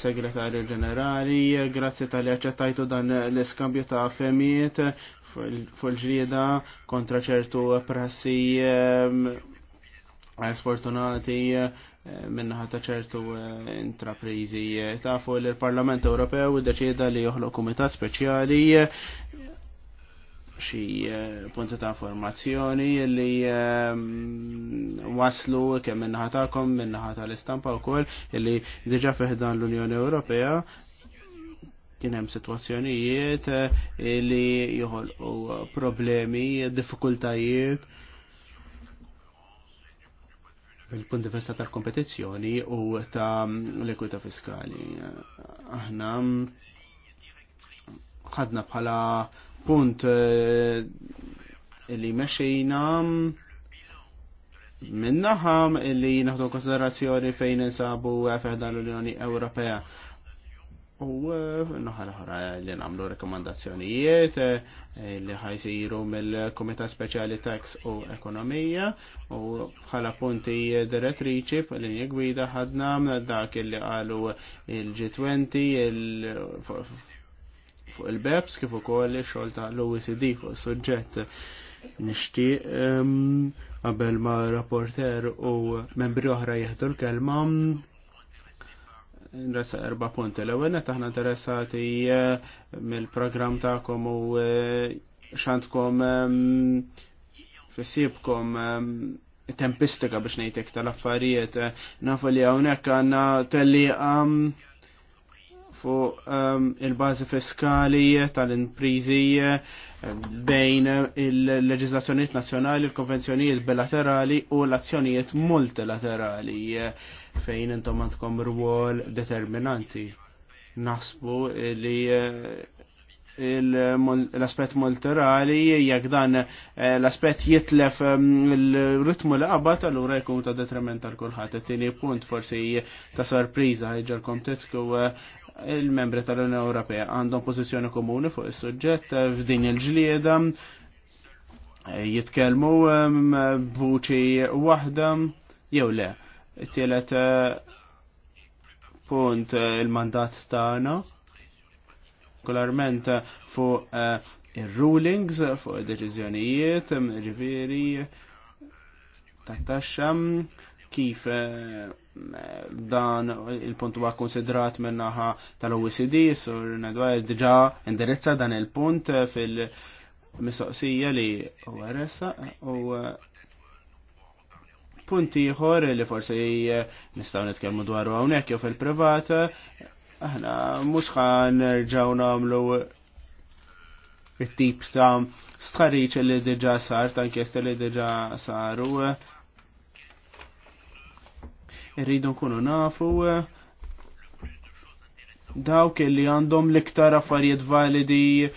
Segretarju Ġenerali, grazzi tal-li aċċettajtu dan l-iskambju ta' femijiet fil-ġrieda kontra ċertu prassi sfortunati minnaħa ta' ċertu intraprizi. Tafu l-Parlament Ewropew deċida li joħloq kumitat speċjali xi eh, punti ta' informazzjoni li ehm, waslu kemm minnaħa tagħkom minnaħa tal-istampa wkoll li diġà fiħdan l-Unjoni Ewropea kien hemm sitwazzjonijiet eh, li joħolqu problemi, diffikultajiet mill-punt di vista tal-kompetizzjoni u ta' l-ekwita fiskali. Aħna ħadna bħala punt eh, illi meċejna minnaħam illi naħdu konsiderazzjoni fejn insabu dan l-Unjoni Ewropea. U eh, naħal ħra li namlu rekomandazzjonijiet eh, li ħajsiru mill-Komitat Speċjali Tax u Ekonomija u bħala punti direttriċi li gwida ħadna dak li qalu il-G20 fuq il-BEPS kif ukoll ix-xogħol ta' l-OECD fuq suġġett nixtieq qabel ma' rapporter u membri oħra jieħdu l-kelma nresa erba punti. L-ewwel qed aħna interessati eh, mill-programm tagħkom u eh, x'għandkom fissibkom tempistika biex ngħid tal-affarijiet nafu li hawnhekk għandna telli fuq um, ehm, il-bazi fiskali tal-imprizi ehm, bejn il-leġizlazzjoniet nazjonali, il-konvenzjonijiet bilaterali u l-azzjonijiet multilaterali fejn intom għandkom rwol determinanti. Nasbu li eh, l-aspet multirali jekk dan eh, l-aspet jitlef ehm, l-ritmu li qabad allura jkun ta' detriment tal kulħadd. Tieni punt forsi ta' sorpriża ħeġġarkom titku eh, il-membri tal-Unjoni Ewropea għandhom pożizzjoni komuni fuq is-suġġett eh, f'din il-ġlieda eh, jitkellmu b'vuċi eh, waħda jew le. Tielet punt il-mandat tagħna partikolarment fuq ir-rulings fuq id-deċiżjonijiet, ġifieri tat-taxxa kif dan il-punt huwa konsidrat min-naħa tal-OECD, sur Nedwar diġa indirizza dan il-punt fil-mistoqsija li u għaressa uh, u punt ieħor li forsi nistgħu nitkellmu u hawnhekk jew fil-privat, aħna mhux rġaw namlu nagħmlu it-tip ta' stħarriċ li diġa sar, ta' inkjesta li diġa saru irridu nkunu nafu eh, dawk li għandhom l-iktar affarijiet validi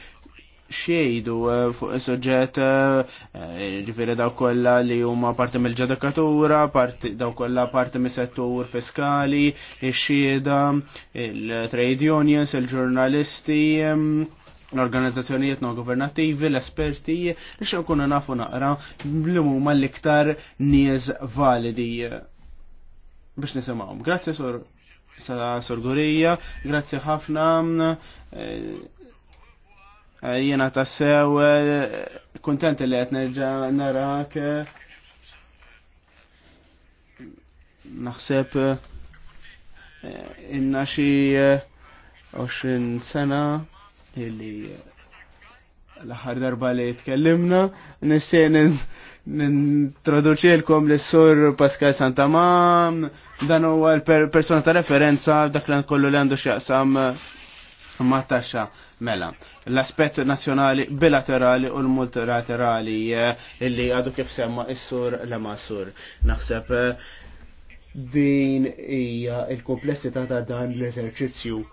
xejdu eh, fuq is-soġġett eh, ġifieri daw kollha li huma parti mill-ġudikatura, daw kollha parti mis-settur fiskali, ix-xhieda, il-trade unions, il-ġurnalisti, l-organizzazzjonijiet non governattivi, l-esperti, li xew kunu nafu naqra li huma l-iktar nies validi biex nisimawm. nisimgħu. Grazzi sur Sorgurija, grazie ħafna. Eh, eh, Jena tassew eh, kontent li qed nerġa' narak. Naħseb inna xi 20 sena illi l-aħħar darba li tkellimna, nissieni Nintroduċilkom l sur Pascal Santamam, dan huwa l-persona ta' referenza dak l kollu li għandu x'jaqsam eh, ma' taxxa mela. L-aspett nazzjonali bilaterali u l-multilaterali eh, illi għadu kif semma s sur l-ma' sur. Naħseb eh, din hija il-komplessità ta' dan l-eżerċizzju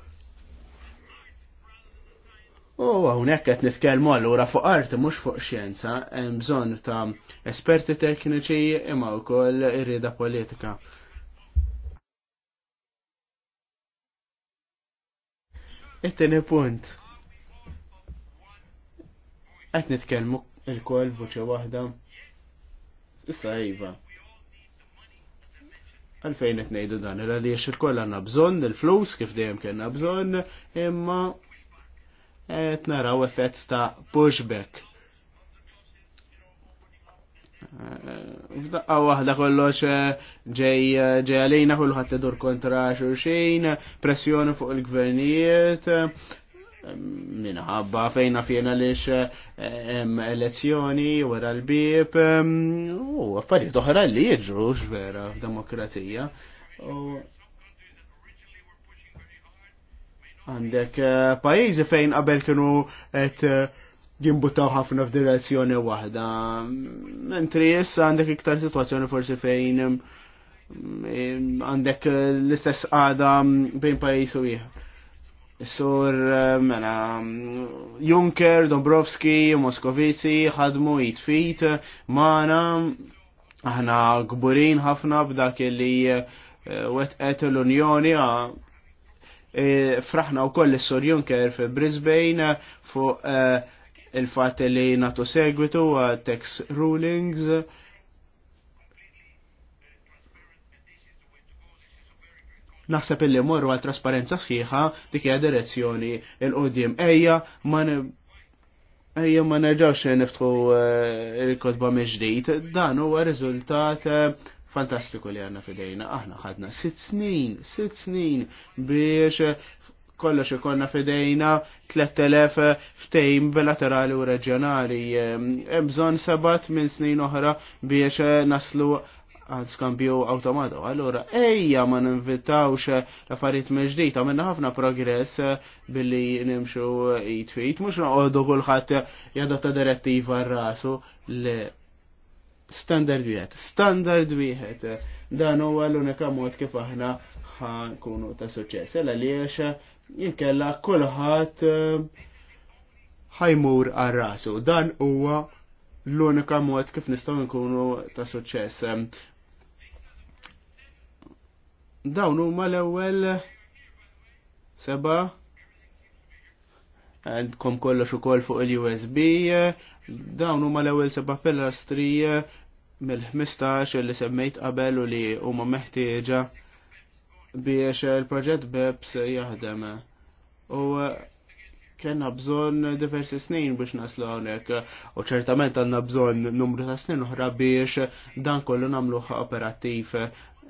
U hawnhekk qed nitkellmu għallura fuq art mhux fuq xjenza, hemm bżonn ta' esperti tekniċi imma wkoll irrida politika. It-tieni punt. Qed nitkellmu il koll voċi waħda. Issa iva. Għalfejn qed ngħidu dan, il għaliex il-koll għandna bżonn il-flus kif dejjem kellna bżonn, imma et naraw effett ta' pushback. F'daqqa waħda kollox eh, eh, ġej għalina kulħadd idur kontra xulxin, pressjoni fuq il-gvernijiet, minħabba fejna fjena lix eh, elezzjoni wara l-bib u affarijiet oħra li jiġru vera f'demokrazija. Għandek eh, pajizi fejn qabel kienu qed eh, jimbutaw ħafna f'direzzjoni waħda. Mentri issa għandek iktar situazzjoni forsi fejn mm, eh, għandek l-istess għada mm, bejn pajizi u jieħ. Sur, mela, mm, Juncker, Dombrovski, Moskovici, ħadmu jitfit, maħna, aħna gburin ħafna b'dak li wetqet l-Unjoni ah, E, fraħna u koll s-Sur Juncker fi Brisbane fuq e, il-fat li natu segwitu e, tax rulings. Naħseb illi morru għal trasparenza sħiħa dik hija direzzjoni il-qudiem. Ejja ma Ejja ma neġawx niftħu il-kodba meġdijt, dan huwa riżultat fantastiku li għanna fidejna. Aħna ħadna sitt snin, sitt snin biex kollox ikonna fidejna 3000 ftejm bilaterali u reġjonali. Bżon sabat minn snin oħra biex naslu għal skambju automata. Allora, ejja ma ninvitawx l-affarijiet meġdita, minna ħafna progress billi nimxu jitfit, mux naqodu kullħat ta' direttiva r-rasu standard wieħed. Standard wieħed. Dan huwa l-unika mod kif aħna ħankunu ta' suċċess. Ela li jinkella kulħadd eh, ħajmur għal rasu. Dan huwa l-unika mod kif nistgħu nkunu ta' suċċess. Dawn huma l-ewwel seba' għandkom kollox ukoll fuq il-USB, dawn huma l-ewwel seba' pilastri mill-15 li semmejt qabel u li huma meħtieġa biex il-proġett BEPS jaħdem. U uh, kena bżon diversi snin biex naslu hawnhekk u ċertament għandna bżon numru ta' snin oħra biex dan kollu nagħmluh operattiv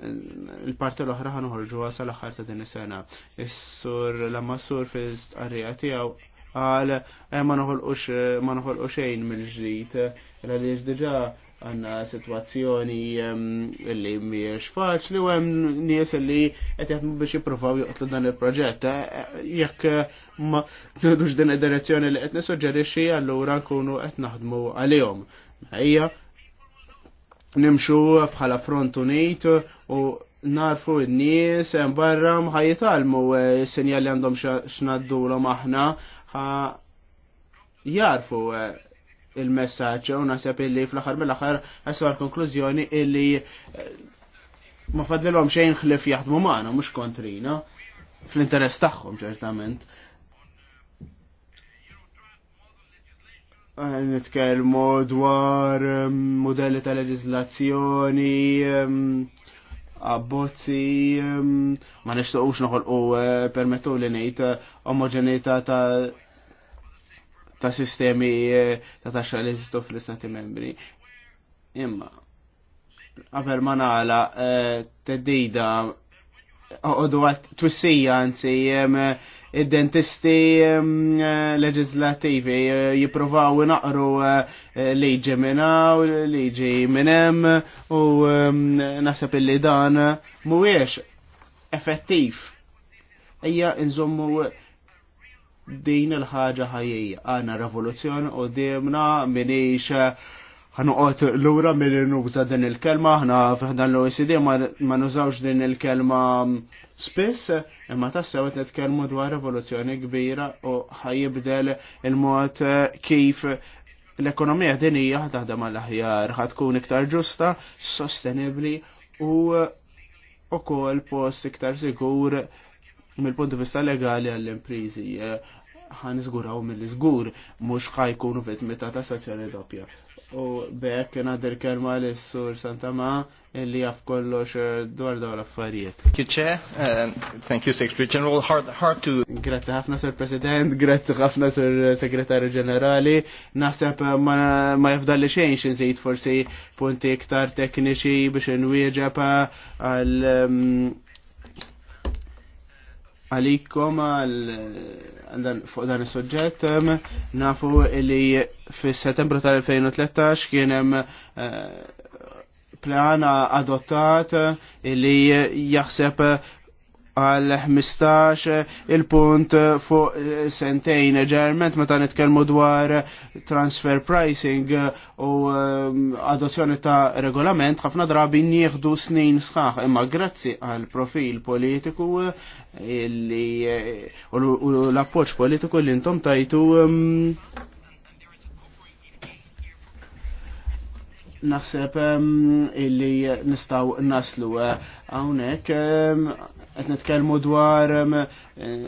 il-parti l-oħra ħanħorġu għasal aħħar ta' din is-sena. Is-sur lamma sur fil-istqarrija tiegħu għal eh, ma noħolqux ma noħolqu xejn mill-ġdid għaliex diġà għanna situazzjoni ehm, li miex faċli u hemm nies li qed mu biex jiprofaw juqtlu dan il-proġett. Eh, jekk eh, ma nħedux din id-direzzjoni li qed nissuġġerixxi allura nkunu qed naħdmu għalihom. Ejja nimxu bħala front unit u narfu n-nies barra ħajitalmu s eh, senjali għandhom x'naddu l aħna jarfu il-messaċ u nasib illi fl-axar mill-axar għaslu għal-konklużjoni illi eh, ma fadlilhom xejn ħlif jaħdmu magħna mhux kontrina fl-interess tagħhom ċertament. Eh, nitkellmu dwar eh, modelli ta' leġiżlazzjoni, abbozzi, ma nixtiequx noħolqu permettu li ngħid omoġenità ta' ta' sistemi eh, ta' taxxa li jistu fl-istati membri. Imma, għaver ma nagħla eh, teddida għodu għat twissija anzi id-dentisti eh, leġislativi jiprovaw naqru liġi minnaw, liġi minnem u nasab illi dan muwiex effettiv. Ija nżommu din il-ħaġa ħajjej għana revoluzzjoni u demna minix ħanuqot l-ura minn nuża din il-kelma, ħna fiħdan l-OECD ma nużawx din il-kelma spiss, imma tassew sewet nitkellmu dwar revoluzzjoni kbira u ħajibdel il-mod kif l-ekonomija dinija taħdem għal aħjar ħatkun iktar ġusta, sostenibli u ukoll post iktar sigur mill-punt vista legali għall-imprizi eh, ħan zgura u mill-iżgur mhux ħajkunu vittmita ta' stazzjoni doppja. U bekk nader kelma l sur Ma illi jaf kollox eh, dwar dawn l-affarijiet. Kitxe, thank you Secretary General, hard, hard to... Grazie ħafna sur President, grazie ħafna sur Segretarju Ġenerali, naħseb eh, ma ma jafdalli xejn xin xinżid forsi punti iktar tekniċi biex nwieġeb għal um, għalikom fuq dan il-soġġett nafu li fis settembru tal-2013 kien hemm eh, plan adottat li jaħseb għal 15 eh, il-punt eh, fuq eh, sentejn ġerment meta nitkellmu dwar transfer pricing u adozzjoni ta' regolament ħafna drabi nieħdu snin sħaħ imma grazzi għal profil politiku u l-appoġġ politiku li intom tajtu mm, naħseb ehm, illi nistaw naslu għawnek eh, ehm, qed nitkellmu dwar ehm, eh,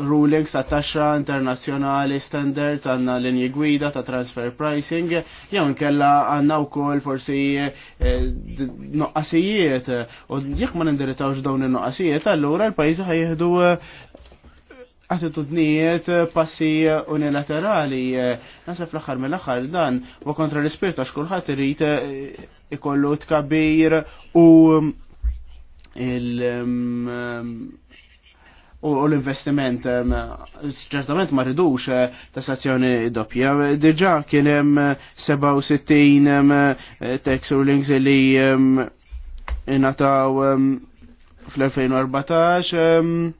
rulings ta' taxxa internazzjonali standards għandna linji gwida ta' transfer pricing jew għanna għandna wkoll forsi eh, noqqasijiet u jekk ma nindiritawx dawn in-noqqasijiet allura l pajzi ħajjeħdu attitudnijiet eh, passi eh, unilaterali. Eh. Nasa fl-axar mill-axar dan u kontra l-ispirt xkulħat kulħadd irid ikollu tkabbir u mm, il- mm, u l-investiment mm, ċertament ma ridux tassazzjoni doppja. Diġa kien hemm 67 tax rulings li inataw fl-2014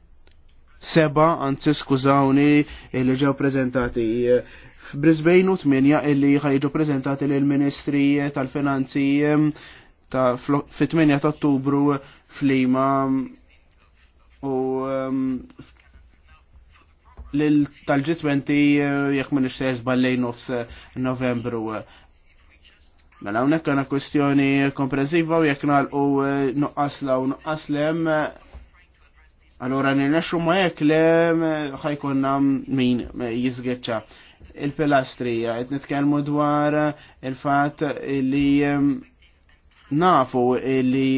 seba, anzi skużawni, illi ġew prezentati eh, f'Brisbane u tminja illi ħajġu prezentati lill-Ministri eh, tal-Finanzi eh, ta' fit-8 ta' Ottubru f'Lima u tal-G20 jekk ma nixtiex ballejn nofs Novembru. Mela hawnhekk għandna kwestjoni kompreżiva u jekk nagħlqu nuqqas law nuqqas lem Allora nirnexxu ma hekk le nam min eh, jizgħeċċa il-pilastrija, qed nitkellmu dwar eh, il-fatt eh, li nafu li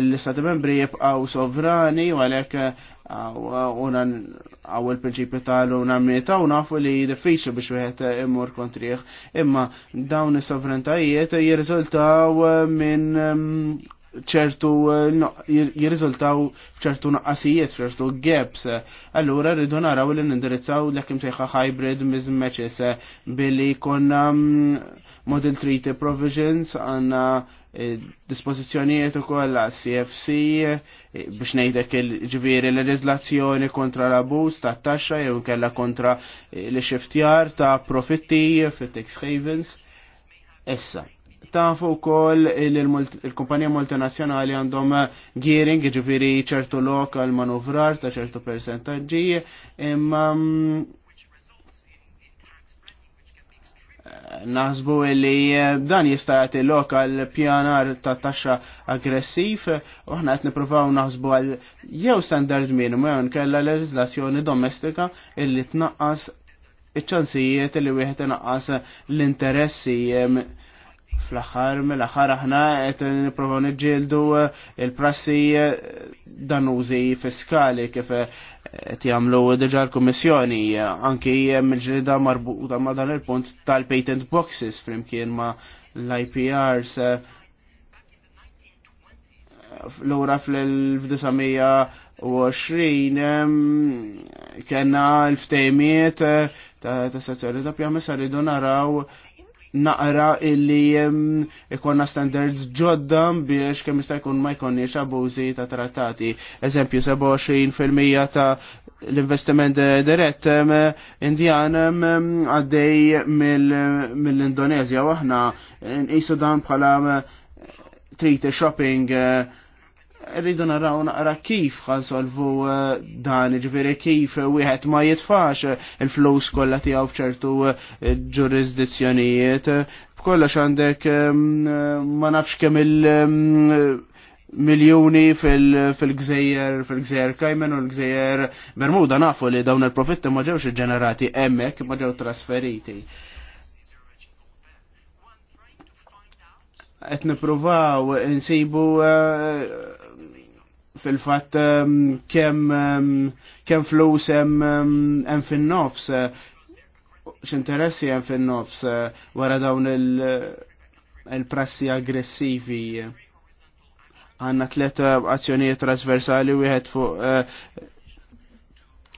l-istati membri jibqgħu sovrani u għalhekk għaw il-prinċipju tal-unamieta u nafu li diffiċli biex wieħed immur kontriħ. Imma dawn is-sovrantajiet jirriżultaw minn ċertu eh, jirriżultaw ċertu naqqasijiet, ċertu gaps. Allura rridu naraw li nindirizzaw l-ekim sejħa hybrid mismatches billi konna um, model treaty provisions għanna eh, dispozizjonijiet u kolla CFC eh, biex nejdek il-ġviri l-leġizlazzjoni kontra l-abus ta' taxxa jew kella kontra l-xiftjar ta' profitti fit-tax havens. Essa, tafu kol il-kumpanija multinazzjonali għandhom gearing, ġifiri ċertu lokal manovrar ta' ċertu percentagġi, imma mm, naħsbu li dan jista' jagħti lokal pjanar ta' taxxa aggressiv u aħna qed nippruvaw naħsbu għal jew standard minimum, jew nkella leġislazzjoni domestika illi tnaqqas iċ-ċansijiet li wieħed inaqqas l-interessi fl-axar, mill-axar aħna qed nipprovaw niġġieldu eh, il-prassi eh, danużi fiskali kif eh, qed jagħmlu diġà l-Kummissjoni anki mill-ġrida marbuta ma' dan il-punt tal-patent boxes flimkien ma' l-IPRs l-ura fl-1920 kena l-ftejmiet ta' sezzjoni ta' pjamessa rridu naraw naqra illi ikonna standards ġodda biex kemm jista' jkun ma jkonniex abużi ta' trattati. Eżempju, 27% ta' l-investiment dirett indjan għaddej mill-Indonezja waħna aħna nqisu dan bħala treaty shopping rridu naraw naqra kif ħansolvu eh, dan ġveri kif wieħed ma jitfax il-flus kollha tiegħu f'ċertu eh, ġurisdizzjonijiet. B'kollox għandek ehm, ma nafx kemm il- ehm, miljoni fil-gżejjer fil-gżejjer Kajmen u l-gżejjer Bermuda nafu li dawn il-profitti ma ġewx ġenerati emmek ma ġew trasferiti. qed nippruvaw insibu eh, fil-fatt kemm eh, kemm eh, flus hemm fin-nofs x'interessi hemm fin-nofs wara dawn il-prassi aggressivi għanna tlet azzjonijiet trasversali u jħed fuq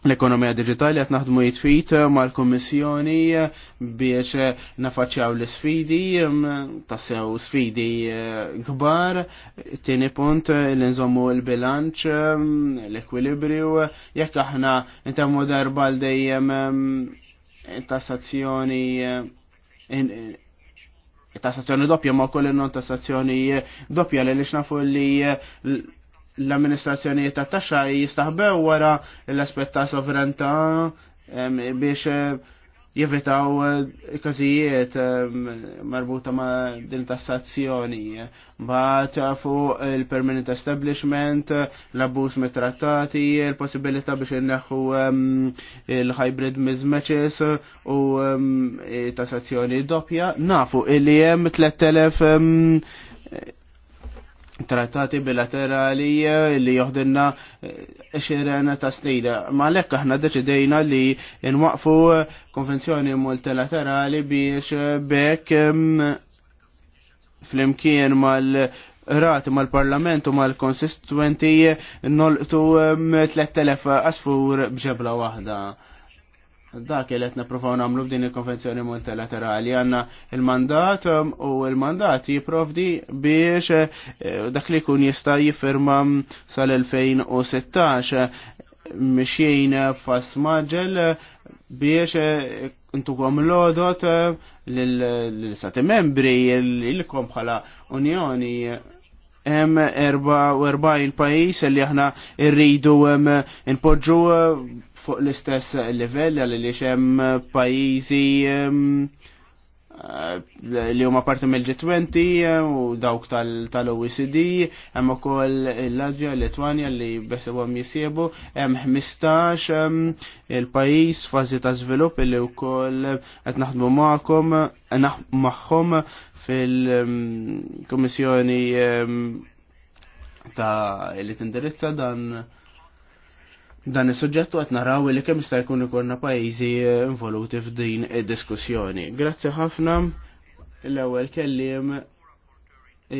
l-ekonomija digitali għat naħdmu jitfit eh, mal-Kommissjoni eh, biex eh, nafaċċjaw l-sfidi, mm, tassew sfidi kbar, tieni punt l-nżommu l-bilanċ, mm, l-ekwilibrju, jekk aħna intemmu darba l-dejjem mm, tassazzjoni tassazzjoni doppja ma' koll non tassazzjoni doppja li nafu li l amministrazzjoni ta' taxxa jistaħbew wara l-aspett ta' sovranta biex eh, jevitaw eh, kazijiet marbuta ma' din tassazzjoni. b'a fuq il-permanent establishment, l-abbuż mit-trattati, il-possibilità biex inneħħu il-hybrid mismatches u tassazzjoni doppja. Nafu illi hemm 3000 trattati bilaterali eh, li joħdinna eh, xirena ta' snida. Ma aħna deċidejna li nwaqfu eh, konvenzjoni multilaterali biex bekk fl-imkien mal-rat mal-parlament u mal-konsistwenti nolqtu 3000 asfur bġebla wahda dak li qed nippruvaw nagħmlu b'din il-konvenzjoni multilaterali għandna il-mandat um, u il-mandat jipprovdi biex eh, dak li jkun jista' jifirma um, sal-2016 mxien fas maġel biex intukom eh, l-odot eh, l-stati membri l-kom bħala unjoni hemm 44 pajjiż li aħna rridu um, npoġġu fuq l-istess livell għalli li xem pajizi eh, li huma parti mill-G20 eh, u dawk tal-OECD, hemm ukoll il-Latvja, l-Litwanja li besewhom jisiebu, hemm 15 il-pajjiż fażi ta' żvilupp li wkoll qed naħdmu magħkom magħhom fil-Kummissjoni ta' li tindirizza dan dan is-suġġett għat naraw li kemm sta jkun ikolna pajjiżi eh, involuti f'din id-diskussjoni. Grazzi ħafna l-ewwel kelliem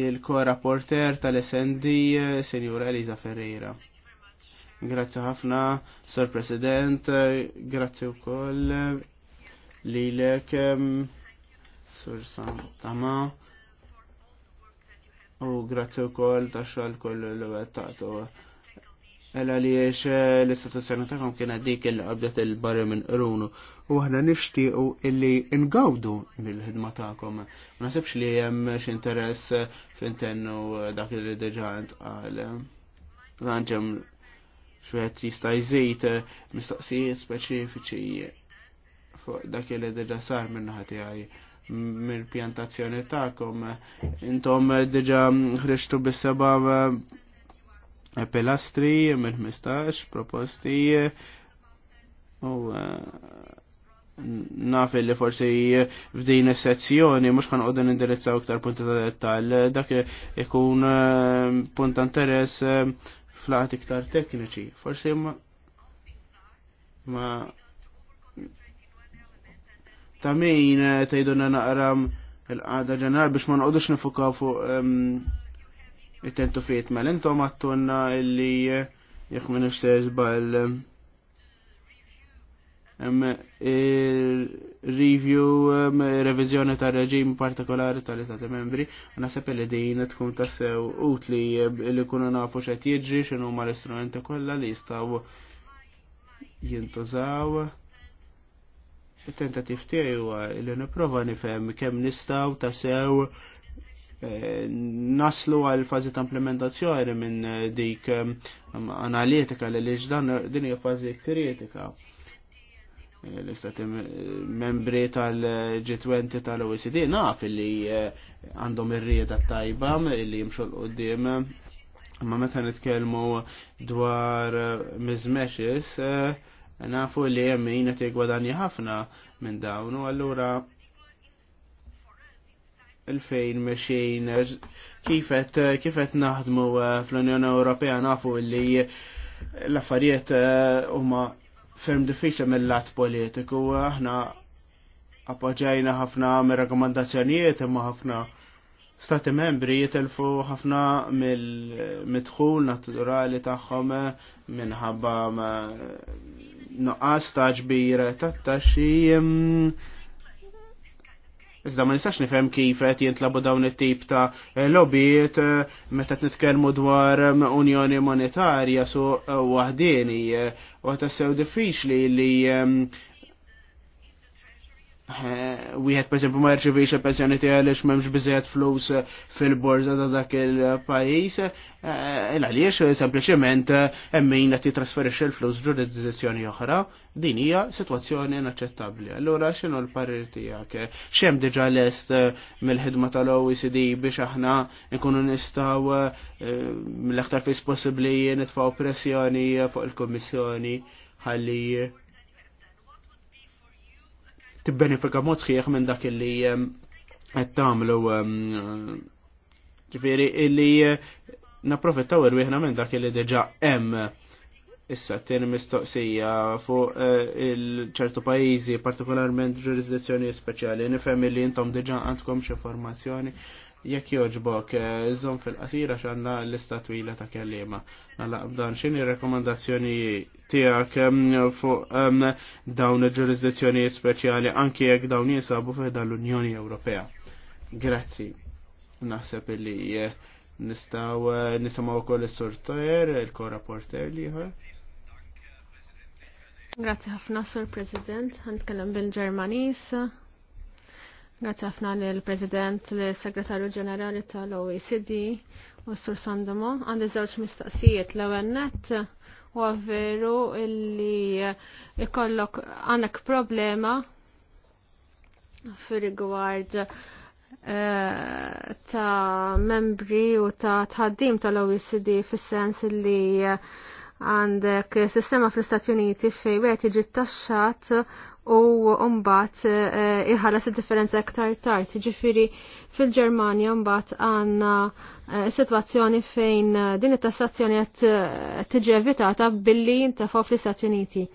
il-ko-rapporter tal-SND eh, Senjura Eliza Ferreira. Grazzi ħafna, Sir President, grazzi wkoll eh, lilek Sur Santama. U grazzi wkoll ta' xal koll l wettatu Ella li eh, l-istituzzjoni tagħhom kien dik il qabdet il-barri minn Irunu u aħna nixtiequ illi ngawdu mill-ħidma tagħkom. Ma nasibx li hemm interess eh, f'intennu eh, dak li diġà għal ġem xwieħed jista' jżid mistoqsijiet speċifiċi fuq dak li diġà sar minn tiegħi mill-pjantazzjoni tagħkom. Intom diġà ħriġtu bis-seba' pilastri minn 15 proposti u eh, naf li forsi f'din is-sezzjoni mhux ħanqogħdu nindirizzaw iktar punti ta' dettall, dak ikun eh, punt ta' interess eh, flaqat iktar tekniċi. Forsi ma ma ta' min tgħidulna naqram il-qagħda ġeneral biex ma nqogħdux nifukaw fuq it-tentu friet mel intom għattunna illi jek bħal il review revizjoni ta' reġim partikolari tal ta' membri naħseb li din tkun tassew utli li kunu nafu xa jiġri xinu ma l-istrumenti kollha li jistgħu jintużaw it-tentativ tiegħi huwa li nipprova nifhem kemm nistgħu tassew naslu għal fazi ta' implementazzjoni minn eh, dik eh, analitika li li ġdan din hija fazi kritika eh, l-istati membri tal-G20 tal-OECD naf li għandhom ir-rieda tajba li l-qoddim ma meta nitkellmu dwar mizmeċis nafu li hemm jina gwadani ħafna minn dawn u allura il-fejn mexin kifet kifet naħdmu eh, fl-Unjoni Ewropea nafu li l-affarijiet eh, huma ferm diffiċli mill-lat politiku aħna appoġġajna ħafna mir-rakkomandazzjonijiet imma ħafna stati membri jitilfu ħafna mill-midħul naturali tagħhom eh, minħabba nuqqas ta' ġbir tat-taxxi mm, Iżda ma nistax nifhem kif qed jintlabu dawn it-tip ta' lobbyt eh, meta nitkellmu dwar eh, Unjoni Monetarja su eh, waħdieni u tassew diffiċli li Eh, wieħed pereżempju ma jirċevix il-pensjoni tiegħu għaliex m'hemmx biżejjed flus eh, fil-borża ta' dak il-pajjiż, għaliex eh, e sempliċement hemm min qed jitrasferixxi l-flus ġurisdizzjoni oħra, din hija sitwazzjoni inaċċettabbli. Allura x'inhu l-parir tiegħek? X'hemm diġà lest mill-ħidma tal-OECD biex aħna nkunu nistgħu mill-aktar fis possibbli nitfgħu pressjoni fuq il-Kummissjoni ħalli tibbenefika mod sħiħ minn dak illi ehm, qed tagħmlu ehm, ġifieri illi eh, napprofittaw irwieħna minn dak illi diġà hemm issa t-tieni mistoqsija fuq eh, il-ċertu pajjiżi partikolarment ġurisdizzjoni speċjali nifhem li intom diġà għandkom xi formazzjoni jekk joġbok, zon eh, fil-qasira xanna l istatwila twila ta' kellima. Nalaq mela, b'dan xini rekomendazzjoni tijak ehm, fuq ehm, dawn il-ġurisdizzjoni speċjali anki jekk dawn jisabu fiħda l-Unjoni Ewropea. Grazzi. Naħseb li eh, nistaw eh, nisamaw kol il-sortajer, il-korrapporter liħor. Grazie ħafna, Sur President. Għan bil-Ġermanis. Grazie ħafna l-President, l-Segretarju Ġenerali tal-OECD u sur Sandomo. Għandi żewġ mistaqsijiet l ewwel u għavveru illi ikollok għandek problema fir-rigward eh, ta' membri u ta' tħaddim tal-OECD fis-sens illi eh, għandek sistema fl-Istati Uniti fej wieħed jiġi taxxat u mbagħad eh, iħallas id-differenza aktar tard. Ġifiri fil-Ġermanja mbagħad għandna eh, sitwazzjoni fejn eh, din it-tassazzjoni qed tiġi evitata billi ntafgħu fl-Istati Uniti.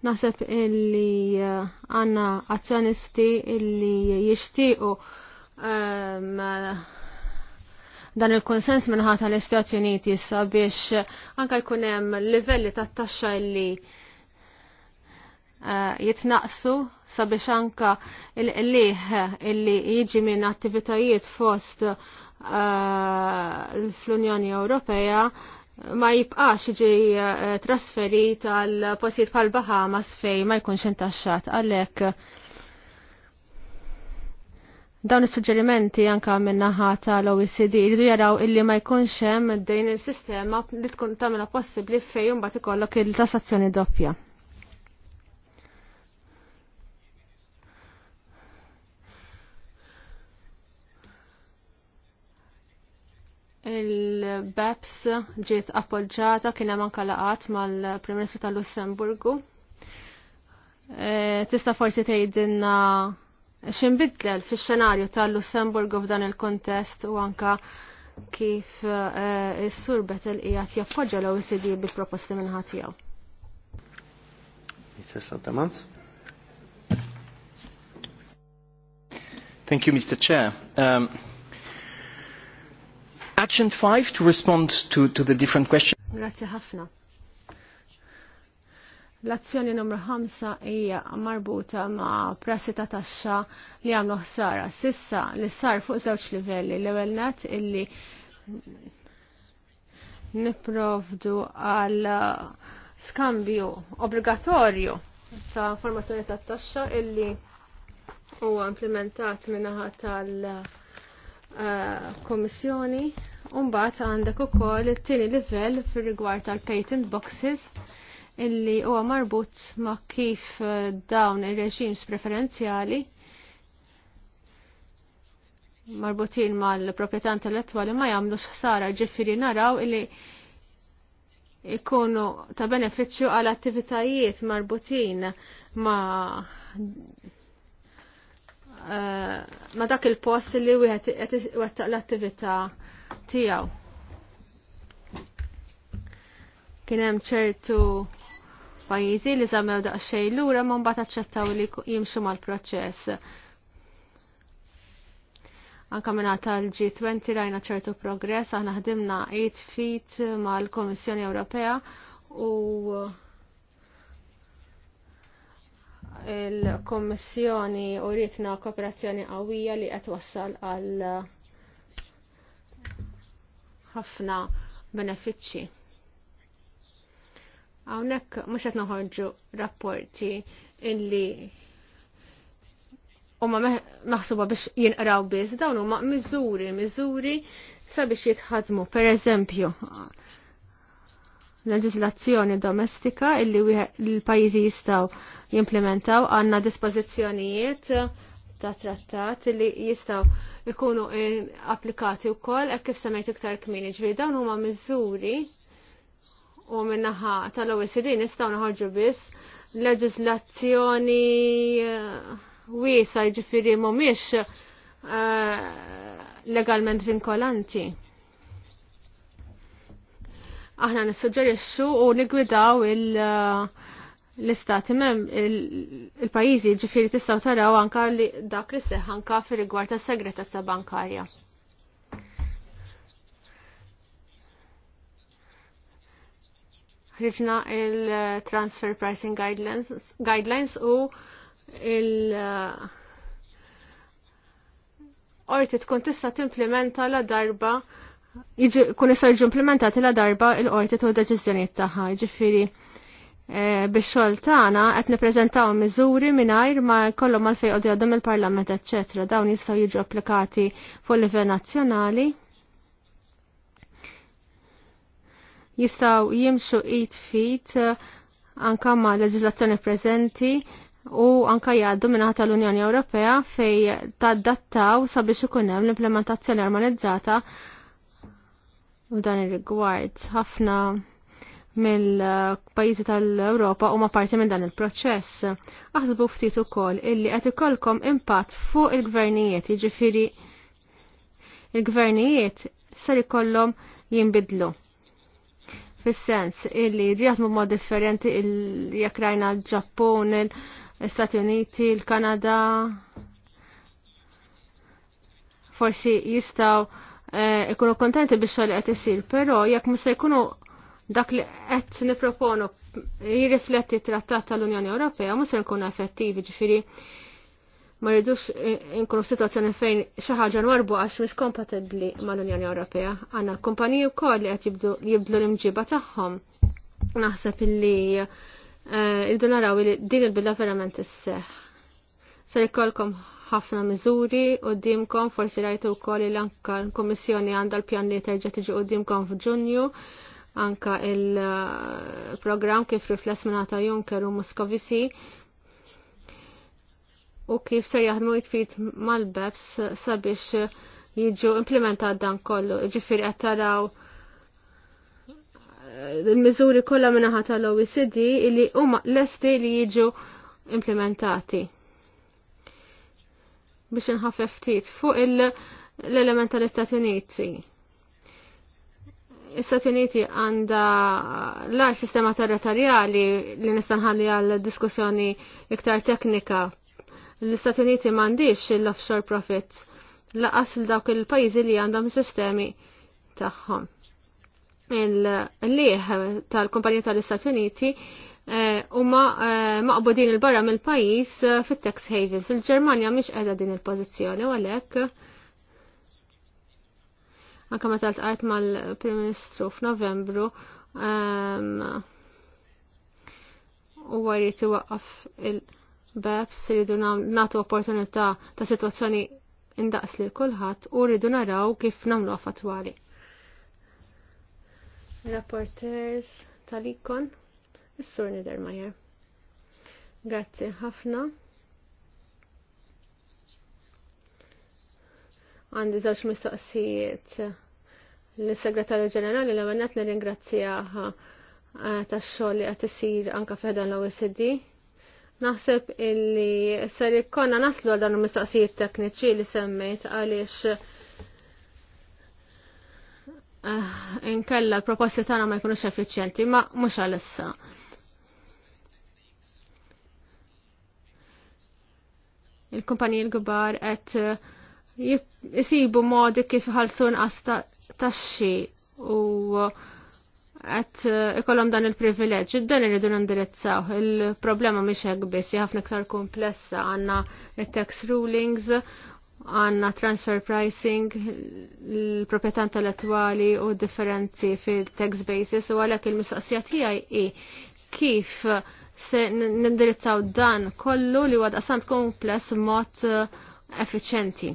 Naħseb illi għandna azzjonisti illi jixtiequ ehm, dan il-konsens minnħata l-Istati Uniti sabiex anka jkun hemm livelli tat-taxxa illi Eh, jitnaqsu sabiex anka il-liħ illi jiġi minn attivitajiet fost eh, fl-Unjoni Ewropea ma jibqax jiġi eh, trasferit għal postijiet bħal Bahamas fej ma jkunx intaxxat għalhekk dawn is-suġġerimenti anka minnaħa tal-OECD jridu jaraw illi ma jkunx hemm dejn il-sistema li tkun tagħmilha possibbli fejn mbagħad ikollok il-tassazzjoni doppja. il-BEPS ġiet appoġġata kien hemm anke laqat mal-Prim Ministru tal-Lussemburgu. E, tista' forsi tgħidilna x'inbidlel fix-xenarju tal-Lussemburgu f'dan il-kontest u anke kif e, is-sur Betel qiegħed jappoġġja l-OECD bil-proposti minn ħadd tiegħu. Thank you, Mr. Chair. Um, Action 5 to respond to, to the different questions. Grazie ħafna. L-azzjoni numru 5 hija marbuta ma' prassi ta' taxxa li għamlu ħsara. Sissa li sar fuq żewġ livelli. L-ewwel nett illi niprovdu għal skambju obbligatorju ta' informazzjoni ta' taxxa illi huwa implementat min-naħa tal-Kommissjoni. Eh, uh, Umbat għandek ukoll it-tieni livell fir-rigward tal-patent boxes illi huwa marbut ma' kif eh, dawn ir-reġims preferenzjali marbutin mal-proprjetà intellettwali ma jagħmlux ħsara ġifieri naraw illi ikunu ta' beneficju għal attivitajiet marbutin ma' eh, ma dak il-post li wieħed l-attività tijaw. Kien hemm ċertu pajjiżi li żammew daqsxejn lura ma mbagħad aċċettaw li jimxu mal-proċess. Anka minna tal-G20 rajna ċertu progress, aħna ħdimna 8 fit mal-Komissjoni Ewropea u il komissjoni u ritna kooperazzjoni qawwija li qed wassal għal ħafna benefiċċji. Hawnhekk mhux qed noħorġu rapporti illi huma maħsuba biex jinqraw biss dawn huma miżuri, miżuri sabiex jitħadmu. Pereżempju, leġislazzjoni domestika illi l-pajjiżi jistgħu jimplementaw għandna dispożizzjonijiet ta' trattat li jistaw ikunu eh, applikati u koll, e kif samajt iktar kmini ġviri, dawn huma miżuri u minnaħa tal-OECD nistaw naħarġu biss leġislazzjoni eh, wiesa ġifiri mumiex eh, legalment vinkolanti. Aħna nissuġġerixxu u nigwidaw il- uh, l-istati mem il-pajizi il ġifiri tistaw taraw anka li dak li seħ anka fir rigward tas segretazza bankarja. Ħriġna il-Transfer Pricing Guidelines, guidelines u il- Orti tkun tista' timplementa la darba jiġi kun jista' jiġi implementati la darba il-qorti tu deċiżjonijiet tagħha, ġifieri Eh, biex xogħol tagħna qed nippreżentaw miżuri mingħajr ma kollhom għalfejn qogħdu għadhom il-Parlament etc. Dawn jistgħu jiġu applikati fuq livell nazzjonali. Jistgħu jimxu it fit eh, anka ma' leġiżlazzjoni preżenti u anka jgħaddu minnaħat tal-Unjoni Ewropea fej tadattaw sabiex ikun hemm l-implementazzjoni armonizzata u dan ir-rigward ħafna mill-pajjiżi tal-Ewropa huma parti minn dan il-proċess. Aħsbu ftit ukoll illi qed ikollkom impatt fuq il-gvernijiet, jiġifieri il-gvernijiet ser ikollhom jinbidlu. Fis-sens illi jaħdmu mod differenti jekk rajna l-Ġappun, l-Istati Uniti, l-Kanada, forsi jistaw eh, ikunu kontenti biex xogħol qed isir, però jekk mhux jkunu dak li qed niproponu jirrifletti trattat tal-Unjoni Ewropea mhux se nkunu effettivi ġifieri ma rridux inkunu eh, situazzjoni fejn xi ħaġa nwarbu għax mhix kompatibbli mal-Unjoni Ewropea. Għandna l-kumpaniji wkoll li qed jibdlu l-imġiba tagħhom. Naħseb illi jridu eh, naraw li din il-billa verament isseħ. Ser ikollkom ħafna miżuri qudiemkom forsi rajtu wkoll li anke l-Kummissjoni għandha l-pjan li terġa' tiġi qudiemkom f'Ġunju anka il-program kif rifless minna ta' Junker u Muscovici u kif ser jaħdmu jitfit mal-BEPS sabiex jiġu implementat dan kollu. ġifir qed taraw eh, il-miżuri kollha ħata tal-OECD li huma lesti li jiġu implementati. Biex nħaffef ftit fuq il element tal-Istati Uniti Istati Uniti għanda l għar sistema territorjali li nistanħalli għal diskussjoni iktar teknika. L-Istati Uniti mandiċ l-offshore profit laqas l-dawk il-pajzi li għandhom sistemi tagħhom. Il-liħ tal-kumpanija tal-Istati Uniti eh, huma eh, maqbudin il-barra mill-pajis eh, fit-tax havens. Il-Ġermanja mhix qiegħda din il-pożizzjoni u għalhekk anka meta ltqajt mal-Prim Ministru f'Novembru huwa jrid iwaqqaf il-BEPS iridu nagħtu opportunità ta' sitwazzjoni indaqs li kulħadd u rridu naraw kif nagħmlu fatwali. Rapporters tal-ikon, is-Sur Nidermajer. Grazzi ħafna. Għandi żewġ mistoqsijiet l-Segretarju Ġenerali l għannet nirringrazzjaha eh, tax-xogħol li qed isir anke f'ħedan l-OECD. Naħseb illi ser ikkonna naslu għal dan il-mistoqsijiet tekniċi li semmejt għaliex eh, inkella l-proposti tagħna ma jkunux effiċjenti, ma mhux għalissa. Il-kumpaniji l-kbar qed jisibu modi kif ħalsun għasta taxxi u għet eh, ikollom dan il-privileġ, dan irridu nindirizzaw. Il-problema miex hekk biss, ħafna iktar komplessa għandna tax rulings, għandna transfer pricing, il propieta intellettwali u differenzi fil-tax basis u għalhekk il-mistaqsija tiegħi i kif se nindirizzaw dan kollu li għad asant kompless mod eh, effiċenti.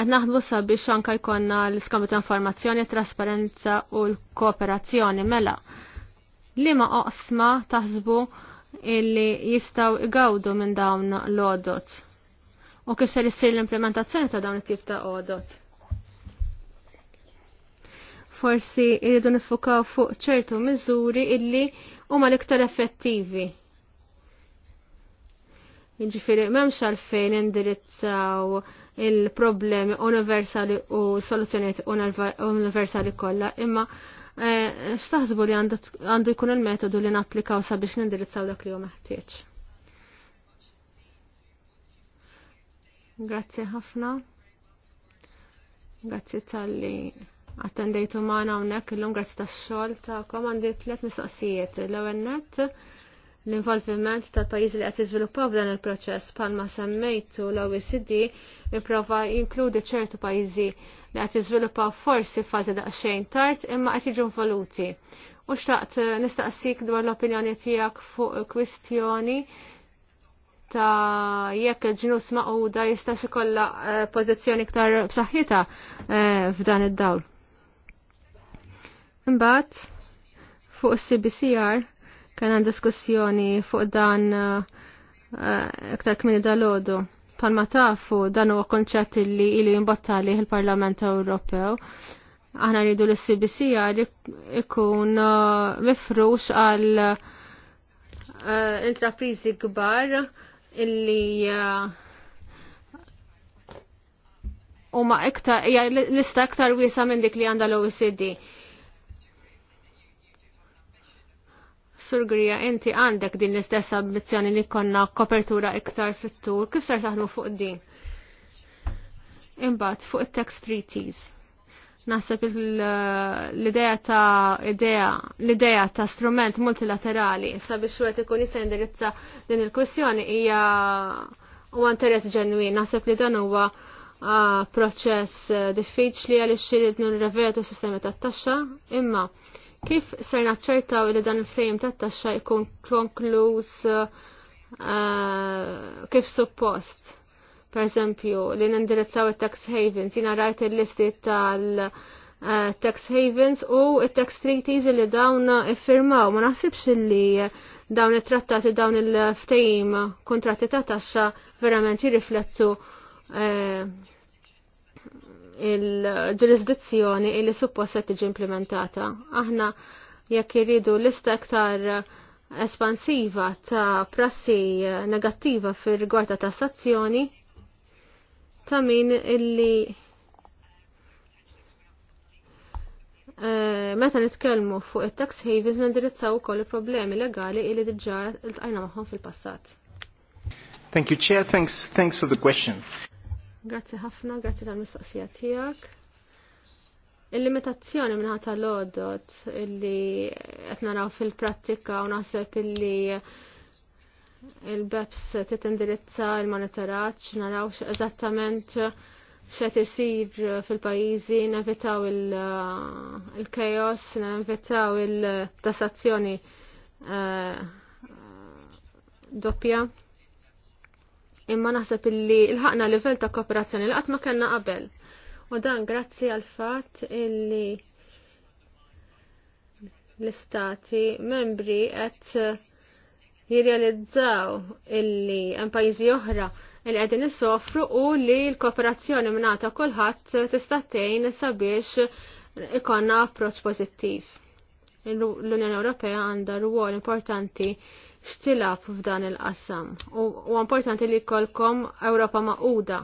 Għad naħdmu sabiex anka jkonna l-iskambju ta' informazzjoni, trasparenza u l-kooperazzjoni mela. ma' oqsma taħsbu illi jistaw igawdu minn dawn l-odot? U kif se jistir l-implementazzjoni ta' dawn it-tip ta' odot? Forsi irridu nifukaw fuq ċertu miżuri illi huma l-iktar effettivi. Jiġifieri m'hemmx għalfejn indirizzaw il-problemi universali u soluzzjoniet universali kollha, imma eh, x'taħsbu li għandu jkun il-metodu li napplikaw sabiex nindirizzaw dak li hu meħtieġ. Grazzi ħafna. Grazzi tal-li attendejtu maħna unnek, il lum grazzi tal xol ta' komandi tlet mistaqsijiet. L-għennet, l-involviment tal-pajjiżi li qed jiżviluppaw f'dan il-proċess palma semmejtu l-OECD jipprova jinkludi ċertu pajjiżi li qed jiżviluppaw forsi f'fażi daqsxejn tard imma qed jiġu involuti. U xtaqt eh, nistaqsik dwar l-opinjoni tiegħek fuq kwistjoni ta' jekk il-ġnus maquda jista' ikolla eh, pożizzjoni iktar b'saħħita eh, f'dan id-dawl. Imbagħad fuq is-CBCR Kena diskussjoni fuq dan iktar eh, kmini dal-ħodu. Palma tafu dan huwa konċett li ilu jimbattali il-Parlament Ewropew aħna rridu l cbc ikun eh, mifrux għal eh, intraprizi kbar illi u ma iktar, lista iktar wiesa minn dik li għanda l-OECD. Sur inti għandek din l-istess ambizzjoni li konna kopertura iktar fit-tur, kif sar taħdmu fuq din? Imbagħad fuq it-tax treaties. Naħseb l-idea ta' idea, l-idea ta' strument multilaterali sabiex wieħed ikun jista' jindirizza din il kwissjoni hija huwa interess ġenwin. Naħseb li dan huwa proċess eh, diffiċli għaliex irid nirrevetu s-sistemi tat-taxxa, imma Kif ser naċċertaw li dan il-fejm ta' taxxa jkun konklus eh, kif suppost? Per eżempju, li nindirizzaw il-tax havens, jina rajt il-listi tal- eh, tax havens u tax treaties li dawn iffirmaw. Ma naħsibx li dawn it-trattati dawn il-ftejim kontratti ta' taxxa verament jirriflettu eh, il-ġurisdizzjoni li suppost se tiġi implementata. Aħna jekk iridu lista aktar espansiva ta' prassi negattiva fir rigward ta' tassazzjoni ta' min illi eh, meta nitkellmu fuq it-tax havens nindirizzaw ukoll il-problemi legali illi diġà ltqajna magħhom fil-passat. Thank you, Chair. Thanks, thanks for the question. Grazzi ħafna, grazie tal mistoqsija tiegħek. Il-limitazzjoni minna tal-odot illi qed naraw fil-prattika u naħseb illi il-BEPS titindirizza il-monitoraġġ naraw eżattament x'qed isir fil-pajjiżi, nevitaw il-kajos, nevitaw il-tassazzjoni eh, doppja imma naħseb illi l ħakna livell ta' kooperazzjoni li qatt ma kellna qabel. U dan grazzi għal fatt illi l-istati membri qed jirrealizzaw illi hemm pajjiżi oħra li qegħdin isofru u li l-kooperazzjoni mingħata kulħadd tista' tgħin sabiex ikonna approċċ pożittiv l-Unjoni Ewropea għandha rwol importanti xtilab f'dan il-qassam. U importanti li kolkom Ewropa maquda.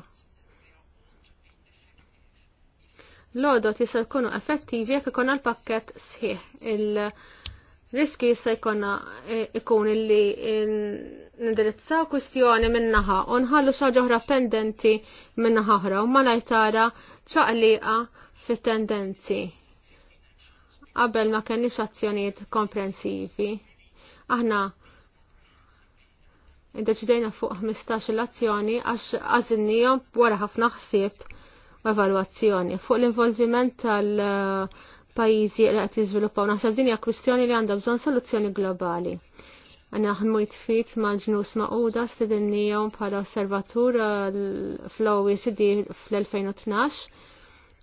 L-odot jista' jkunu effettivi jekk ikun l-pakket sħiħ. Il-riski jista' jkun eh, ikun li eh, nindirizzaw kwistjoni minnaħa u nħallu xaġa oħra pendenti minnaħa oħra u ma najtara ċaqliqa fit-tendenzi qabel ma kenniex azzjonijiet komprensivi. Aħna deċidejna fuq 15 l-azzjoni għax għazinnijom wara ħafna ħsieb u evalwazzjoni. Fuq l-involviment tal-pajizi li qed jiżviluppaw naħseb din hija kwistjoni li għandha bżonn soluzzjoni globali. Għanna ħdmu jitfit maġnus ġnus maquda stedinnijom bħala osservatur eh, fl-OECD fl-2012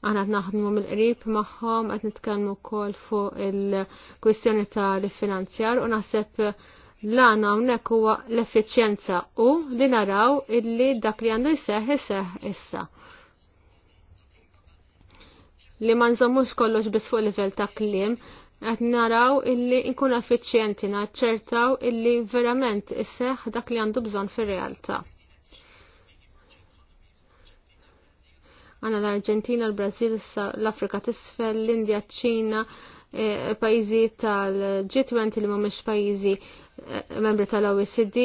Aħna qed naħdmu mill-qrib magħhom qed nitkellmu wkoll fuq il-kwistjoni tal-finanzjar u naħseb l-għana unnek huwa l-effiċjenza u li naraw illi dak li għandu jseħ jseħ issa. Li ma nżommux kollox bis fuq livell ta' klim, qed naraw illi nkun effiċjenti naċċertaw illi verament jseħ dak li għandu bżonn fir-realtà. għanna l-Arġentina, l-Brazil, l-Afrika t-isfel, l-Indja, ċina, e, pajizi tal-G20 li mumiex pajizi e, membri tal-OECD.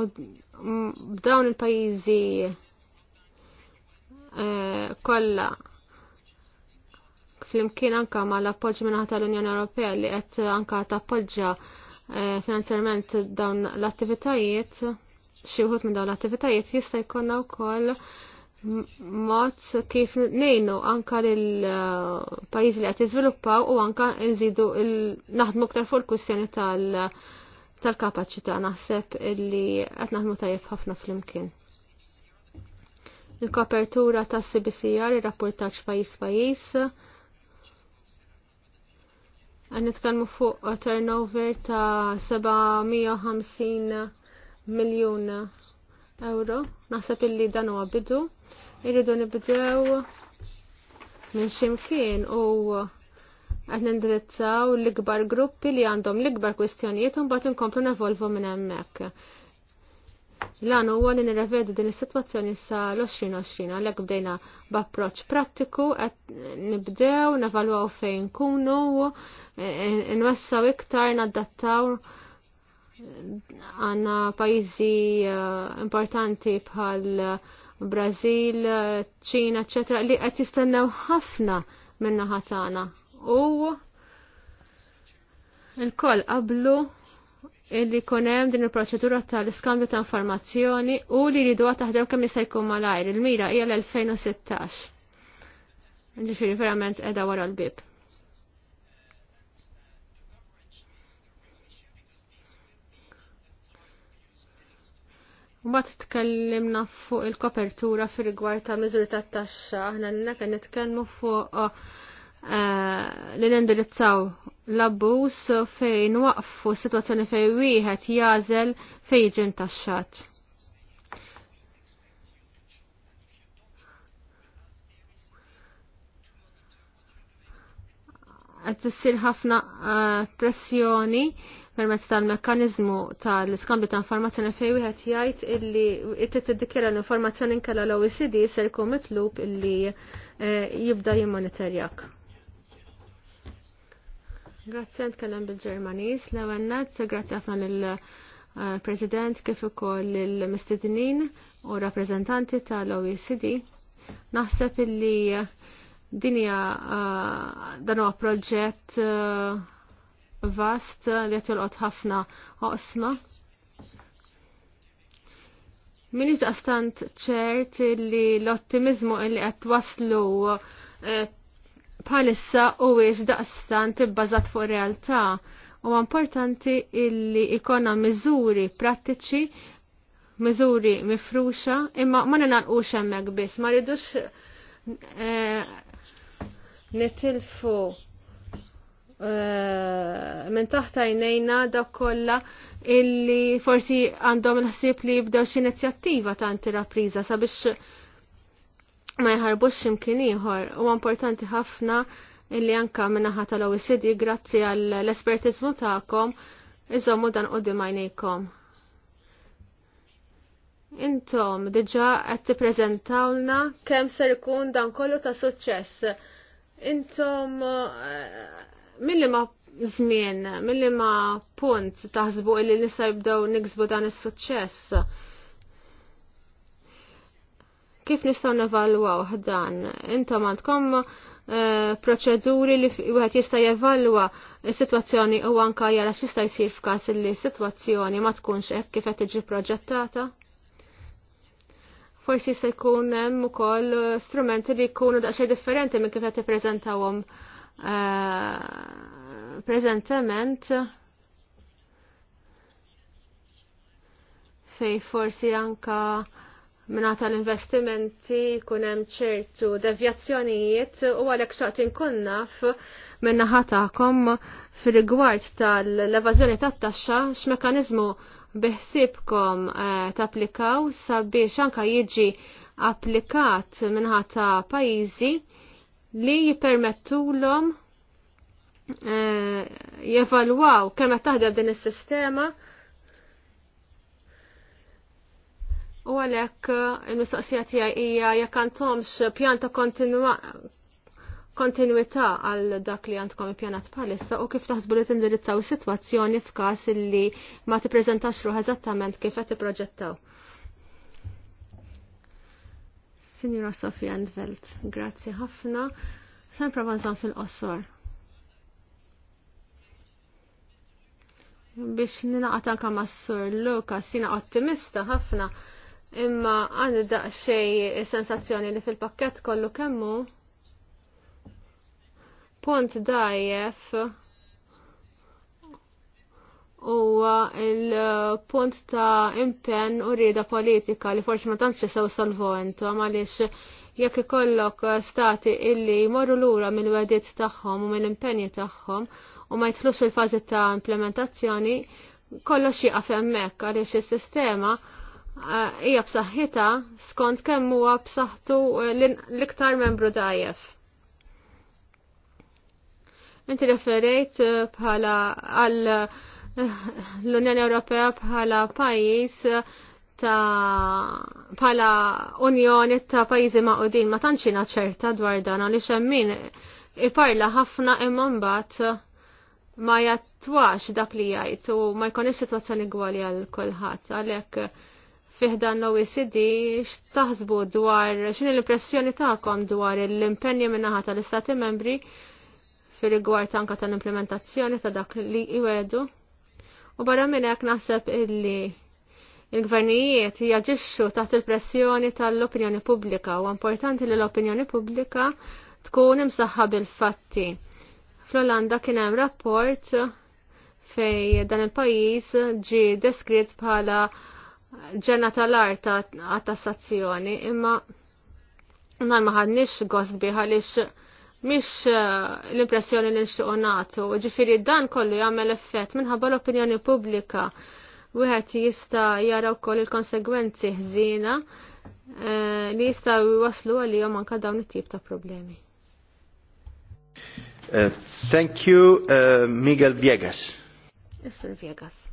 U dawn il-pajizi e, kolla flimkien anka ma l-appoġġ minnaħ tal-Unjoni Ewropea li qed anka tappoġġa finanzjarment dawn l-attivitajiet xi wħud minn dawn l-attivitajiet jista' jkollna wkoll mod kif nejnu anka lil eh, pajjiżi li qed jiżviluppaw u anka nżidu naħdmu aktar fuq il-kwistjoni tal- kapaċità naħseb illi qed naħdmu tajjeb ħafna flimkien. Il-kopertura tas cbcr ir-rapportaġġ pajjiż pajjiż. Għan nitkellmu fuq turnover ta' 750 miljun euro. Naħseb illi dan huwa bidu. Irridu nibdew minn ximkien u qed nindirizzaw l-ikbar gruppi li għandhom l-ikbar kwistjonijiet un bat nkomplu nevolvu minn hemmhekk. Lan huwa li nirrevedu din is-sitwazzjoni sa l-2020 għalhekk bdejna b'approċċ prattiku qed nibdew nevalwaw fejn kunu, eh, eh, nwessaw iktar, nadattaw għanna pajizi eh, importanti bħal Brazil, ċina, etc. li qed jistennew ħafna minna ħatana. U il-koll qablu illi kunem din il-proċedura tal-iskambju ta' informazzjoni u li ridu taħdem kemm jista' jkun malajr. Il-mira hija l-2016. Ġifieri verament edha wara l-bib. Mbagħad tkellimna fuq il-kopertura fir rigward ta' miżuri tat-taxxa, aħna lilna kien nitkellmu fuq eh, li nindirizzaw l-abbuż fejn waqfu situazzjoni fejn wieħed jażel fejn jiġi ntaxxat. Qed tissir ħafna eh, pressjoni permezz tal-mekkanizmu tal-iskambju ta' informazzjoni fejn wieħed jgħid illi qed tiddikjara l-informazzjoni nkella l-OECD ser jkun mitlub illi eh, jibda jimmonitorjak. Grazzi kellem bil-Ġermaniż l-ewwel nett, grazzi ħafna lill-President eh, kif ukoll lill-mistednin u rappreżentanti tal-OECD. Naħseb illi eh, dinja dan huwa proġett vast li għat jolqod ħafna oqsma. Min iġdaqstant ċert li l-ottimizmu li qed waslu eh, bħalissa u wiex daqstant ibbażat fuq realtà u importanti illi ikona miżuri prattiċi miżuri mifruxa imma ma nenalqux hemmhekk biss ma rridux eh, nitilfu Eh, minn taħt għajnejna dak kollha illi forsi għandhom il-ħsieb li jibdew xi inizjattiva ta' rappriża sabiex ma jħarbux x'imkien ieħor. Huwa importanti ħafna illi anka minnaħa tal-OECD grazzi għall-espertiżmu tagħkom iżommu dan qudiem għajnejkom. Intom diġà qed tippreżentawlna kemm ser ikun dan kollu ta' suċċess. Intom eh, Milli ma żmien, milli ma punt taħsbu li nisa jibdew niksbu dan is-suċċess. Kif nistgħu nevalwaw dan? Intom għandkom eh, proċeduri li wieħed jista' jevalwa s-sitwazzjoni u anka jara x'ista jsir f'każ li s-sitwazzjoni ma tkunx hekk kif qed tiġi proġettata? Forsi jista' jkun hemm ukoll strumenti li jkunu daqsxejn differenti minn kif qed ippreżentawhom Eh, prezentament fej forsi anka minnata l-investimenti kunem ċertu devjazzjonijiet u għalek xaqtin kunnaf minna ħatakom fil-rigward tal-evazjoni tat-taxxa x-mekanizmu biħsibkom eh, tapplikaw sabiex anka jiġi applikat minħata pajizi li jipermettulhom eh, jevalwaw kemm qed taħdem din is-sistema u għalhekk eh, il-mistoqsija tiegħi hija jekk għandhomx pjanta kontinuità għal dak li għandkom ippjanat bħalissa u kif taħsbu li tindirizzaw sitwazzjoni f'każ li ma tippreżentax ruħ eżattament kif qed tipproġettaw. Signora Sofia Andvelt, grazie ħafna. San provanzan fil-qossor. Biex ninaqat anka mas-sur Luka, sina ottimista ħafna, imma għandi daqxej sensazzjoni li fil-pakket kollu kemmu. Punt dajjef huwa il-punt ta' impenn u rieda politika li forsi ma tantx sew salvu għaliex jekk ikollok stati illi jmorru lura mill-wedit tagħhom u mill-impenji tagħhom u ma jitħlux fil-fażi ta' implementazzjoni kollox jieqaf hemmhekk għaliex is-sistema eh, hija b'saħħitha skont kemm huwa b'saħħtu l-iktar membru dajjef. Inti referejt eh, bħala għal l-Unjoni Ewropea bħala pajjiż ta' bħala unjoni ta' pajjiżi maqudin ma tantx ċerta dwar dan għaliex hemm min iparla ħafna imma mbagħad ma jattwax dak li jgħid u ma jkun is-sitwazzjoni gwali għal kulħadd għalhekk fiħdan l-OECD x'taħsbu dwar x'inhi l-impressjoni tagħkom dwar l-impenni min-naħa tal-Istati Membri fir-rigward anke tal-implementazzjoni ta' dak li jwedu. U barra minn hekk naħseb illi il-gvernijiet jaġixxu taħt il-pressjoni tal-opinjoni pubblika u importanti li l-opinjoni pubblika tkun imsaħħa bil-fatti. Fl-Olanda kien hemm rapport fej dan il-pajjiż ġi deskritt bħala ġenna tal-art għat-tassazzjoni imma nal maħadnix għost biħalix mish eh, l-impressjoni li nxuqo natu, ġifiri dan kollu jagħmel effett minħabba l-opinjoni pubblika wieħed jista' jara wkoll il-konsegwenzi ħżina eh, li jista' jwaslu għalihom anke dawn it-tip ta' problemi. Eh, thank you, Miguel Viegas. Mr. Viegas.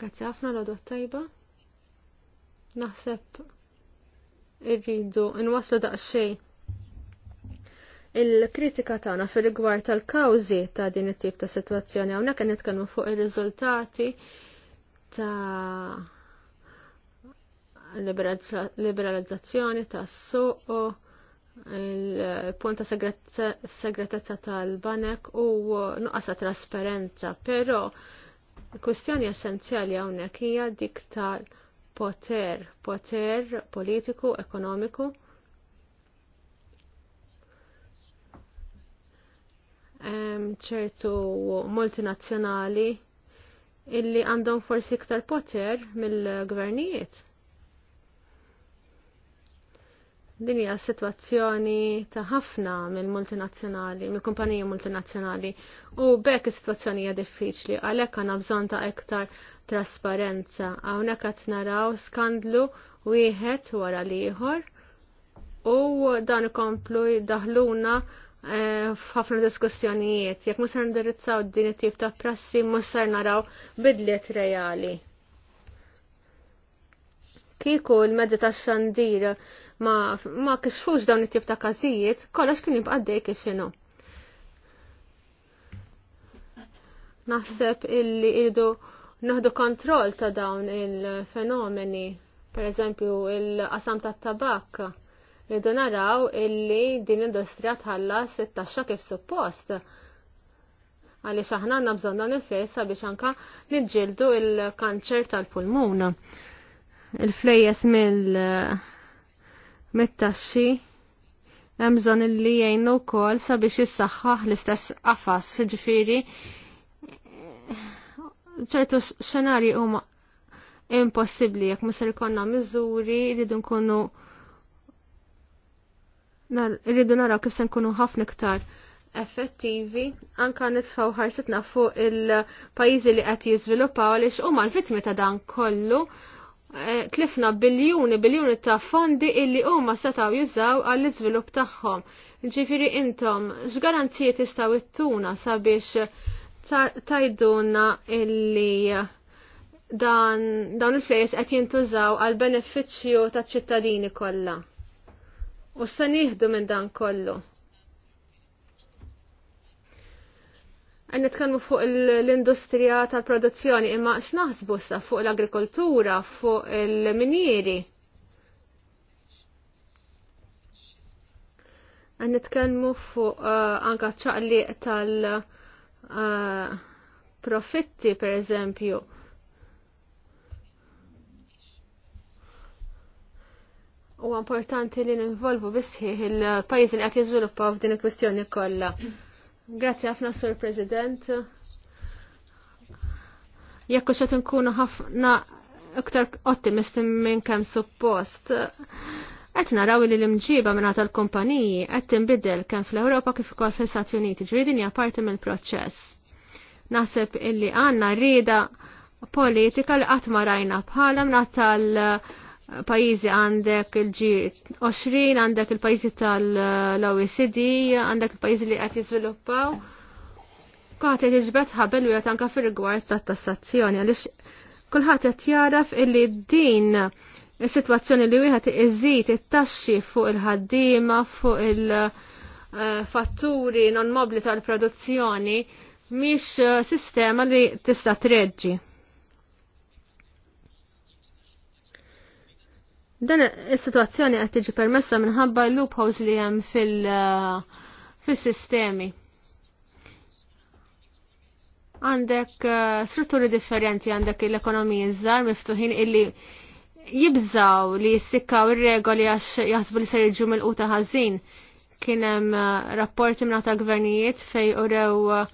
Grazie ħafna la tajba. Naħseb irridu nwasslu daqsxejn il-kritika tagħna fir-rigward tal-kawżi ta' din it-tip ta' sitwazzjoni hawnhekk qed nitkellmu fuq ir-riżultati ta' liberalizzazzjoni ta' suq il-punt ta' segretezza tal-banek u nuqqas ta' trasparenza, però Il-kwestjoni essenzjali hawnhekk hija dik tal-poter, poter politiku, ekonomiku. ċertu multinazzjonali illi għandhom forsi iktar poter mill-gvernijiet. Din hija sitwazzjoni ta' ħafna mill-multinazzjonali, mill-kumpaniji multinazzjonali u bekk is-sitwazzjoni hija diffiċli għalhekk għandna bżonn ta' iktar trasparenza. Hawnhekk qed naraw skandlu wieħed wara l-ieħor u dan ikomplu jdaħluna eh, f'ħafna diskussjonijiet. Jekk musar ndirizzaw din it-tip ta' prassi musar naraw bidliet reali. Kiku l-mezzi tax xandir ma, ma kisfux dawn it-tip ta' każijiet, kollox kien jibqa' dej kif inhu. Naħseb illi idu naħdu kontroll ta' dawn il-fenomeni, per eżempju il-qasam ta' tabak. Irdu naraw illi din industrija tħallas it-taxxa kif suppost għaliex aħna għandna bżonn dan il-flejs sabiex anka niġġieldu il-kanċer tal-pulmuna. Il-flejjes mill- mit-taxxi hemm bżonn illi jgħinu wkoll sabiex jissaħħaħ l-istess qafas, fiġifieri ċertu xenarji huma impossibbli jekk ma ser ikollna miżuri rridu nkunu rridu naraw kif se nkunu ħafna iktar effettivi anka nitfgħu ħarsitna fuq il-pajjiżi li qed jiżviluppaw għaliex huma l-vittmi ta' dan kollu Eh, tlifna biljuni biljuni ta' fondi illi huma setaw jużaw għall iżvilupp tagħhom. Ġifiri intom, x'garanzijiet tistgħu ittuna sabiex tajduna illi dan dawn il-flejes qed jintużaw għal benefiċċju taċ-ċittadini kollha. U se nieħdu minn dan kollu. għanna nitkellmu fuq l-industrija tal-produzzjoni, imma x'naħsbu sa fuq l-agrikoltura, fuq il-minieri. Għanna nitkellmu fuq uh, anka ċaqli tal-profitti, eh, uh, per eżempju. U importanti li n-involvu bisħiħ il-pajjiż li qed jiżviluppaw f'din il-kwistjoni kollha. Grazzi ħafna Sur President. Jekk xed nkunu ħafna iktar ottimisti minn kemm suppost. Qed naraw li l-imġiba minn tal-kumpaniji qed tinbidel kemm fl-Ewropa kif ukoll fl-Istati Uniti, ġridin hija parti mill-proċess. Naħseb illi għandna rieda politika li qatt ma rajna bħala minn tal- pajizi għandek il-G20, għandek il-pajizi tal-OECD, għandek il-pajizi li għat jizviluppaw. Kħat jġbet ħabel u jatanka fil rigward ta' tassazzjoni, għalix kullħat jgħat jaraf illi din il-situazzjoni li wieħed iżid it-taxxi fuq il-ħaddiema, fuq il-fatturi non mobli tal-produzzjoni, mhix sistema li tista' treġġi. Dan is-sitwazzjoni qed tiġi permessa minħabba l-loopholes li hemm fil-sistemi. Uh, għandek uh, strutturi differenti, għandek l-ekonomiji żgħar miftuħin illi jibżaw li jissikkaw ir-regoli għax jaħsbu li ser jiġu mill-quta ħażin. Kien hemm uh, rapporti minn ta' gvernijiet fej urew uh,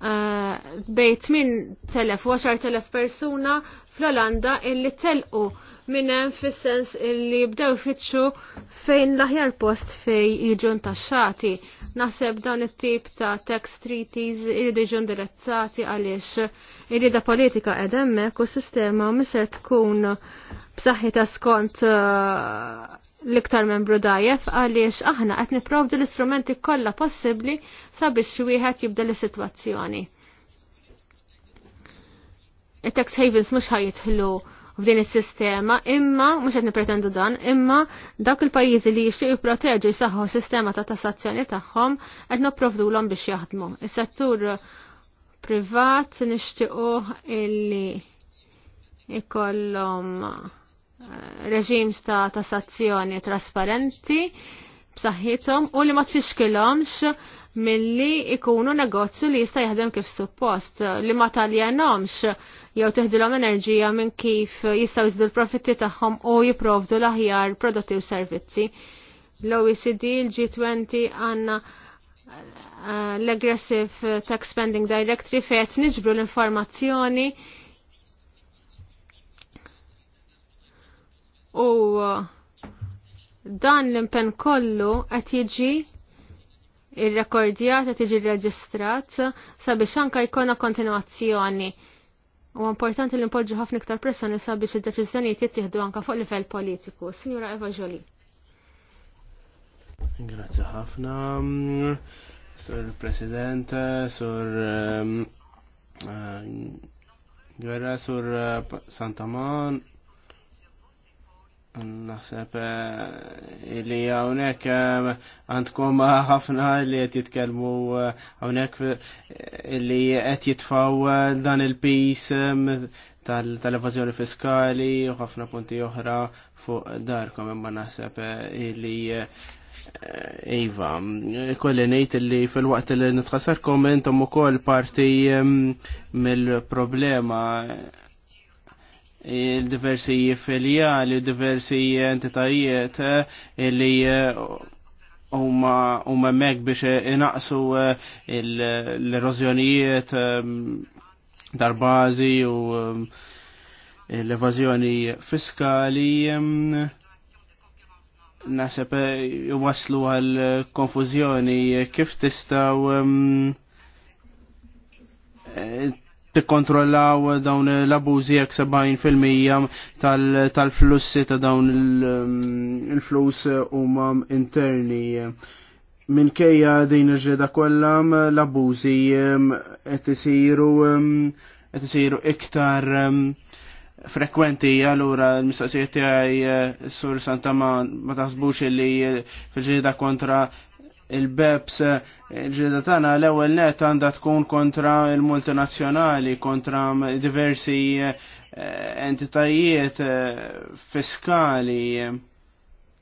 Uh, Bejt minn telef waxar telef persuna fl-Olanda illi telqu minn hemm fis-sens illi bdew fitxu fejn l-aħjar post fej jiġu ntaxxati. Naħseb dan it-tip ta' tax treaties irridu jiġu indirizzati għaliex irrida politika qed hemmhekk u s sistema miser tkun ta' skont uh, l-iktar membru dajef għaliex aħna qed niprovdu l-istrumenti kollha possibbli sabiex xi wieħed jibdel is-sitwazzjoni. It-tax havens mhux ħajjitħlu f'din is-sistema, imma mhux qed nipretendu dan, imma dak il-pajjiżi li jixtiequ jipproteġu jsaħħu sistema ta' tassazzjoni tagħhom qed nipprovdulhom biex jaħdmu. Is-settur privat nixtiequ illi ikollhom reġims ta' tassazzjoni trasparenti b'saħħithom u li ma tfixkilhomx milli ikunu negozju li jista' jaħdem kif suppost, li ma taljenhomx jew teħdilhom enerġija minn kif jistgħu jżidu l-profitti tagħhom u jipprovdu l-aħjar prodotti u servizzi. L-OECD, l-G20 għandna eh, l-Aggressive Tax Spending Directory fejn niġbru l-informazzjoni u uh, dan l-impen kollu qed jiġi ir-rekordjat qed jiġi rreġistrat sabiex anke jkollna kontinuazzjoni. U importanti li npoġġu ħafna iktar pressjoni sabiex id-deċiżjonijiet jittieħdu anke fuq livell politiku. Signora Eva Jolie. Grazie ħafna, Sur President, Sur um, uh, Gwerra, Sur uh, Santamon. Naħseb eh, li hawnhekk eh, għandkom ħafna li qed jitkellmu eh, hawnhekk li qed jitfgħu dan il-pis tal-evażjoni fiskali u ħafna punti oħra fuq darkom imma naħseb li Iva, kolli nejt li fil-waqt li nitħasarkom intom ukoll parti mill-problema il-diversi filjali, diversi entitajiet li eh, huma mek biex inaqsu eh, l-erozjonijiet eh, darbazi u l evazjoni fiskali nasib waslu għal konfuzjoni kif tistaw tikkontrollaw dawn l-abużi jekk 70% tal-flussi ta' dawn um, il-flus huma interni. Minkejja din ir-ġeda kollha um, l-abużi um, qed isiru qed isiru iktar frekwenti allura l-mistoqsijiet tiegħi uh, sur Santa ma taħsbux li uh, fil-ġrieda kontra il-BEPS ġeda tagħna l-ewwel net għandha tkun kontra il-multinazzjonali, kontra diversi eh, entitajiet eh, fiskali,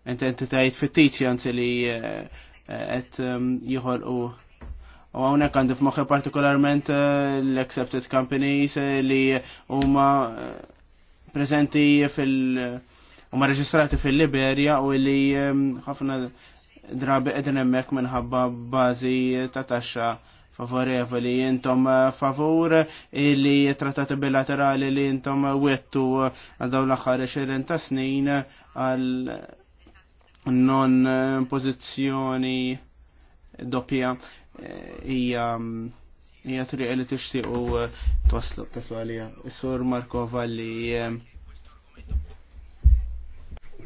entitajiet fittizi għanzi li eh, qed ehm, jħol U għawnek f-moħi partikolarment l-accepted companies li huma prezenti fil- huma reġistrati fil-Liberja u li ehm, ħafna drabi edin emmek minħabba bazi ta' taxxa favorevoli jintom eh, favur li trattati bilaterali li jintom wettu għadaw l-axar 20 ta' snin għal non eh, pozizjoni doppja eh, hija mm, hija triq li tixtiequ toslu taslu għalija. Sur Marko Valli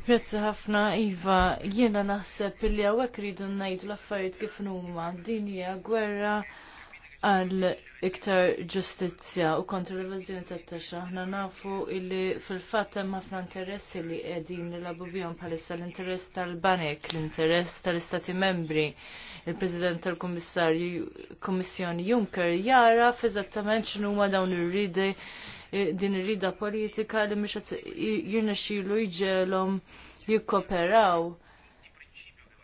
Grazzi ħafna Iva, jiena naħseb li hawnhekk rridu ngħidu l-affarijiet kif huma. Din hija gwerra għal iktar ġustizzja u kontra l-evażjoni tat-taxxa. Aħna nafu illi fil-fatt hemm ħafna interessi li qegħdin nilabu bihom bħalissa l-interess tal-banek, l-interess tal-Istati Membri il-President tal-Kummissarju Kummissjoni Juncker jara f'eżattament x'inhuma dawn ir-ridi Eh, din ir-rida politika li mhux jirnexxielu jġelhom jikkoperaw.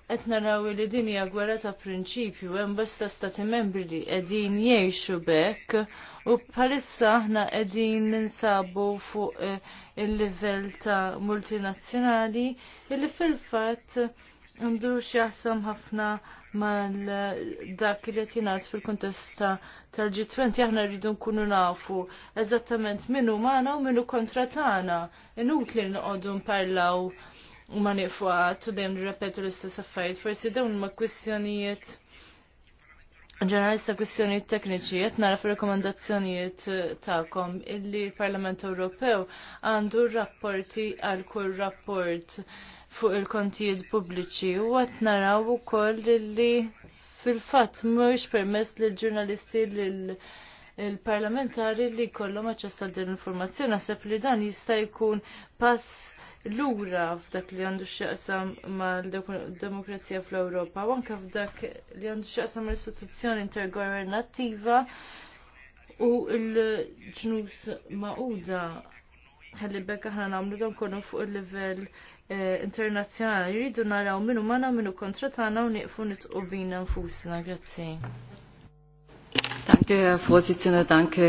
Qed naraw li din hija gwerra ta' prinċipju hemm bosta stati membri li qegħdin jgħixu bekk u bħalissa aħna qegħdin ninsabu fuq eh, il-livell ta' multinazzjonali li fil-fatt ndurux xieħsam ħafna mal dak li jatinat fil-kontesta tal-G20 aħna rridu nkunu nafu eżattament minnu maħna u minnu kontra tagħna. Inut li nqodu nparlaw u ma nifuqat u dejjem nirrepetu l-istess affarijiet. Forsi dawn ma kwistjonijiet ġurnalista kwistjonijiet tekniċi qed nara rekomendazzjonijiet rekomandazzjonijiet eh, illi l-Parlament Ewropew għandu rapporti għal kull rapport. -rapport fuq il-kontijiet pubbliċi u għat naraw ukoll li fil-fatt mux permess li l-ġurnalisti l-parlamentari li kollhom aċċess għal din l-informazzjoni naħseb li dan jista' jkun pass lura f'dak li għandu x'jaqsam mal-demokrazija fl-Ewropa u anke f'dak li għandu x'jaqsam l-istituzzjoni intergovernattiva u l-ġnus maquda ħalli bekk aħna namlu dan kollu fuq il-livell Eh, internazzjonali rridu naraw minnu mana minnu kontra tagħna u nieqfu nitqu bina nfusna. Grazzi. Danke, Herr Vorsitzender, danke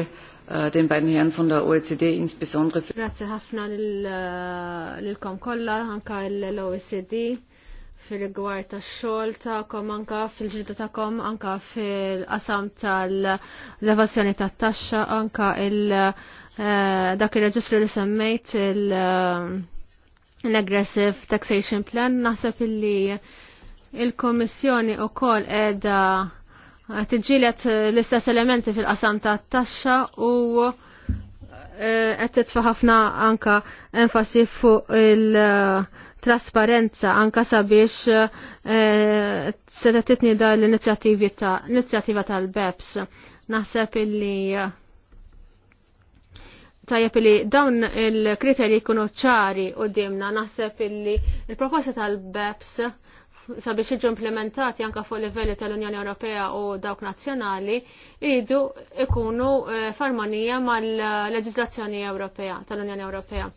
äh, den beiden Herren von der OECD insbesondere. Grazie ħafna äh, lilkom kollha anka l-OECD fil-rigward tax-xogħol tagħkom anka fil ta' tagħkom anka fil-qasam tal-levazzjoni tat-taxxa anka il äh, dak ir-reġistru li semmejt il- l-aggressive taxation plan naħseb illi il-Komissjoni u kol edha tiġilet l-istess elementi fil-qasam ta' taxxa u e, qed titfa' ħafna anka enfasi fuq il-trasparenza anka sabiex e, se titni l ta' tal-BEPS. Naħseb illi tajjeb li dawn il-kriterji jkunu ċari u dimna naħseb illi il-proposta tal-BEPS sabiex iġu implementati anka fuq livelli tal-Unjoni Ewropea u dawk nazzjonali iridu ikunu eh, farmonija mal-leġislazzjoni Ewropea tal-Unjoni Ewropea.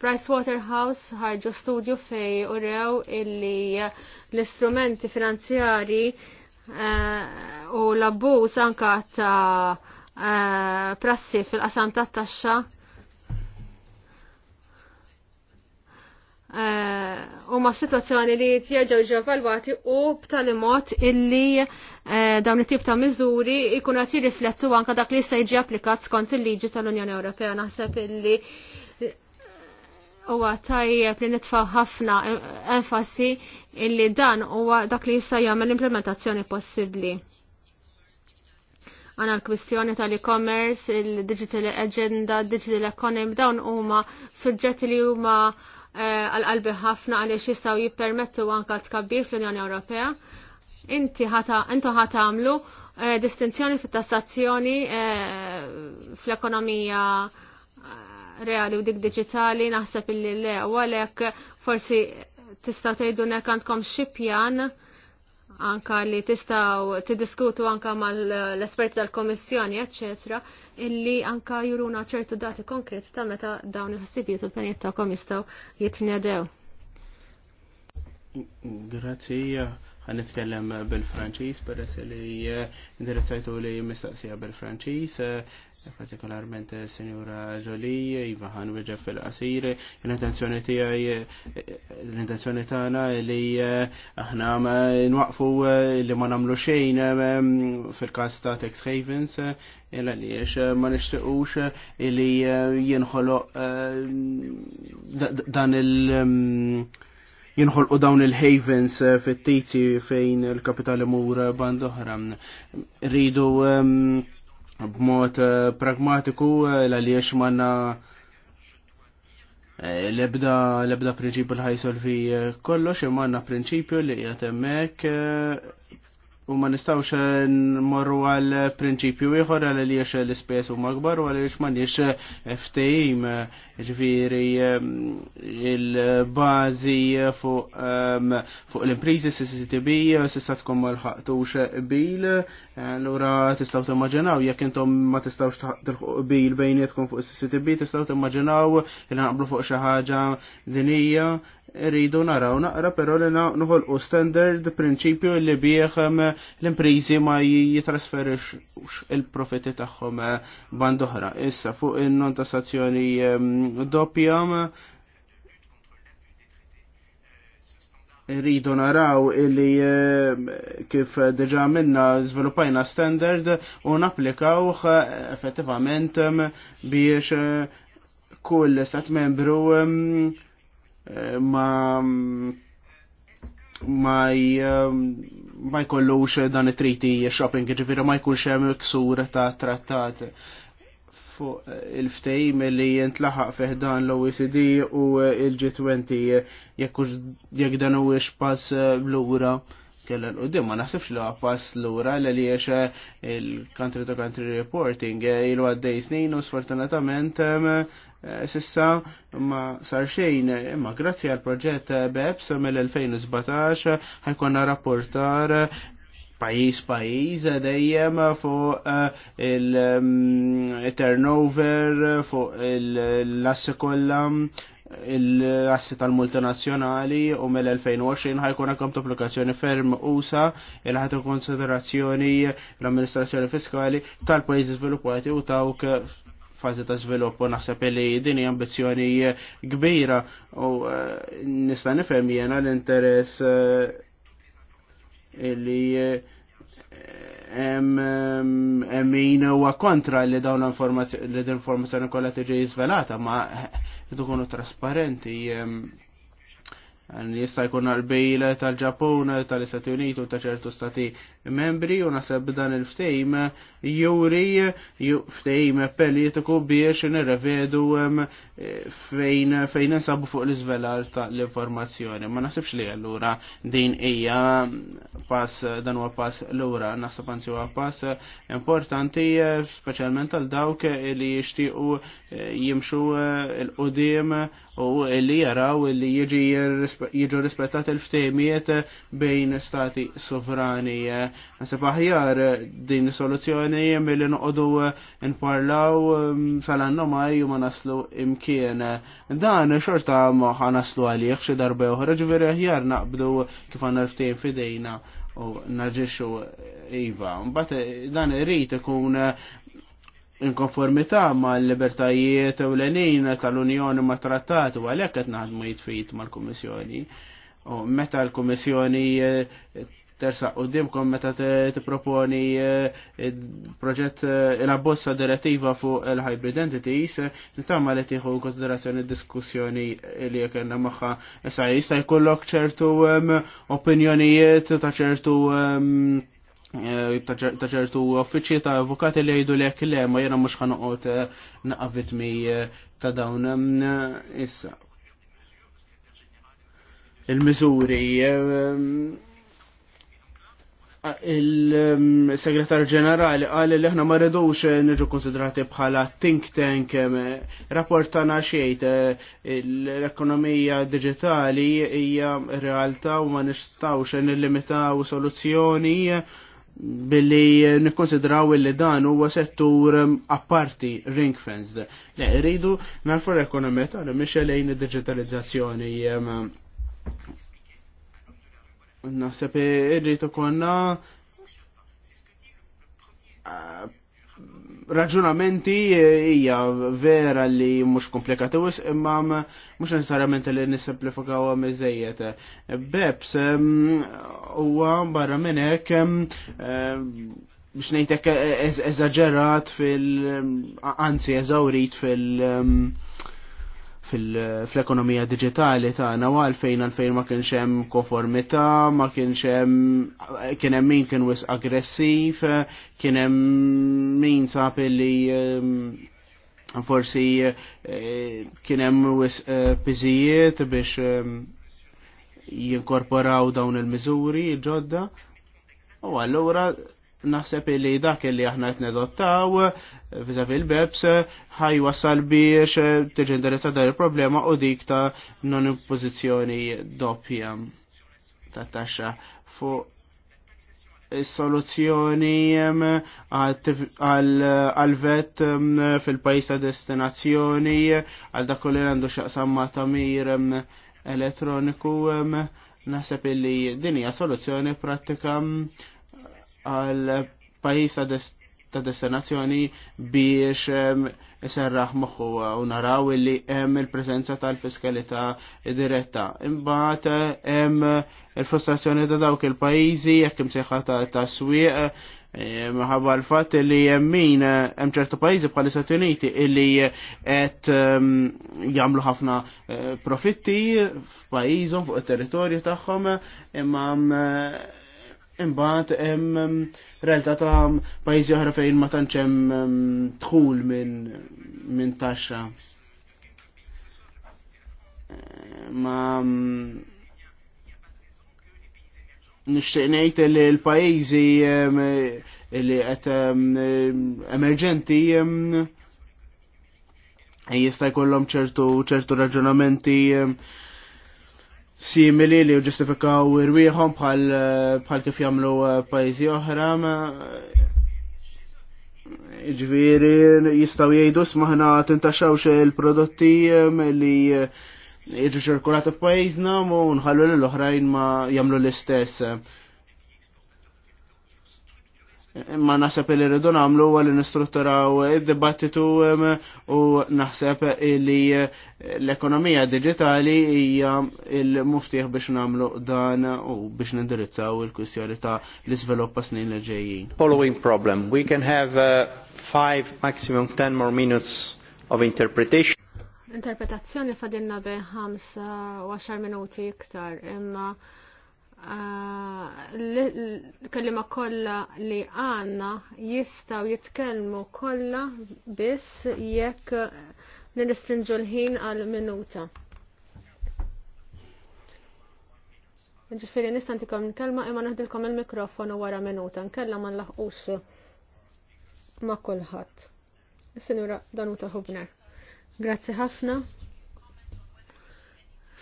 Pricewaterhouse ħarġu studju fej rew illi l-istrumenti finanzjari eh, u l-abbuż anka ta' Eh, prassi fil-qasam tat-taxxa eh, u ma situazzjoni li jieġaw ġo valwati u b'tali mod illi eh, dawn it-tip ta' miżuri jkunu qed jirriflettu anke dak li jista' jiġi applikat skont il-liġi tal-Unjoni Ewropea naħseb illi huwa tajjeb li nitfa' ħafna enfasi illi dan huwa dak li jista' jagħmel implementazzjoni possibbli għana l-kwistjoni tal-e-commerce, il-digital agenda, digital economy, dawn huma suġġetti li huma eh, għal-qalbi ħafna għaliex jistgħu jippermettu anka tkabbir fl-Unjoni Ewropea. Inti ħata, intu għamlu eh, distinzjoni fit-tassazzjoni eh, fl-ekonomija reali u dik digitali naħseb illi le, u għalek forsi tista' tgħidu nek għandkom xi pjan anka li tistaw tiddiskutu anka mal-esperti tal-Komissjoni, eccetera, illi anka juruna ċertu dati konkreti ta' meta dawn il-ħsibijiet u l-pjanijiet ta' kom jistaw jitnedew. Grazie għan bil-Franċis, peress li eh, indirizzajtu li mistaqsija bil-Franċis, eh, partikolarment eh, Senjura Jolie, Iva ħan fil-qasir, l-intenzjoni tijaj, l-intenzjoni tana li aħna nwaqfu li ma namlu xejn fil-kas ta' Tex Havens, illa li jiex ma nishtiqux li jinħolo dan il- mm, jinħolqu dawn il-havens eh, fit-tizi fejn il-kapitali mur eh, band oħra. Rridu ehm, b'mod eh, pragmatiku l-għaliex manna l-ebda l-ebda prinċipju l-ħajsolvi kollox imma għandna prinċipju li jatemmek hemmhekk u ma nistawx morru għal prinċipju ieħor għal li jiex l-ispejs u magbar u għal ma nix ftejim ġviri ehm, il-bazi fuq ehm, l-imprizi CCTB sissa tkun ma l-ħaqtux bil allura tistaw timmaġinaw jekk intom ma tistawx tilħuq bil bejnietkom fuq CCTB tistaw timmaġinaw il-naqblu fuq xi ħaġa dinija rridu naraw naqra però li noħol u standard prinċipju li bieħem l-imprizi ma jitrasferix il-profiti tagħhom eh, band oħra. Issa fuq in-non tassazzjoni doppja rridu naraw illi kif diġa minna zvilupajna standard u napplikaw eh, effettivament biex eh, kull stat membru ma ma um, ma jkollux dan it-triti shopping, ġifiri ma jkunx hemm il-ksura ta' trattat fuq il-ftejm li jintlaħaq fih dan l-OECD u il-G20 jekk dan huwiex pass l-ura kella l ma naħsibx li pass l-ura l li jiex il-country to country reporting il għaddej snin u sfortunatament um, sissa ma sar xejn imma grazzi għal proġett BEPS mill-2017 ħajkonna rapportar pajis pajis dejjem fuq eh, il-turnover mm, fuq l-assi kollha l-assi tal-multinazzjonali u mill-2020 ħajkun għakom applikazzjoni ferm USA il ħatu konsiderazzjoni l-amministrazzjoni fiskali tal-pajjiżi sviluppati u tawk fazi ta' sviluppu naħseb li din hija ambizzjoni kbira u eh, nista' nifhem jiena l-interess eh, li eh, emmin huwa kontra li dawn l-informazzjoni kollha tiġi żvelata ma tkunu trasparenti. Um, jista' jkun għal-bejl tal-Ġapun, tal-Istati Unitu, ta' ċertu stati membri u naseb dan il-ftejm juri ftejm politiku biex nirrevedu fejn fejn nsabu fuq l-izvelar tal-informazzjoni. Ma nasibx li għallura din hija pass dan huwa pass lura nasab anzi huwa pass importanti speċjalment għal dawk li jixtiequ eh, jimxu eh, l-qudiem u li jaraw li jiġi jiġu rispettat il-ftejmijiet bejn stati sovrani. Nasib aħjar din soluzzjoni mill-li noqogħdu nparlaw mm, sal-annu u ma naslu imkien. Dan xorta ma naslu għalieħ xi darba oħra ġveri aħjar naqbdu kif għandna l-ftejn fidejna u naġiċu Iva. Mbagħad dan irrid ikun inkonformità ma l-libertajiet u l-enin tal-Unjoni ma trattat u għalek qed naħdmu jitfit mal komissjoni U meta l komissjoni eh, tersa dimkom meta tipproponi eh, proġett il-abbozza eh, direttiva fuq il-hybrid entities, nitama li tieħu konsiderazzjoni diskussjoni li kellna magħha issa jista' jkollok ċertu opinjonijiet ta' ċertu Eh, taġertu uffiċi ta' avukati li jgħidu lek le, ma jena mux ħanuqot eh, naqavit mi eh, ta' dawn issa. Il-mizuri. Il-segretar ġenerali għal li ħna ma rridux nġu konsidrati bħala think tank rapportana xejt l-ekonomija digitali hija realtà u ma nistawx nillimitaw soluzzjoni billi nikkonsidraw illi dan huwa settur um, apparti ring fenced. Le, rridu narfu l-ekonomi tagħna mhix lejn id-diġitalizzazzjoni. Um, naħseb irrid ukoll raġunamenti e, hija vera li mhux komplikati wis imma mhux necessarjament li nissimplifikawha miżejjed. Beps huwa barra minn hekk biex ngħidlek e, e, eżaġerat fil anzi eżawrit fil- fil-ekonomija digitali tagħna u għalfejn għalfejn ma kienx hemm konformità, ma kienx hemm kien hemm min kien wisq aggressiv, kien hemm min sa' li ehm, forsi eh, kien hemm wisq eh, biex ehm, jinkorporaw dawn il-miżuri ġodda. U għallura naħseb li dak li aħna qed nedottaw eh, viżavi il-BEPS ħaj wasal biex eh, tiġi dar il-problema u dik ta' non impożizzjoni doppja ta' taxxa fuq soluzzjoni għal-vet fil pajjiż ta' destinazzjoni għal dak li għandu xaqsam ma' tamir elettroniku naħseb illi hija soluzzjoni pratika għal pajis ta' destinazzjoni biex serraħ moħħu u naraw li hemm il-preżenza tal-fiskalità diretta. Imbagħad hemm il-frustrazzjoni ta' dawk il-pajjiżi jekk imsejħa ta' swieq Maħabba l-fat li jemmin hemm ċertu pajjiżi bħal Stati Uniti illi qed jagħmlu ħafna eh, profitti f'pajjiżhom fuq it-territorju tagħhom imma Imbagħad hemm realtà ta' pajjiżi oħra fejn ma tantx hemm dħul minn taxxa. Ma nixtieq ngħid li l-pajjiżi li qed emerġenti jista' jkollhom ċertu ċertu raġunamenti simili li ġustifikaw irwiħom eh, bħal kif jagħmlu eh, pajjiżi oħra eh, ġviri jistaw jgħidu smaħna tintaxawx il-prodotti li jġu ċirkulati f'pajjiżna u nħallu l-oħrajn ma jagħmlu l-istess. Ma naħseb li rridu namlu huwa li nistrutturaw id-dibattitu u naħseb li eh, l-ekonomija digitali hija il-muftiħ biex namlu dan u biex nindirizzaw il-kwistjoni ta' l-iżvilupp snin l ġejjin. Following problem, we can have uh, five maximum ten more minutes of interpretation. Interpretazzjoni fadilna bi 5 eh, u 10 minuti iktar imma Ah, l-kellima kolla li għanna jistaw jitkelmu kolla biss jekk nil-istinġu l-ħin għal minuta. Ġifiri nistantikom n-kelma imma naħdilkom il-mikrofonu wara minuta, nkella ma laħqus ma kullħat. Sinura Danuta Hubner. Grazzi ħafna.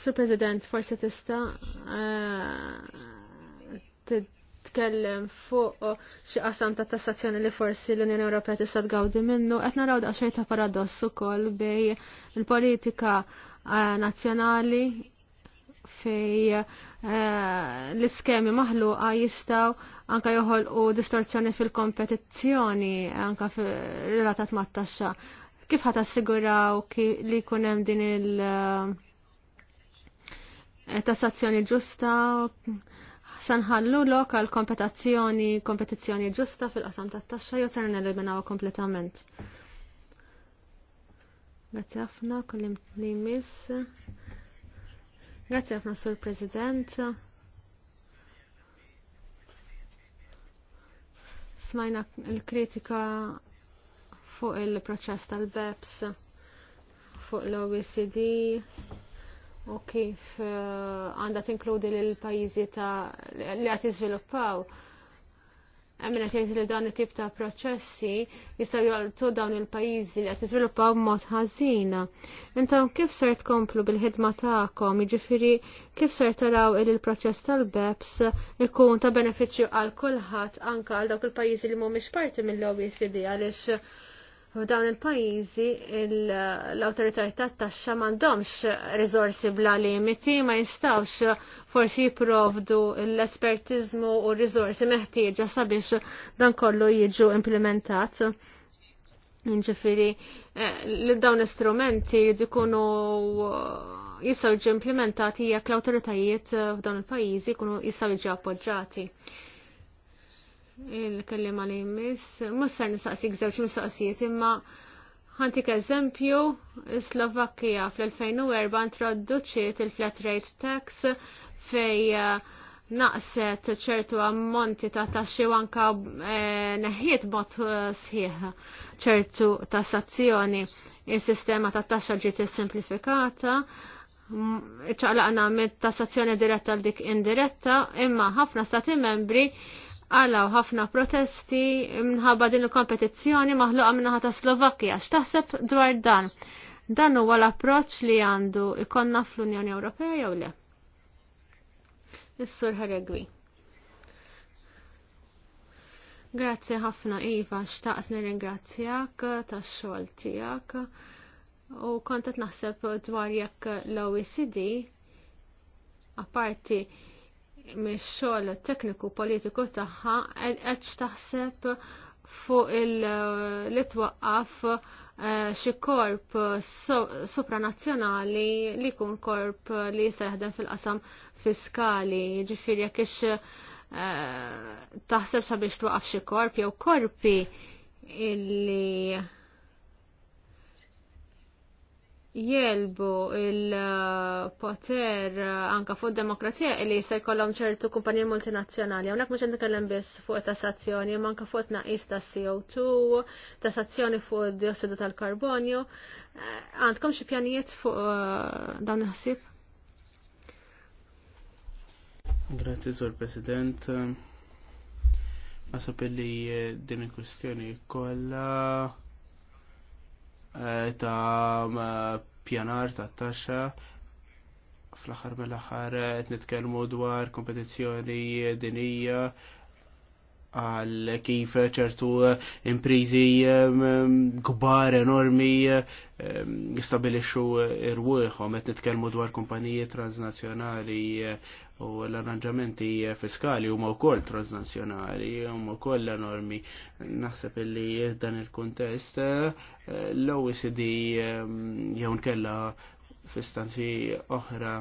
Sur President, forse tista eh, titkellem fuq xi qasam ta' tassazzjoni li forsi l-Unjoni Ewropea tista' tgawdi minnu, qed naraw daqsxejn ta' paradoss ukoll bej il-politika eh, nazzjonali fej eh, l-iskemi maħluqa jistaw anka joħolqu distorzjoni fil-kompetizzjoni anka relatat mat-taxxa. Kif ħat assiguraw li jkun hemm din il- Eh, tassazzjoni ġusta, sanħallu lok għal kompetazzjoni, kompetizzjoni ġusta fil-qasam tat taxxa jew sar nelbenaw kompletament. Grazzi ħafna kollim li miss. Grazzi ħafna sur President. Smajna l-kritika fuq il-proċess tal-BEPS, fuq l-OECD, u kif eh, għandha tinkludi l pajjiżi ta' li qed jiżviluppaw. Għamina tgħid li dan it-tip ta' proċessi jistaw joltu dawn il-pajjiżi li qed jiżviluppaw b'mod ħażina. Intaw kif ser tkomplu bil-ħidma tagħkom, jiġifieri kif ser taraw il proċess tal-BEPS ikun ta' benefiċċju għal kulħadd anke għal dawk il-pajjiżi li mhumiex parti mill-OECD għaliex f'dawn il-pajjiżi l-awtoritajiet tat-taxxa m'għandhomx riżorsi bla limiti ma jistgħux forsi jipprovdu l-espertiżmu u r-riżorsi meħtieġa sabiex dan kollu jiġu implementat. Ġifiri, eh, li dawn istrumenti jkunu eh, jistgħu jiġu implementati jekk l-awtoritajiet f'dawn il-pajjiżi jkunu jistgħu jiġu appoġġati il-kellima li jmiss, musser nisaqsik zewċ mistaqsijiet imma ħantik eżempju, Slovakkija fl-2004 introduċiet il-flat rate tax fej eh, naqset ċertu ammonti ta' taxxi anka eh, neħiet bot eh, sħiħ ċertu tassazzjoni. Il-sistema ta' taxxa ġiet simplifikata ċaqlaqna mit tassazzjoni diretta l dik indiretta, imma ħafna stati membri għalaw ħafna protesti minħabba din il-kompetizzjoni maħluqa minnaħa ta' Slovakija. X'taħseb dwar dan? Dan huwa l-approċċ li għandu ikonna fl-Unjoni Ewropea jew le? Is-Sur Ħaregwi. Grazzi ħafna Iva, xtaqt nirringrazzjak tax-xogħol tiegħek u kontet naħseb dwar jekk l-OECD apparti mix-xogħol tekniku politiku tagħha qed taħseb fuq li twaqqaf eh, xi korp supranazzjonali li jkun korp li jista' fil-qasam fiskali, ġifieri jekk ix eh, taħseb sabiex twaqqaf xi korp jew korpi illi jelbu il-poter anka fuq demokrazija li jista' jkollhom ċertu kumpaniji multinazzjonali. Hawnhekk mhux qed nitkellem biss fuq tassazzjoni, ma anke fuq tnaqqis tas-CO2, tassazzjoni fuq id-diossidu tal-karbonju. Eh, għandkom xi pjanijiet fuq eh, dawn il-ħsieb? Grazzi, Sur President. Ma li eh, din il-kwistjoni kollha Eh, ta' pjanar ta' taxxa fl-axar mill-axar eh, qed nitkellmu dwar kompetizzjoni dinija għal kif ċertu eh, imprizi kbar enormi jistabilixxu irwieħhom qed nitkellmu dwar kumpaniji transnazzjonali u l-arranġamenti fiskali huma wkoll transnazzjonali huma wkoll normi naħseb illi dan il-kuntest l-OECD ehm, jew nkella fistanzi oħra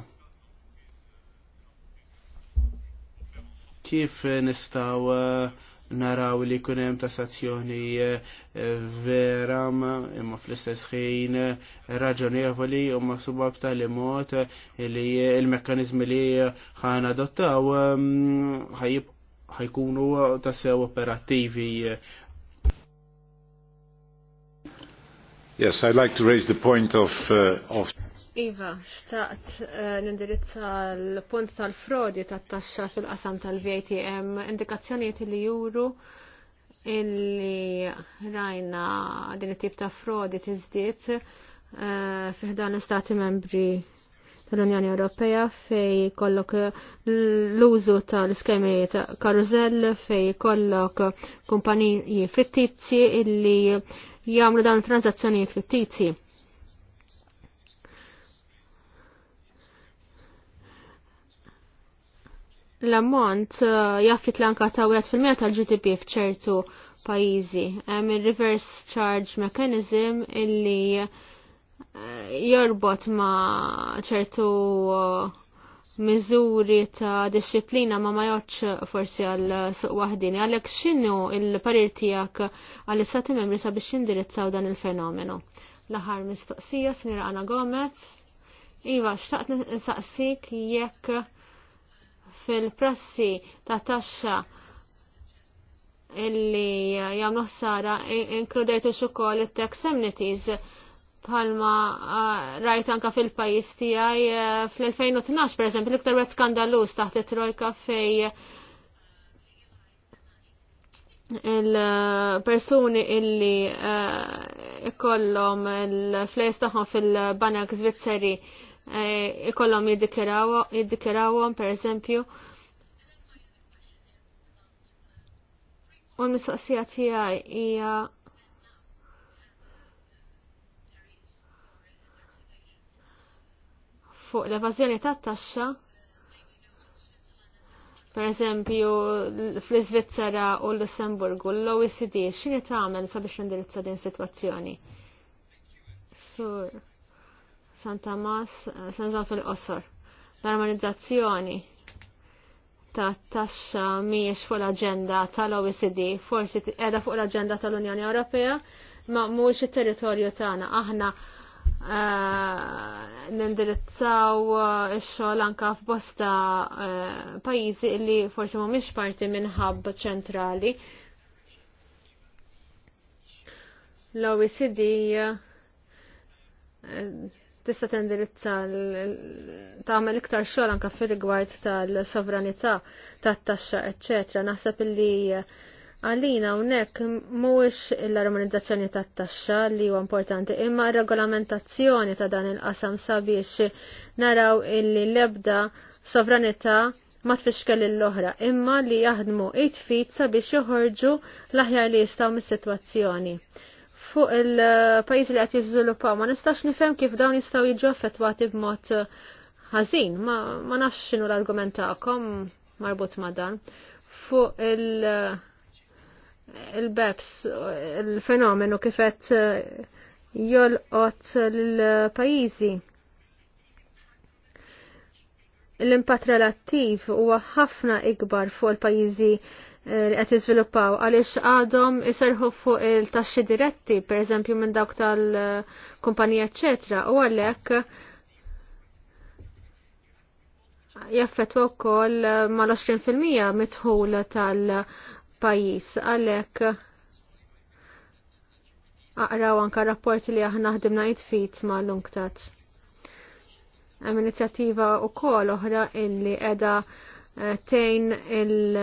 kif nistaw uh, naraw li kunem tassazzjoni eh, vera imma fl-istess ħin eh, raġonevoli u ma subab tal mod eh, li il-mekkanizmi li ħan adottaw ehm, ħajkunu tassew operattivi Yes, I'd like to raise the point of, uh, of Iva, xtaqt eh, nindirizza l-punt tal-frodi tat-taxxa fil-qasam tal vatm hemm indikazzjonijiet li juru illi rajna din it-tip ta' frodi tiżdied eh, fiħdan l-istati membri tal-Unjoni Ewropea fej kollok l-użu tal skemi ta' karuzell fej kollok kumpaniji fittizji illi jagħmlu dan transazzjonijiet fittizji. l-ammont eh, jaffit l-anka ta' 1% tal-GDP fċertu pajizi. Hemm il-reverse charge mechanism illi eh, jorbot ma' ċertu eh, miżuri ta' disċiplina ma' ma joċ forsi għal suq wahdini. Għalek xinu il-parir tijak għal istati membri sabiex jindirizzaw dan il-fenomenu. Laħar mistoqsija, Sinira Ana Gomez. Iva, xtaqt nisaqsik jekk fil-prassi ta' taxxa illi jamlu s-sara il xukoll il-tax amnities bħalma rajt anka fil-pajis tijaj fl-2012 per eżempju l-iktar wet skandalus taħt it-trojka fej il-persuni illi ikollhom il-flejs tagħhom fil-banek Zvizzeri E, ikollhom per pereżempju. U l-mistoqsija tiegħi hija fuq l-evażjoni tat-taxxa per eżempju fl svizzera u l-Lussemburgu, l-OECD, xini tagħmel sabiex indirizza din sitwazzjoni? Sur. Santa Mas eh, senza fil-qosor. L-armonizzazzjoni ta' taxxa miex fuq l-agenda tal-OECD, forsi qiegħda fuq l-agenda tal-Unjoni Ewropea, ma mhux it-territorju tagħna. Aħna uh, nindirizzaw eh, ix-xogħol anke f'bosta uh, pajjiżi li forsi mhumiex parti minn ħabb ċentrali. L-OECD uh, tista' tendirizza tagħmel iktar xogħol anke fir-rigward tal-sovranità tat-taxxa, eċċetra. Naħseb illi għalina hawnhekk mhuwiex l-armonizzazzjoni tat-taxxa li huwa importanti, imma r-regolamentazzjoni ta' dan il-qasam sabiex naraw illi l-ebda sovranità ma tfixkel l-oħra, imma li jaħdmu it-fit sabiex joħorġu l-aħjar li jistgħu mis-sitwazzjoni fuq il-pajjiżi li qed jiżviluppaw ma nistax nifhem kif dawn jistgħu jiġu affettwati b'mod eh, ħażin, ma, ma nafx x'inhu l argumentakom marbut ma' dan. Fuq il- eh, il-BEPS, il-fenomenu kifet eh, jolqot l-pajizi. L-impatt relattiv huwa ħafna ikbar fuq il-pajizi Eh, li qed jiżviluppaw għaliex għadhom jisarħu fuq il-taxxi diretti, pereżempju minn dawk tal-kumpanija ċetra, u għalhekk jaffetwa wkoll mal-20% mitħul tal-pajjiż għalhekk aqraw anka rapporti li aħna ħdimna jitfit ma' l-unktat. Hemm inizjattiva wkoll oħra illi qiegħda Eh, tejn il-pajis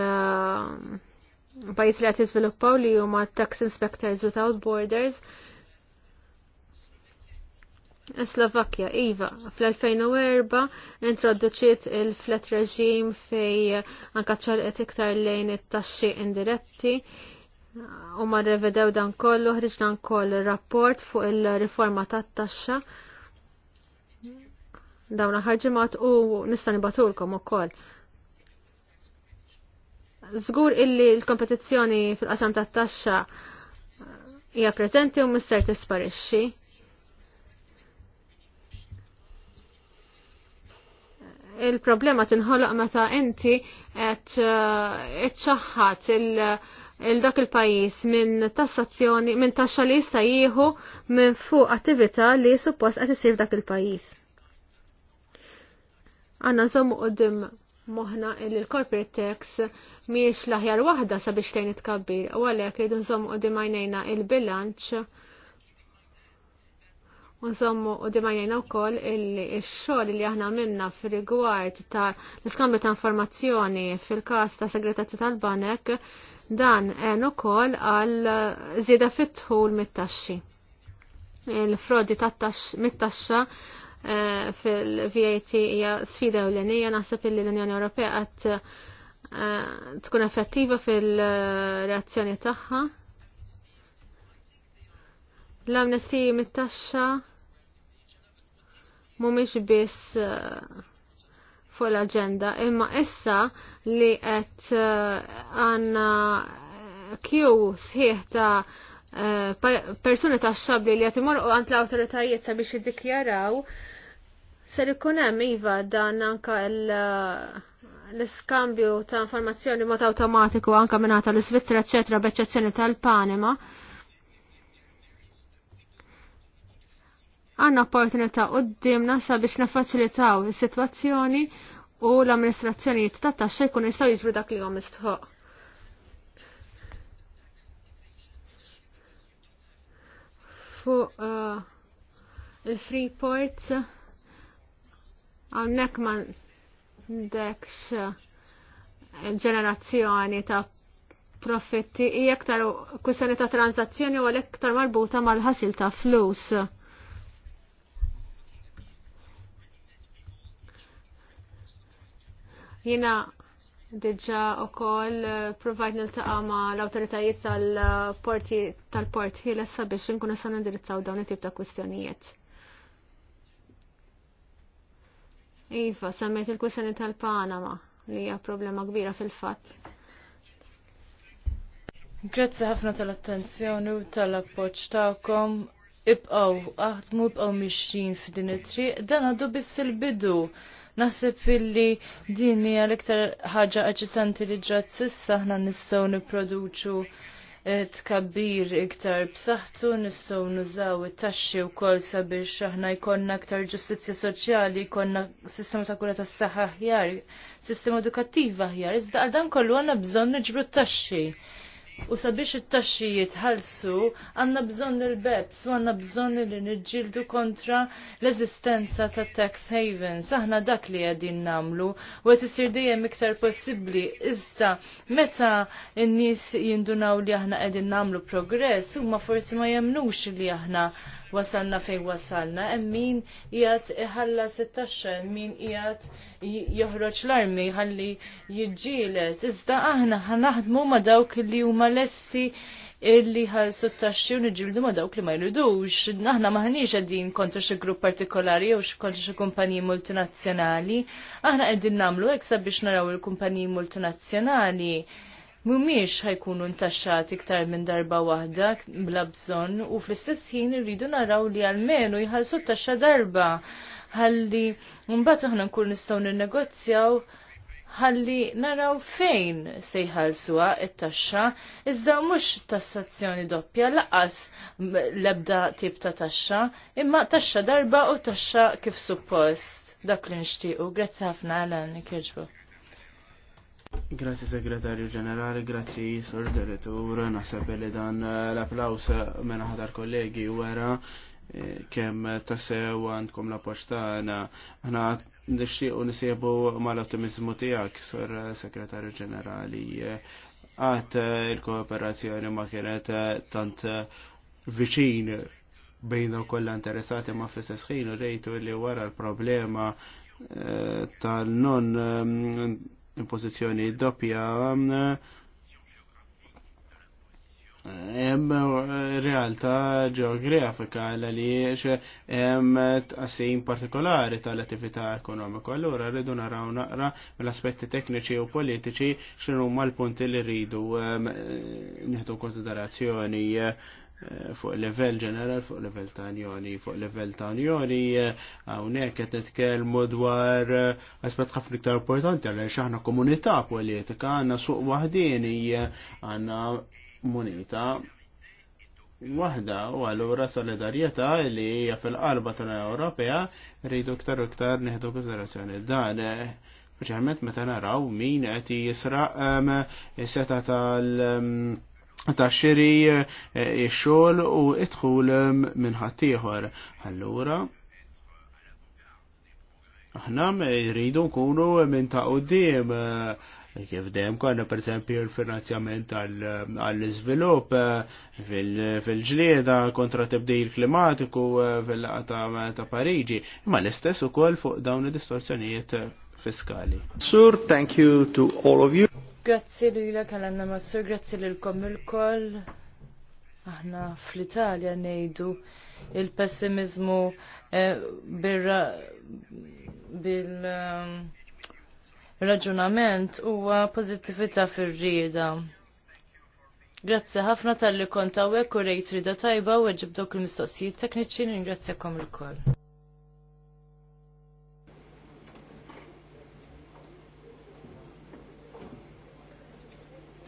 eh, li għat jizviluppaw li huma Tax Inspectors Without Borders. Slovakia, Iva, fl-2004 introduċiet il-flat reġim fej anka ċarqet iktar lejn it-taxxi indiretti u ma revedew dan kollu, ħriġ dan kollu rapport fuq il-riforma tat-taxxa dawna ħarġimat u nista' nibatulkom ukoll. koll Zgur illi l-kompetizzjoni fil-qasam tat taxxa eh, hija preżenti u mister tisparixxi. Il-problema tinħoloq meta inti qed eh, iċċaħħad il-dak il-pajis minn tassazzjoni, minn taxxa li jista' jieħu minn fuq attività li suppost qed isir dak il-pajis. Għanna nżommu qudiem moħna illi l-corporate tax miex laħjar wahda sabiex tejn it-kabbir, u għalek rridu nżommu u dimajnejna il-bilanċ u nżommu u dimajnejna u koll il-xol li aħna minna fil-rigward ta' l skambi ta' informazzjoni fil-kas ta' segretazzi tal-banek dan en u koll għal zida fit-tħul mit-taxxi il-frodi mit-taxxa Eh, fil-VAT hija sfida ewlenija naħseb illi l-Unjoni Ewropea qed eh, tkun effettiva fil-reazzjoni tagħha. L-amnesti mit-taxxa mhumiex biss eh, fuq l-agenda, imma issa li qed għandna kju sħiħ ta' persuni ta' xabli li għat imorqu għant l-autoritajiet sabiex jiddikjaraw Ser ikun hemm iva dan anka l-iskambju ta' informazzjoni mod awtomatiku anka ta' l-Iżvizzera eċetera b'eċċezzjoni tal-Panema. Għanna opportunità qudiemna sabiex naffaċilitaw is-sitwazzjoni u l-amministrazzjonijiet ta' taxxa jkun jistgħu jiġru dak li hom mistħoq. Fuq uh, il-Freeports Għawnek ma dekx eh, ġenerazzjoni ta' profitti hija aktar kwistjoni ta' transazzjoni u għalhekk aktar marbuta mal-ħasil ta' flus. Jina diġa u kol eh, provajt nil-taqa ma l-autoritajiet tal-porti tal-porti l-essa biex nkun issa nindirizzaw dawn it-tip ta' kwistjonijiet. Iva, semmejt il-kwissjoni tal-Panama li hija problema kbira fil-fatt. Grazzi ħafna tal-attenzjoni u tal-appoġġ tagħkom. Ibqgħu aħdmu ibqgħu mixjin f'din it-triq, dan għadu biss il-bidu. Naħseb illi din hija l-iktar ħaġa aġitanti li ġrat sissa aħna nistgħu nipproduċu tkabbir iktar b'saħħtu nistgħu nużaw it-taxxi wkoll sabiex aħna jkollna iktar ġustizzja soċjali, jkollna sistema ta' kura tas-saħħa aħjar, sistema edukattiva aħjar. Iżda għal dan kollu għandna bżonn niġbru t-taxxi. U sabiex it-taxxi jitħallsu għandna bżonn il bebs u għandna bżonn li niġġieldu kontra l-eżistenza ta' tax havens. Aħna dak li qegħdin nagħmlu u qed isir dejjem iktar possibbli iżda meta n-nies jindunaw li aħna qegħdin nagħmlu progress huma forsi ma jemnux li aħna wasalna fejn wasalna, hemm min iħalla 16, min qiegħed joħroġ l-armi ħalli jiġġielet. Iżda aħna ħanaħdmu ma' dawk li huma lessi illi ħal t u nġildu ma dawk li ma jridux. Aħna maħniġ għaddin kontra xi grupp partikolari jew kontra xi kumpaniji multinazzjonali. Aħna qegħdin nagħmlu hekk sabiex naraw il-kumpaniji multinazzjonali mumiex ħajkunu ntaxxati iktar minn darba waħda bla bżonn u fl-istess ħin irridu naraw li għalmenu jħallsu taxxa darba ħalli mbagħad aħna nkun nistgħu ninnegozjaw ħalli naraw fejn se jħallsuha it-taxxa iżda mhux tassazzjoni doppja laqas l-ebda tip ta' taxxa imma taxxa darba u taxxa kif suppost dak li nixtiequ. Grazzi ħafna Alan kirġbu. Grazie segretarju generale, grazie sur direttur, nasab li dan eh, l-applaus eh, minn ħadar kollegi wara eh, kemm tasew għandkom la poċtana. Għana nixtiequ nisibu mal-ottimizmu tijak, sur segretarju ġenerali. Għat il-kooperazzjoni ma kienet tant viċin bejn kollha interessati ma fl-istess ħin u rejtu li wara l-problema tal-non impożizzjoni doppja um, hemm realtà ġeografika għaliex hemm għasin partikolari tal-attività ekonomika. Allura rridu naraw naqra mill-aspetti tekniċi u politiċi x'inhuma l-punti li rridu um, nieħdu konsiderazzjoni fuq level ġeneral, fuq level ta' fuq level ta' njoni, għawnek għet t-tkelmu dwar aspet ħafna iktar importanti għal xaħna komunità politika, għanna suq wahdini, għanna munita wahda u għallura solidarieta li hija fil-qalba tal Ewropea rridu iktar u iktar neħdu konsiderazzjoni dan. Speċjalment meta naraw min qed jisraq um, seta tal- um, ta' xiri eh, xogħol u idħul eh, minn ħaddieħor. Allura aħna jridu nkunu minn ta' qudiem eh, kif dejjem konna esempio l-finanzjament għall-iżvilupp fil-ġlieda kontra tibdil klimatiku fil-laqgħa ta' Pariġi, imma l-istess ukoll fuq dawn id distorzjonijiet fiskali. Sur, thank you to all of you. Grazzi li l massur, grazzi li l-kom il-koll. Aħna fl-Italja nejdu il-pessimizmu eh, birra bil-raġunament huwa pozittività fir-rieda. Grazzi ħafna tal-li konta u rejt rida tajba u ġibdok il-mistoqsijiet tekniċi, ringrazzjakom il-koll.